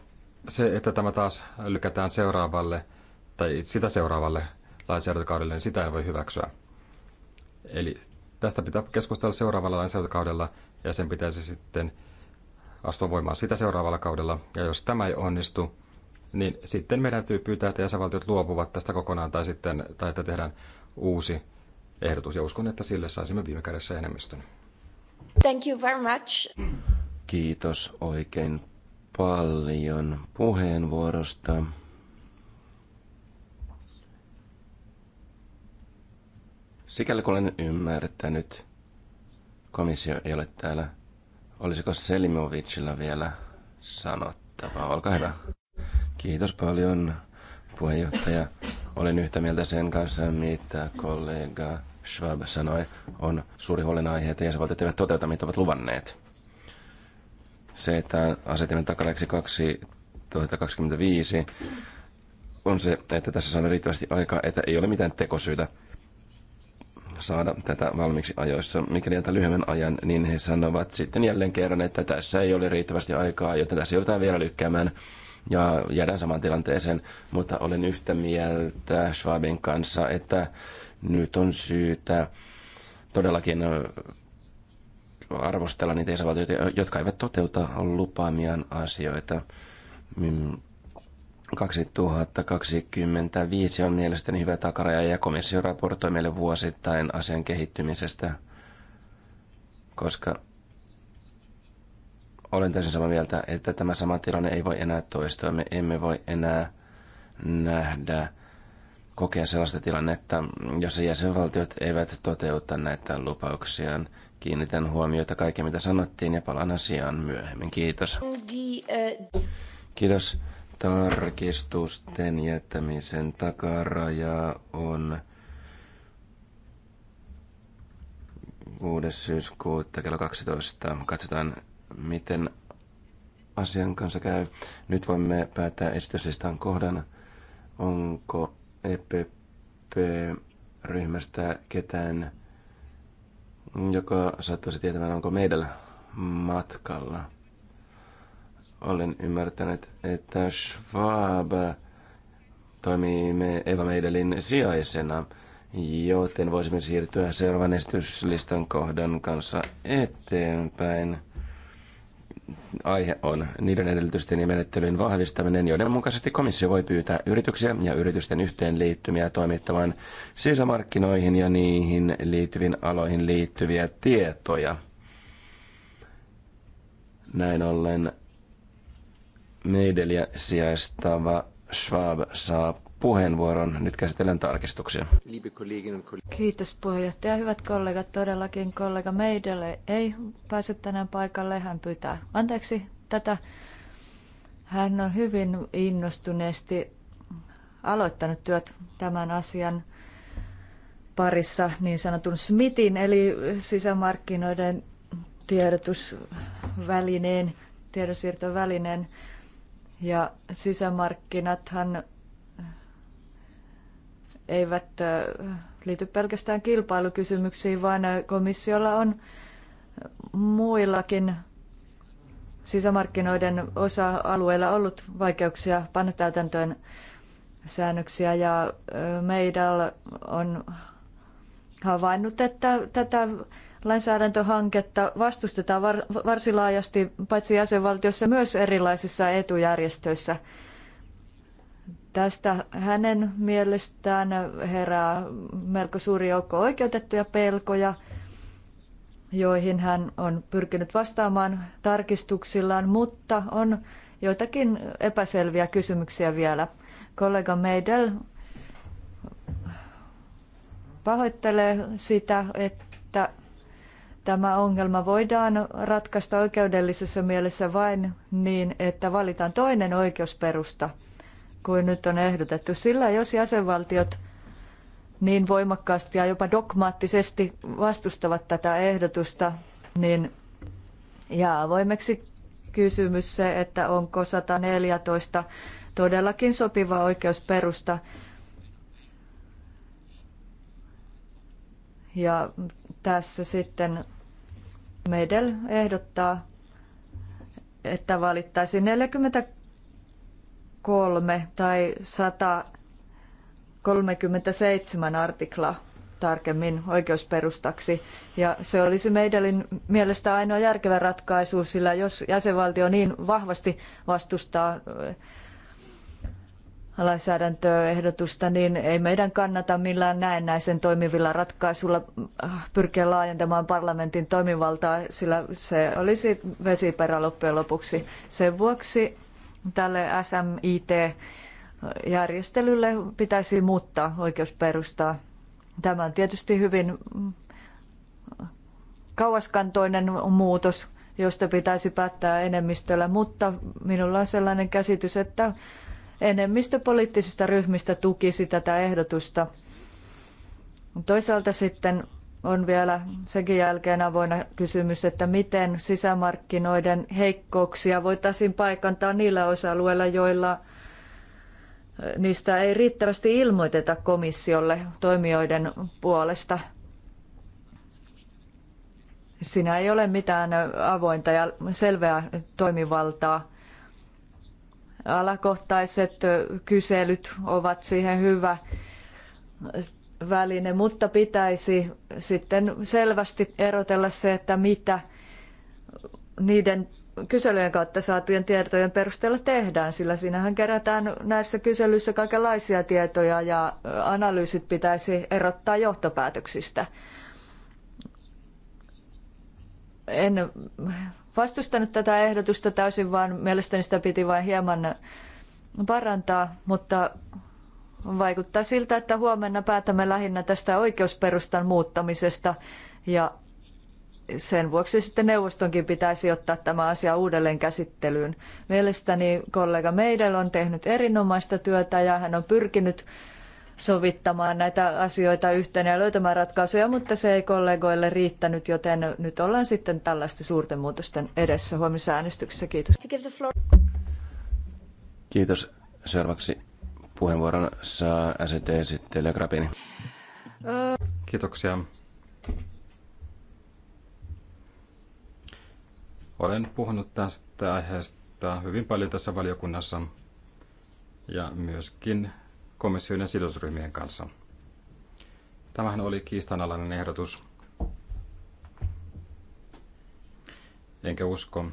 S3: se, että tämä taas lykätään seuraavalle tai sitä seuraavalle lainsäädäntökaudelle, niin sitä ei voi hyväksyä. Eli tästä pitää keskustella seuraavalla lainsäädäntökaudella ja sen pitäisi sitten astua voimaan sitä seuraavalla kaudella. Ja jos tämä ei onnistu, niin sitten meidän täytyy pyytää, että jäsenvaltiot luopuvat tästä kokonaan tai, sitten, tai että tehdään uusi ehdotus. Ja uskon, että sille saisimme viime kädessä
S2: enemmistön.
S1: Thank you very much.
S2: Kiitos oikein paljon puheenvuorosta. Sikäli kun olen ymmärtänyt, komissio ei ole täällä. Olisiko Selimovicilla vielä sanottavaa? Olkaa hyvä. Kiitos paljon, puheenjohtaja. Olen yhtä mieltä sen kanssa, mitä kollega Schwab sanoi. On suuri huolenaihe, että jäsenvaltiot eivät toteuta, mitä ovat luvanneet. Se, että asetimme takaleeksi 2025, on se, että tässä saadaan riittävästi aikaa, että ei ole mitään tekosyytä saada tätä valmiiksi ajoissa. Mikäli jätä lyhyemmän ajan, niin he sanovat sitten jälleen kerran, että tässä ei ole riittävästi aikaa, joten tässä joudutaan vielä lykkäämään ja jäädään saman tilanteeseen. Mutta olen yhtä mieltä Schwabin kanssa, että nyt on syytä todellakin arvostella niitä jäsenvaltioita, jotka eivät toteuta lupaamiaan asioita. 2025 mm, on mielestäni hyvä takaraja ja komissio raportoi meille vuosittain asian kehittymisestä, koska olen täysin samaa mieltä, että tämä sama tilanne ei voi enää toistua. Me emme voi enää nähdä kokea sellaista tilannetta, jossa jäsenvaltiot eivät toteuta näitä lupauksiaan. Kiinnitän huomiota kaiken, mitä sanottiin, ja palaan asiaan myöhemmin. Kiitos. Kiitos. Tarkistusten jättämisen takaraja on 6. syyskuuta kello 12. Katsotaan, miten asian kanssa käy. Nyt voimme päättää esityslistan kohdan. Onko EPP-ryhmästä ketään, joka sattuisi tietämään, onko meidällä matkalla. Olen ymmärtänyt, että Schwab toimii me Eva Meidelin sijaisena, joten voisimme siirtyä seuraavan esityslistan kohdan kanssa eteenpäin aihe on niiden edellytysten ja menettelyjen vahvistaminen, joiden mukaisesti komissio voi pyytää yrityksiä ja yritysten yhteenliittymiä toimittamaan sisämarkkinoihin ja niihin liittyviin aloihin liittyviä tietoja. Näin ollen meidän sijaistava Schwab saa puheenvuoron. Nyt käsitellään tarkistuksia.
S1: Kiitos puheenjohtaja. Hyvät kollegat, todellakin kollega Meidelle ei pääse tänään paikalle. Hän pyytää anteeksi tätä. Hän on hyvin innostuneesti aloittanut työt tämän asian parissa niin sanotun SMITin eli sisämarkkinoiden tiedotusvälineen, tiedonsiirtovälineen. Ja sisämarkkinathan eivät liity pelkästään kilpailukysymyksiin, vaan komissiolla on muillakin sisämarkkinoiden osa-alueilla ollut vaikeuksia panna täytäntöön säännöksiä ja meidän on havainnut, että tätä lainsäädäntöhanketta vastustetaan varsin laajasti paitsi jäsenvaltioissa myös erilaisissa etujärjestöissä – Tästä hänen mielestään herää melko suuri joukko oikeutettuja pelkoja, joihin hän on pyrkinyt vastaamaan tarkistuksillaan, mutta on joitakin epäselviä kysymyksiä vielä. Kollega Meidel pahoittelee sitä, että tämä ongelma voidaan ratkaista oikeudellisessa mielessä vain niin, että valitaan toinen oikeusperusta – kuin nyt on ehdotettu. Sillä jos jäsenvaltiot niin voimakkaasti ja jopa dogmaattisesti vastustavat tätä ehdotusta, niin jää avoimeksi kysymys se, että onko 114 todellakin sopiva oikeusperusta. Ja tässä sitten Medel ehdottaa, että valittaisiin 40 kolme tai 137 artikla tarkemmin oikeusperustaksi. Ja se olisi meidän mielestä ainoa järkevä ratkaisu, sillä jos jäsenvaltio niin vahvasti vastustaa äh, lainsäädäntöehdotusta, niin ei meidän kannata millään näennäisen toimivilla ratkaisuilla äh, pyrkiä laajentamaan parlamentin toimivaltaa, sillä se olisi vesiperä loppujen lopuksi. Sen vuoksi tälle SMIT-järjestelylle pitäisi muuttaa oikeusperustaa. Tämä on tietysti hyvin kauaskantoinen muutos, josta pitäisi päättää enemmistöllä, mutta minulla on sellainen käsitys, että enemmistö poliittisista ryhmistä tukisi tätä ehdotusta. Toisaalta sitten on vielä senkin jälkeen avoinna kysymys, että miten sisämarkkinoiden heikkouksia voitaisiin paikantaa niillä osa-alueilla, joilla eh, niistä ei riittävästi ilmoiteta komissiolle toimijoiden puolesta. Siinä ei ole mitään avointa ja selvää toimivaltaa. Alakohtaiset eh, kyselyt ovat siihen hyvä väline, mutta pitäisi sitten selvästi erotella se, että mitä niiden kyselyjen kautta saatujen tietojen perusteella tehdään, sillä siinähän kerätään näissä kyselyissä kaikenlaisia tietoja ja analyysit pitäisi erottaa johtopäätöksistä. En vastustanut tätä ehdotusta täysin, vaan mielestäni sitä piti vain hieman parantaa, mutta Vaikuttaa siltä, että huomenna päätämme lähinnä tästä oikeusperustan muuttamisesta ja sen vuoksi sitten neuvostonkin pitäisi ottaa tämä asia uudelleen käsittelyyn. Mielestäni kollega Meidel on tehnyt erinomaista työtä ja hän on pyrkinyt sovittamaan näitä asioita yhteen ja löytämään ratkaisuja, mutta se ei kollegoille riittänyt, joten nyt ollaan sitten tällaisten suurten muutosten edessä huomisessa äänestyksessä. Kiitos.
S2: Kiitos. Seuraavaksi Puheenvuoron saa ST-esittelijä Grapini. Kiitoksia.
S3: Olen puhunut tästä aiheesta hyvin paljon tässä valiokunnassa ja myöskin komission ja sidosryhmien kanssa. Tämähän oli kiistanalainen ehdotus. Enkä usko,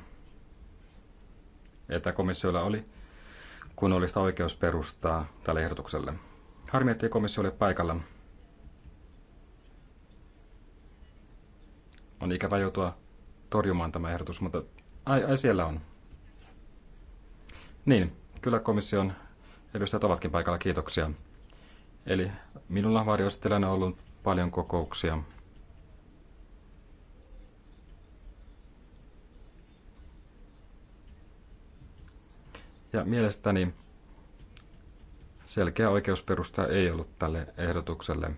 S3: että komissiolla oli kunnollista oikeusperustaa tälle ehdotukselle. Harmi, ettei komissio ole paikalla. On ikävä joutua torjumaan tämä ehdotus, mutta ai, ai siellä on. Niin, kyllä komission edustajat ovatkin paikalla, kiitoksia. Eli minulla varjoistelijana on ollut paljon kokouksia. Ja mielestäni selkeä oikeusperusta ei ollut tälle ehdotukselle.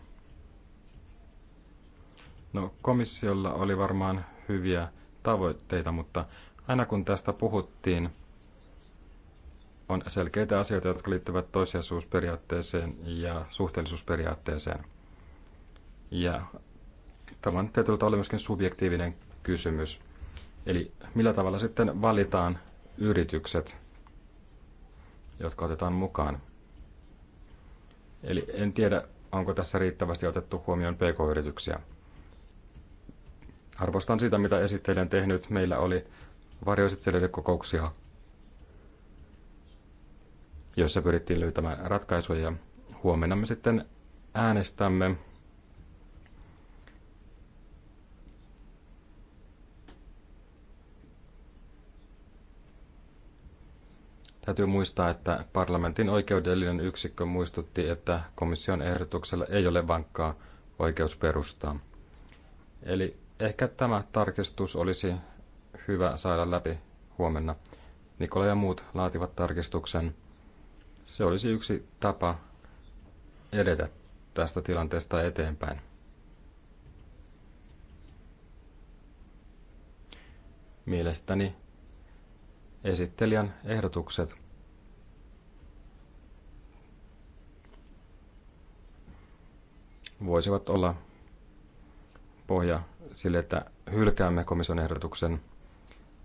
S3: No, komissiolla oli varmaan hyviä tavoitteita, mutta aina kun tästä puhuttiin, on selkeitä asioita, jotka liittyvät toisiasuusperiaatteeseen ja suhteellisuusperiaatteeseen. Ja tämä on tietyllä tavalla myöskin subjektiivinen kysymys. Eli millä tavalla sitten valitaan yritykset jotka otetaan mukaan. Eli en tiedä, onko tässä riittävästi otettu huomioon pk-yrityksiä. Arvostan sitä, mitä esittelen tehnyt. Meillä oli varjoesittelijöiden kokouksia, joissa pyrittiin löytämään ratkaisuja. Huomenna me sitten äänestämme Täytyy muistaa, että parlamentin oikeudellinen yksikkö muistutti, että komission ehdotuksella ei ole vankkaa oikeusperustaa. Eli ehkä tämä tarkistus olisi hyvä saada läpi huomenna. Nikola ja muut laativat tarkistuksen. Se olisi yksi tapa edetä tästä tilanteesta eteenpäin. Mielestäni esittelijän ehdotukset. voisivat olla pohja sille, että hylkäämme komission ehdotuksen.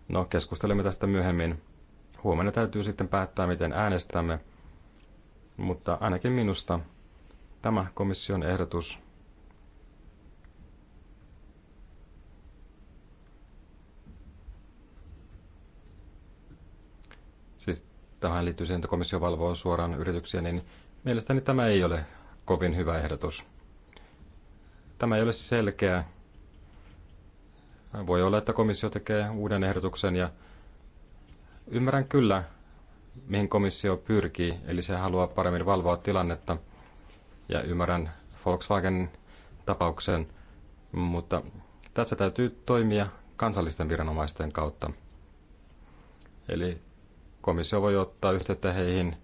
S3: No, keskustelemme tästä myöhemmin. Huomenna täytyy sitten päättää, miten äänestämme, mutta ainakin minusta tämä komission ehdotus tähän liittyy siihen, että komissio valvoo suoraan yrityksiä, niin mielestäni tämä ei ole kovin hyvä ehdotus. Tämä ei ole selkeä. Voi olla, että komissio tekee uuden ehdotuksen ja ymmärrän kyllä, mihin komissio pyrkii, eli se haluaa paremmin valvoa tilannetta ja ymmärrän Volkswagen tapauksen, mutta tässä täytyy toimia kansallisten viranomaisten kautta. Eli komissio voi ottaa yhteyttä heihin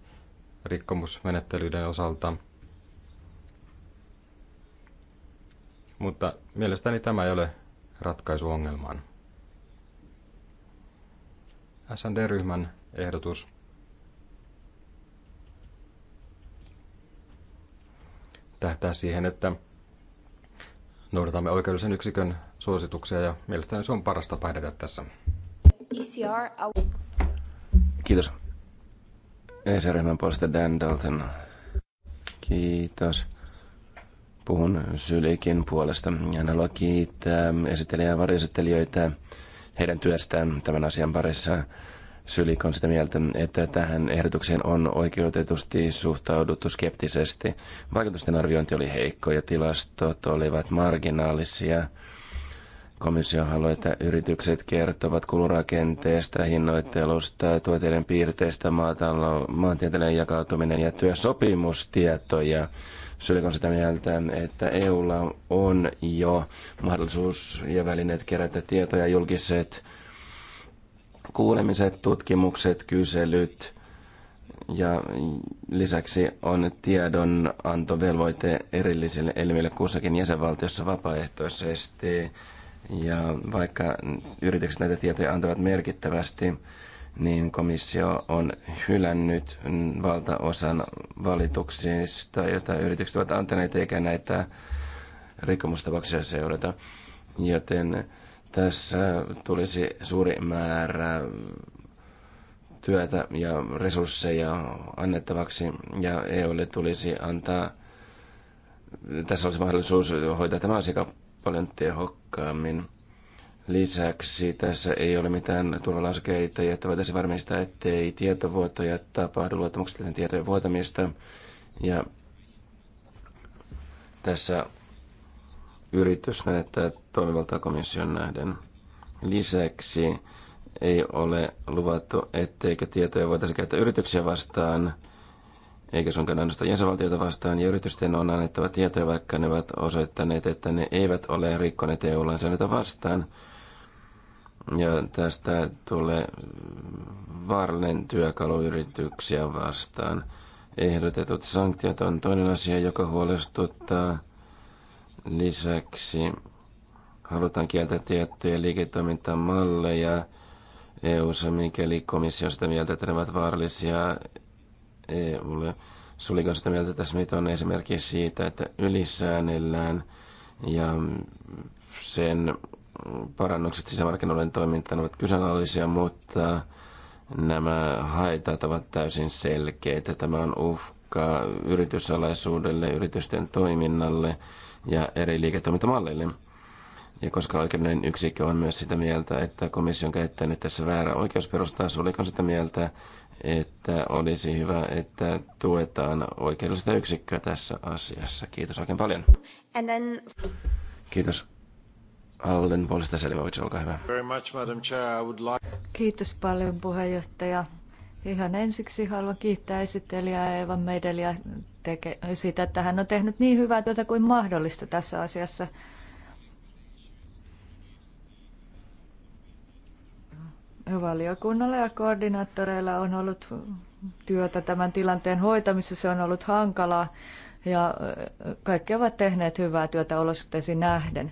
S3: rikkomusmenettelyiden osalta. Mutta mielestäni tämä ei ole ratkaisu ongelmaan. SND-ryhmän ehdotus tähtää siihen, että noudatamme oikeudellisen yksikön suosituksia ja mielestäni se on parasta tapa tässä.
S1: ECR,
S2: Kiitos. ESR-ryhmän puolesta Dan Dalton. Kiitos. Puhun Sylikin puolesta. Hän haluaa kiittää esittelijää ja varjoesittelijöitä heidän työstään tämän asian parissa. Sylik on sitä mieltä, että tähän ehdotukseen on oikeutetusti suhtauduttu skeptisesti. Vaikutusten arviointi oli heikko ja tilastot olivat marginaalisia Komissio haluaa, että yritykset kertovat kulurakenteesta, hinnoittelusta, tuotteiden piirteistä, maantieteellinen jakautuminen ja työsopimustietoja. Sylik on sitä mieltä, että EUlla on jo mahdollisuus ja välineet kerätä tietoja, julkiset kuulemiset, tutkimukset, kyselyt ja lisäksi on tiedonantovelvoite erillisille elimille kussakin jäsenvaltiossa vapaaehtoisesti ja vaikka yritykset näitä tietoja antavat merkittävästi, niin komissio on hylännyt valtaosan valituksista, joita yritykset ovat antaneet, eikä näitä rikkomustapauksia seurata. Joten tässä tulisi suuri määrä työtä ja resursseja annettavaksi, ja EUlle tulisi antaa, tässä olisi mahdollisuus hoitaa tämä asia paljon tehokkaammin. Lisäksi tässä ei ole mitään turvalausekeita, että voitaisiin varmistaa, ettei tietovuotoja tapahdu luottamuksellisen tietojen vuotamista. Ja tässä yritys menettää toimivaltaa komission nähden. Lisäksi ei ole luvattu, etteikö tietoja voitaisiin käyttää yrityksiä vastaan – eikä suinkaan ainoastaan jäsenvaltioita vastaan, ja yritysten on annettava tietoja, vaikka ne ovat osoittaneet, että ne eivät ole rikkoneet EU-lainsäädäntöä vastaan. Ja tästä tulee vaarallinen työkalu yrityksiä vastaan. Ehdotetut sanktiot on toinen asia, joka huolestuttaa. Lisäksi halutaan kieltää tiettyjä liiketoimintamalleja EU-ssa, mikäli komissio on sitä mieltä, että ne ovat vaarallisia EUlle. Suliko sitä mieltä, että Smith on esimerkki siitä, että ylisäännellään ja sen parannukset sisämarkkinoiden toimintaan ovat kyseenalaisia, mutta nämä haitat ovat täysin selkeitä. Tämä on uhka yrityssalaisuudelle, yritysten toiminnalle ja eri liiketoimintamalleille. Ja koska oikeudellinen yksikkö on myös sitä mieltä, että komissio on käyttänyt tässä väärää oikeusperustaa, sulikon sitä mieltä, että olisi hyvä, että tuetaan oikeudellista yksikköä tässä asiassa. Kiitos oikein paljon. And then... Kiitos. Alden puolesta Selimovic, olkaa hyvä. Very much, Madam Chair. I would like...
S1: Kiitos paljon puheenjohtaja. Ihan ensiksi haluan kiittää esittelijää Eeva Meideliä teke- siitä, että hän on tehnyt niin hyvää työtä kuin mahdollista tässä asiassa. Valiokunnalla ja koordinaattoreilla on ollut työtä tämän tilanteen hoitamisessa. Se on ollut hankalaa ja kaikki ovat tehneet hyvää työtä olosuhteisiin nähden.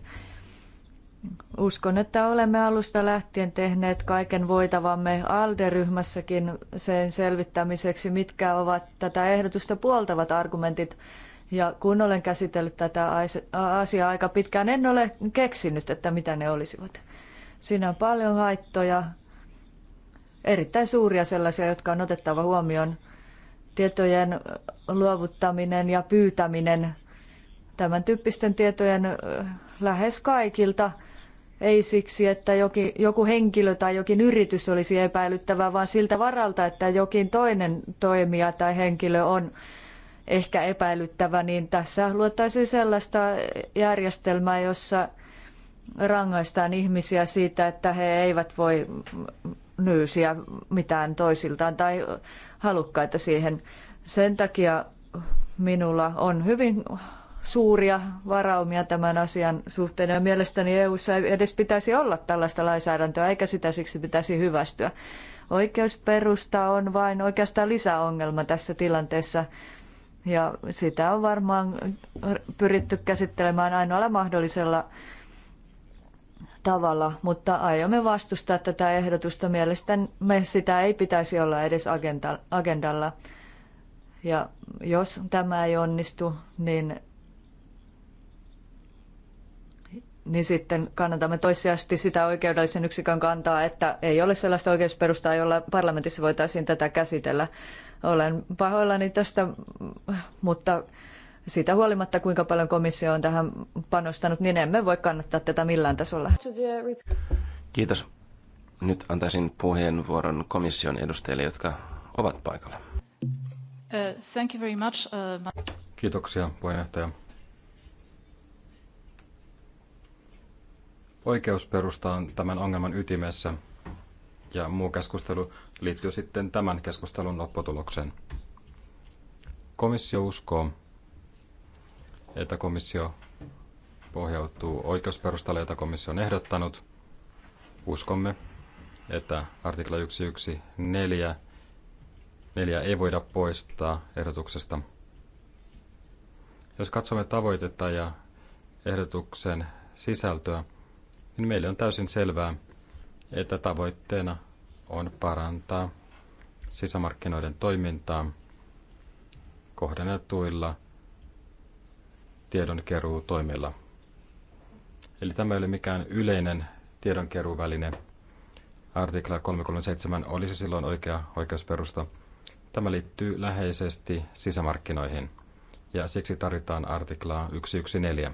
S1: Uskon, että olemme alusta lähtien tehneet kaiken voitavamme ALDE-ryhmässäkin sen selvittämiseksi, mitkä ovat tätä ehdotusta puoltavat argumentit. Ja kun olen käsitellyt tätä asiaa aika pitkään, en ole keksinyt, että mitä ne olisivat. Siinä on paljon haittoja erittäin suuria sellaisia, jotka on otettava huomioon. Tietojen luovuttaminen ja pyytäminen tämän tyyppisten tietojen lähes kaikilta ei siksi, että jokin, joku henkilö tai jokin yritys olisi epäilyttävä, vaan siltä varalta, että jokin toinen toimija tai henkilö on ehkä epäilyttävä, niin tässä luottaisiin sellaista järjestelmää, jossa rangaistaan ihmisiä siitä, että he eivät voi nyysiä mitään toisiltaan tai halukkaita siihen. Sen takia minulla on hyvin suuria varaumia tämän asian suhteen ja mielestäni EU:ssa ei edes pitäisi olla tällaista lainsäädäntöä eikä sitä siksi pitäisi hyvästyä. Oikeusperusta on vain oikeastaan lisäongelma tässä tilanteessa ja sitä on varmaan pyritty käsittelemään ainoalla mahdollisella tavalla, mutta aiomme vastustaa tätä ehdotusta. Mielestämme sitä ei pitäisi olla edes agendalla. Ja jos tämä ei onnistu, niin, niin sitten kannatamme toissijaisesti sitä oikeudellisen yksikön kantaa, että ei ole sellaista oikeusperustaa, jolla parlamentissa voitaisiin tätä käsitellä. Olen pahoillani tästä, mutta siitä huolimatta, kuinka paljon komissio on tähän panostanut, niin emme voi kannattaa tätä millään tasolla.
S2: Kiitos. Nyt antaisin puheenvuoron komission edustajille, jotka ovat paikalla.
S1: Uh, thank you very much. Uh,
S2: Kiitoksia, puheenjohtaja.
S3: Oikeusperusta on tämän ongelman ytimessä ja muu keskustelu liittyy sitten tämän keskustelun lopputulokseen. Komissio uskoo, että komissio pohjautuu oikeusperustalle, jota komissio on ehdottanut. Uskomme, että artikla 114 4 ei voida poistaa ehdotuksesta. Jos katsomme tavoitetta ja ehdotuksen sisältöä, niin meille on täysin selvää, että tavoitteena on parantaa sisämarkkinoiden toimintaa kohdennetuilla tiedonkeruu toimilla. Eli tämä ei ole mikään yleinen tiedonkeruuväline. Artikla 337 olisi silloin oikea oikeusperusta. Tämä liittyy läheisesti sisämarkkinoihin, ja siksi tarvitaan artiklaa 114.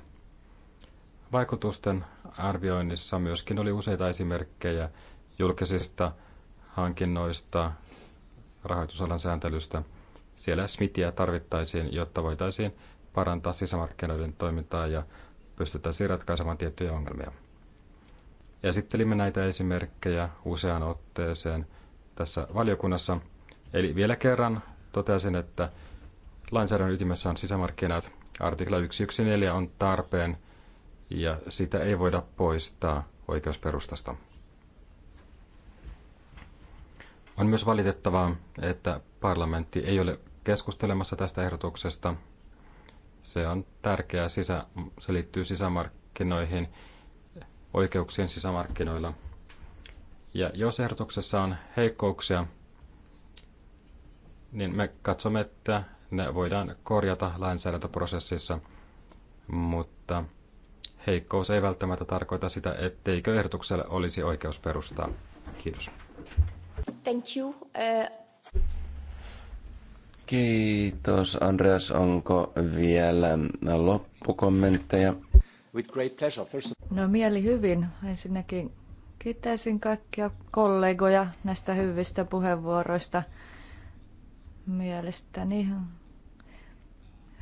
S3: Vaikutusten arvioinnissa myöskin oli useita esimerkkejä julkisista hankinnoista, rahoitusalan sääntelystä. Siellä smitiä tarvittaisiin, jotta voitaisiin parantaa sisämarkkinoiden toimintaa ja pystyttäisiin ratkaisemaan tiettyjä ongelmia. Esittelimme näitä esimerkkejä useaan otteeseen tässä valiokunnassa. Eli vielä kerran totesin, että lainsäädännön ytimessä on sisämarkkinat. Artikla 114 on tarpeen ja sitä ei voida poistaa oikeusperustasta. On myös valitettavaa, että parlamentti ei ole keskustelemassa tästä ehdotuksesta – se on tärkeää, sisä, se liittyy sisämarkkinoihin, oikeuksien sisämarkkinoilla. Ja jos ehdotuksessa on heikkouksia, niin me katsomme, että ne voidaan korjata lainsäädäntöprosessissa, mutta heikkous ei välttämättä tarkoita sitä, etteikö ehdotukselle olisi oikeus perustaa. Kiitos.
S1: Thank you. Uh...
S2: Kiitos Andreas. Onko vielä loppukommentteja? With great pleasure. First...
S1: No mieli hyvin. Ensinnäkin kiittäisin kaikkia kollegoja näistä hyvistä puheenvuoroista. Mielestäni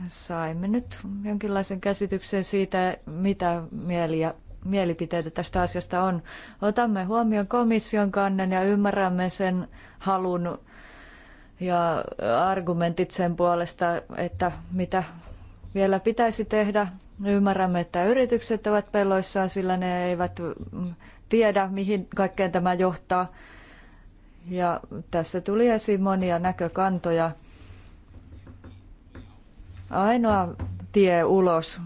S1: saimme nyt jonkinlaisen käsityksen siitä, mitä mieliä mielipiteitä tästä asiasta on. Otamme huomioon komission kannan ja ymmärrämme sen halun ja argumentit sen puolesta, että mitä vielä pitäisi tehdä. Ymmärrämme, että yritykset ovat peloissaan, sillä ne eivät mm, tiedä, mihin kaikkeen tämä johtaa. Ja tässä tuli esiin monia näkökantoja. Ainoa tie ulos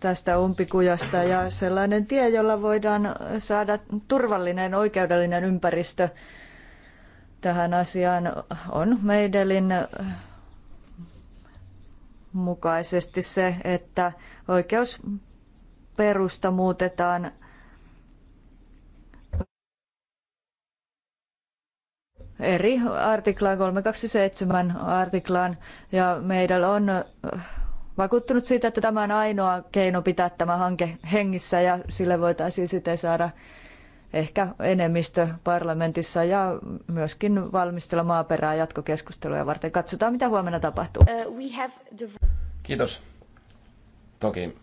S1: tästä umpikujasta ja sellainen tie, jolla voidaan saada turvallinen oikeudellinen ympäristö tähän asiaan on Meidelin mukaisesti se, että oikeusperusta muutetaan eri artiklaan, 327 artiklaan, ja meidän on vakuuttunut siitä, että tämä on ainoa keino pitää tämä hanke hengissä ja sille voitaisiin sitten saada ehkä enemmistö parlamentissa ja myöskin valmistella maaperää jatkokeskusteluja varten. Katsotaan, mitä huomenna tapahtuu. Uh,
S2: Kiitos. Toki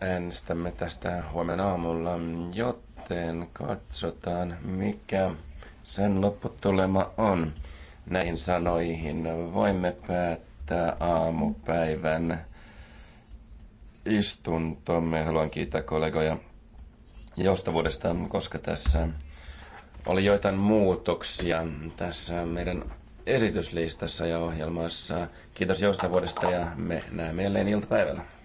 S2: äänestämme tästä huomenna aamulla, joten katsotaan, mikä sen lopputulema on. Näihin sanoihin voimme päättää aamupäivän istuntomme. Haluan kiittää kollegoja joustavuudesta, koska tässä oli joitain muutoksia tässä meidän esityslistassa ja ohjelmassa. Kiitos joustavuudesta ja me näemme jälleen iltapäivällä.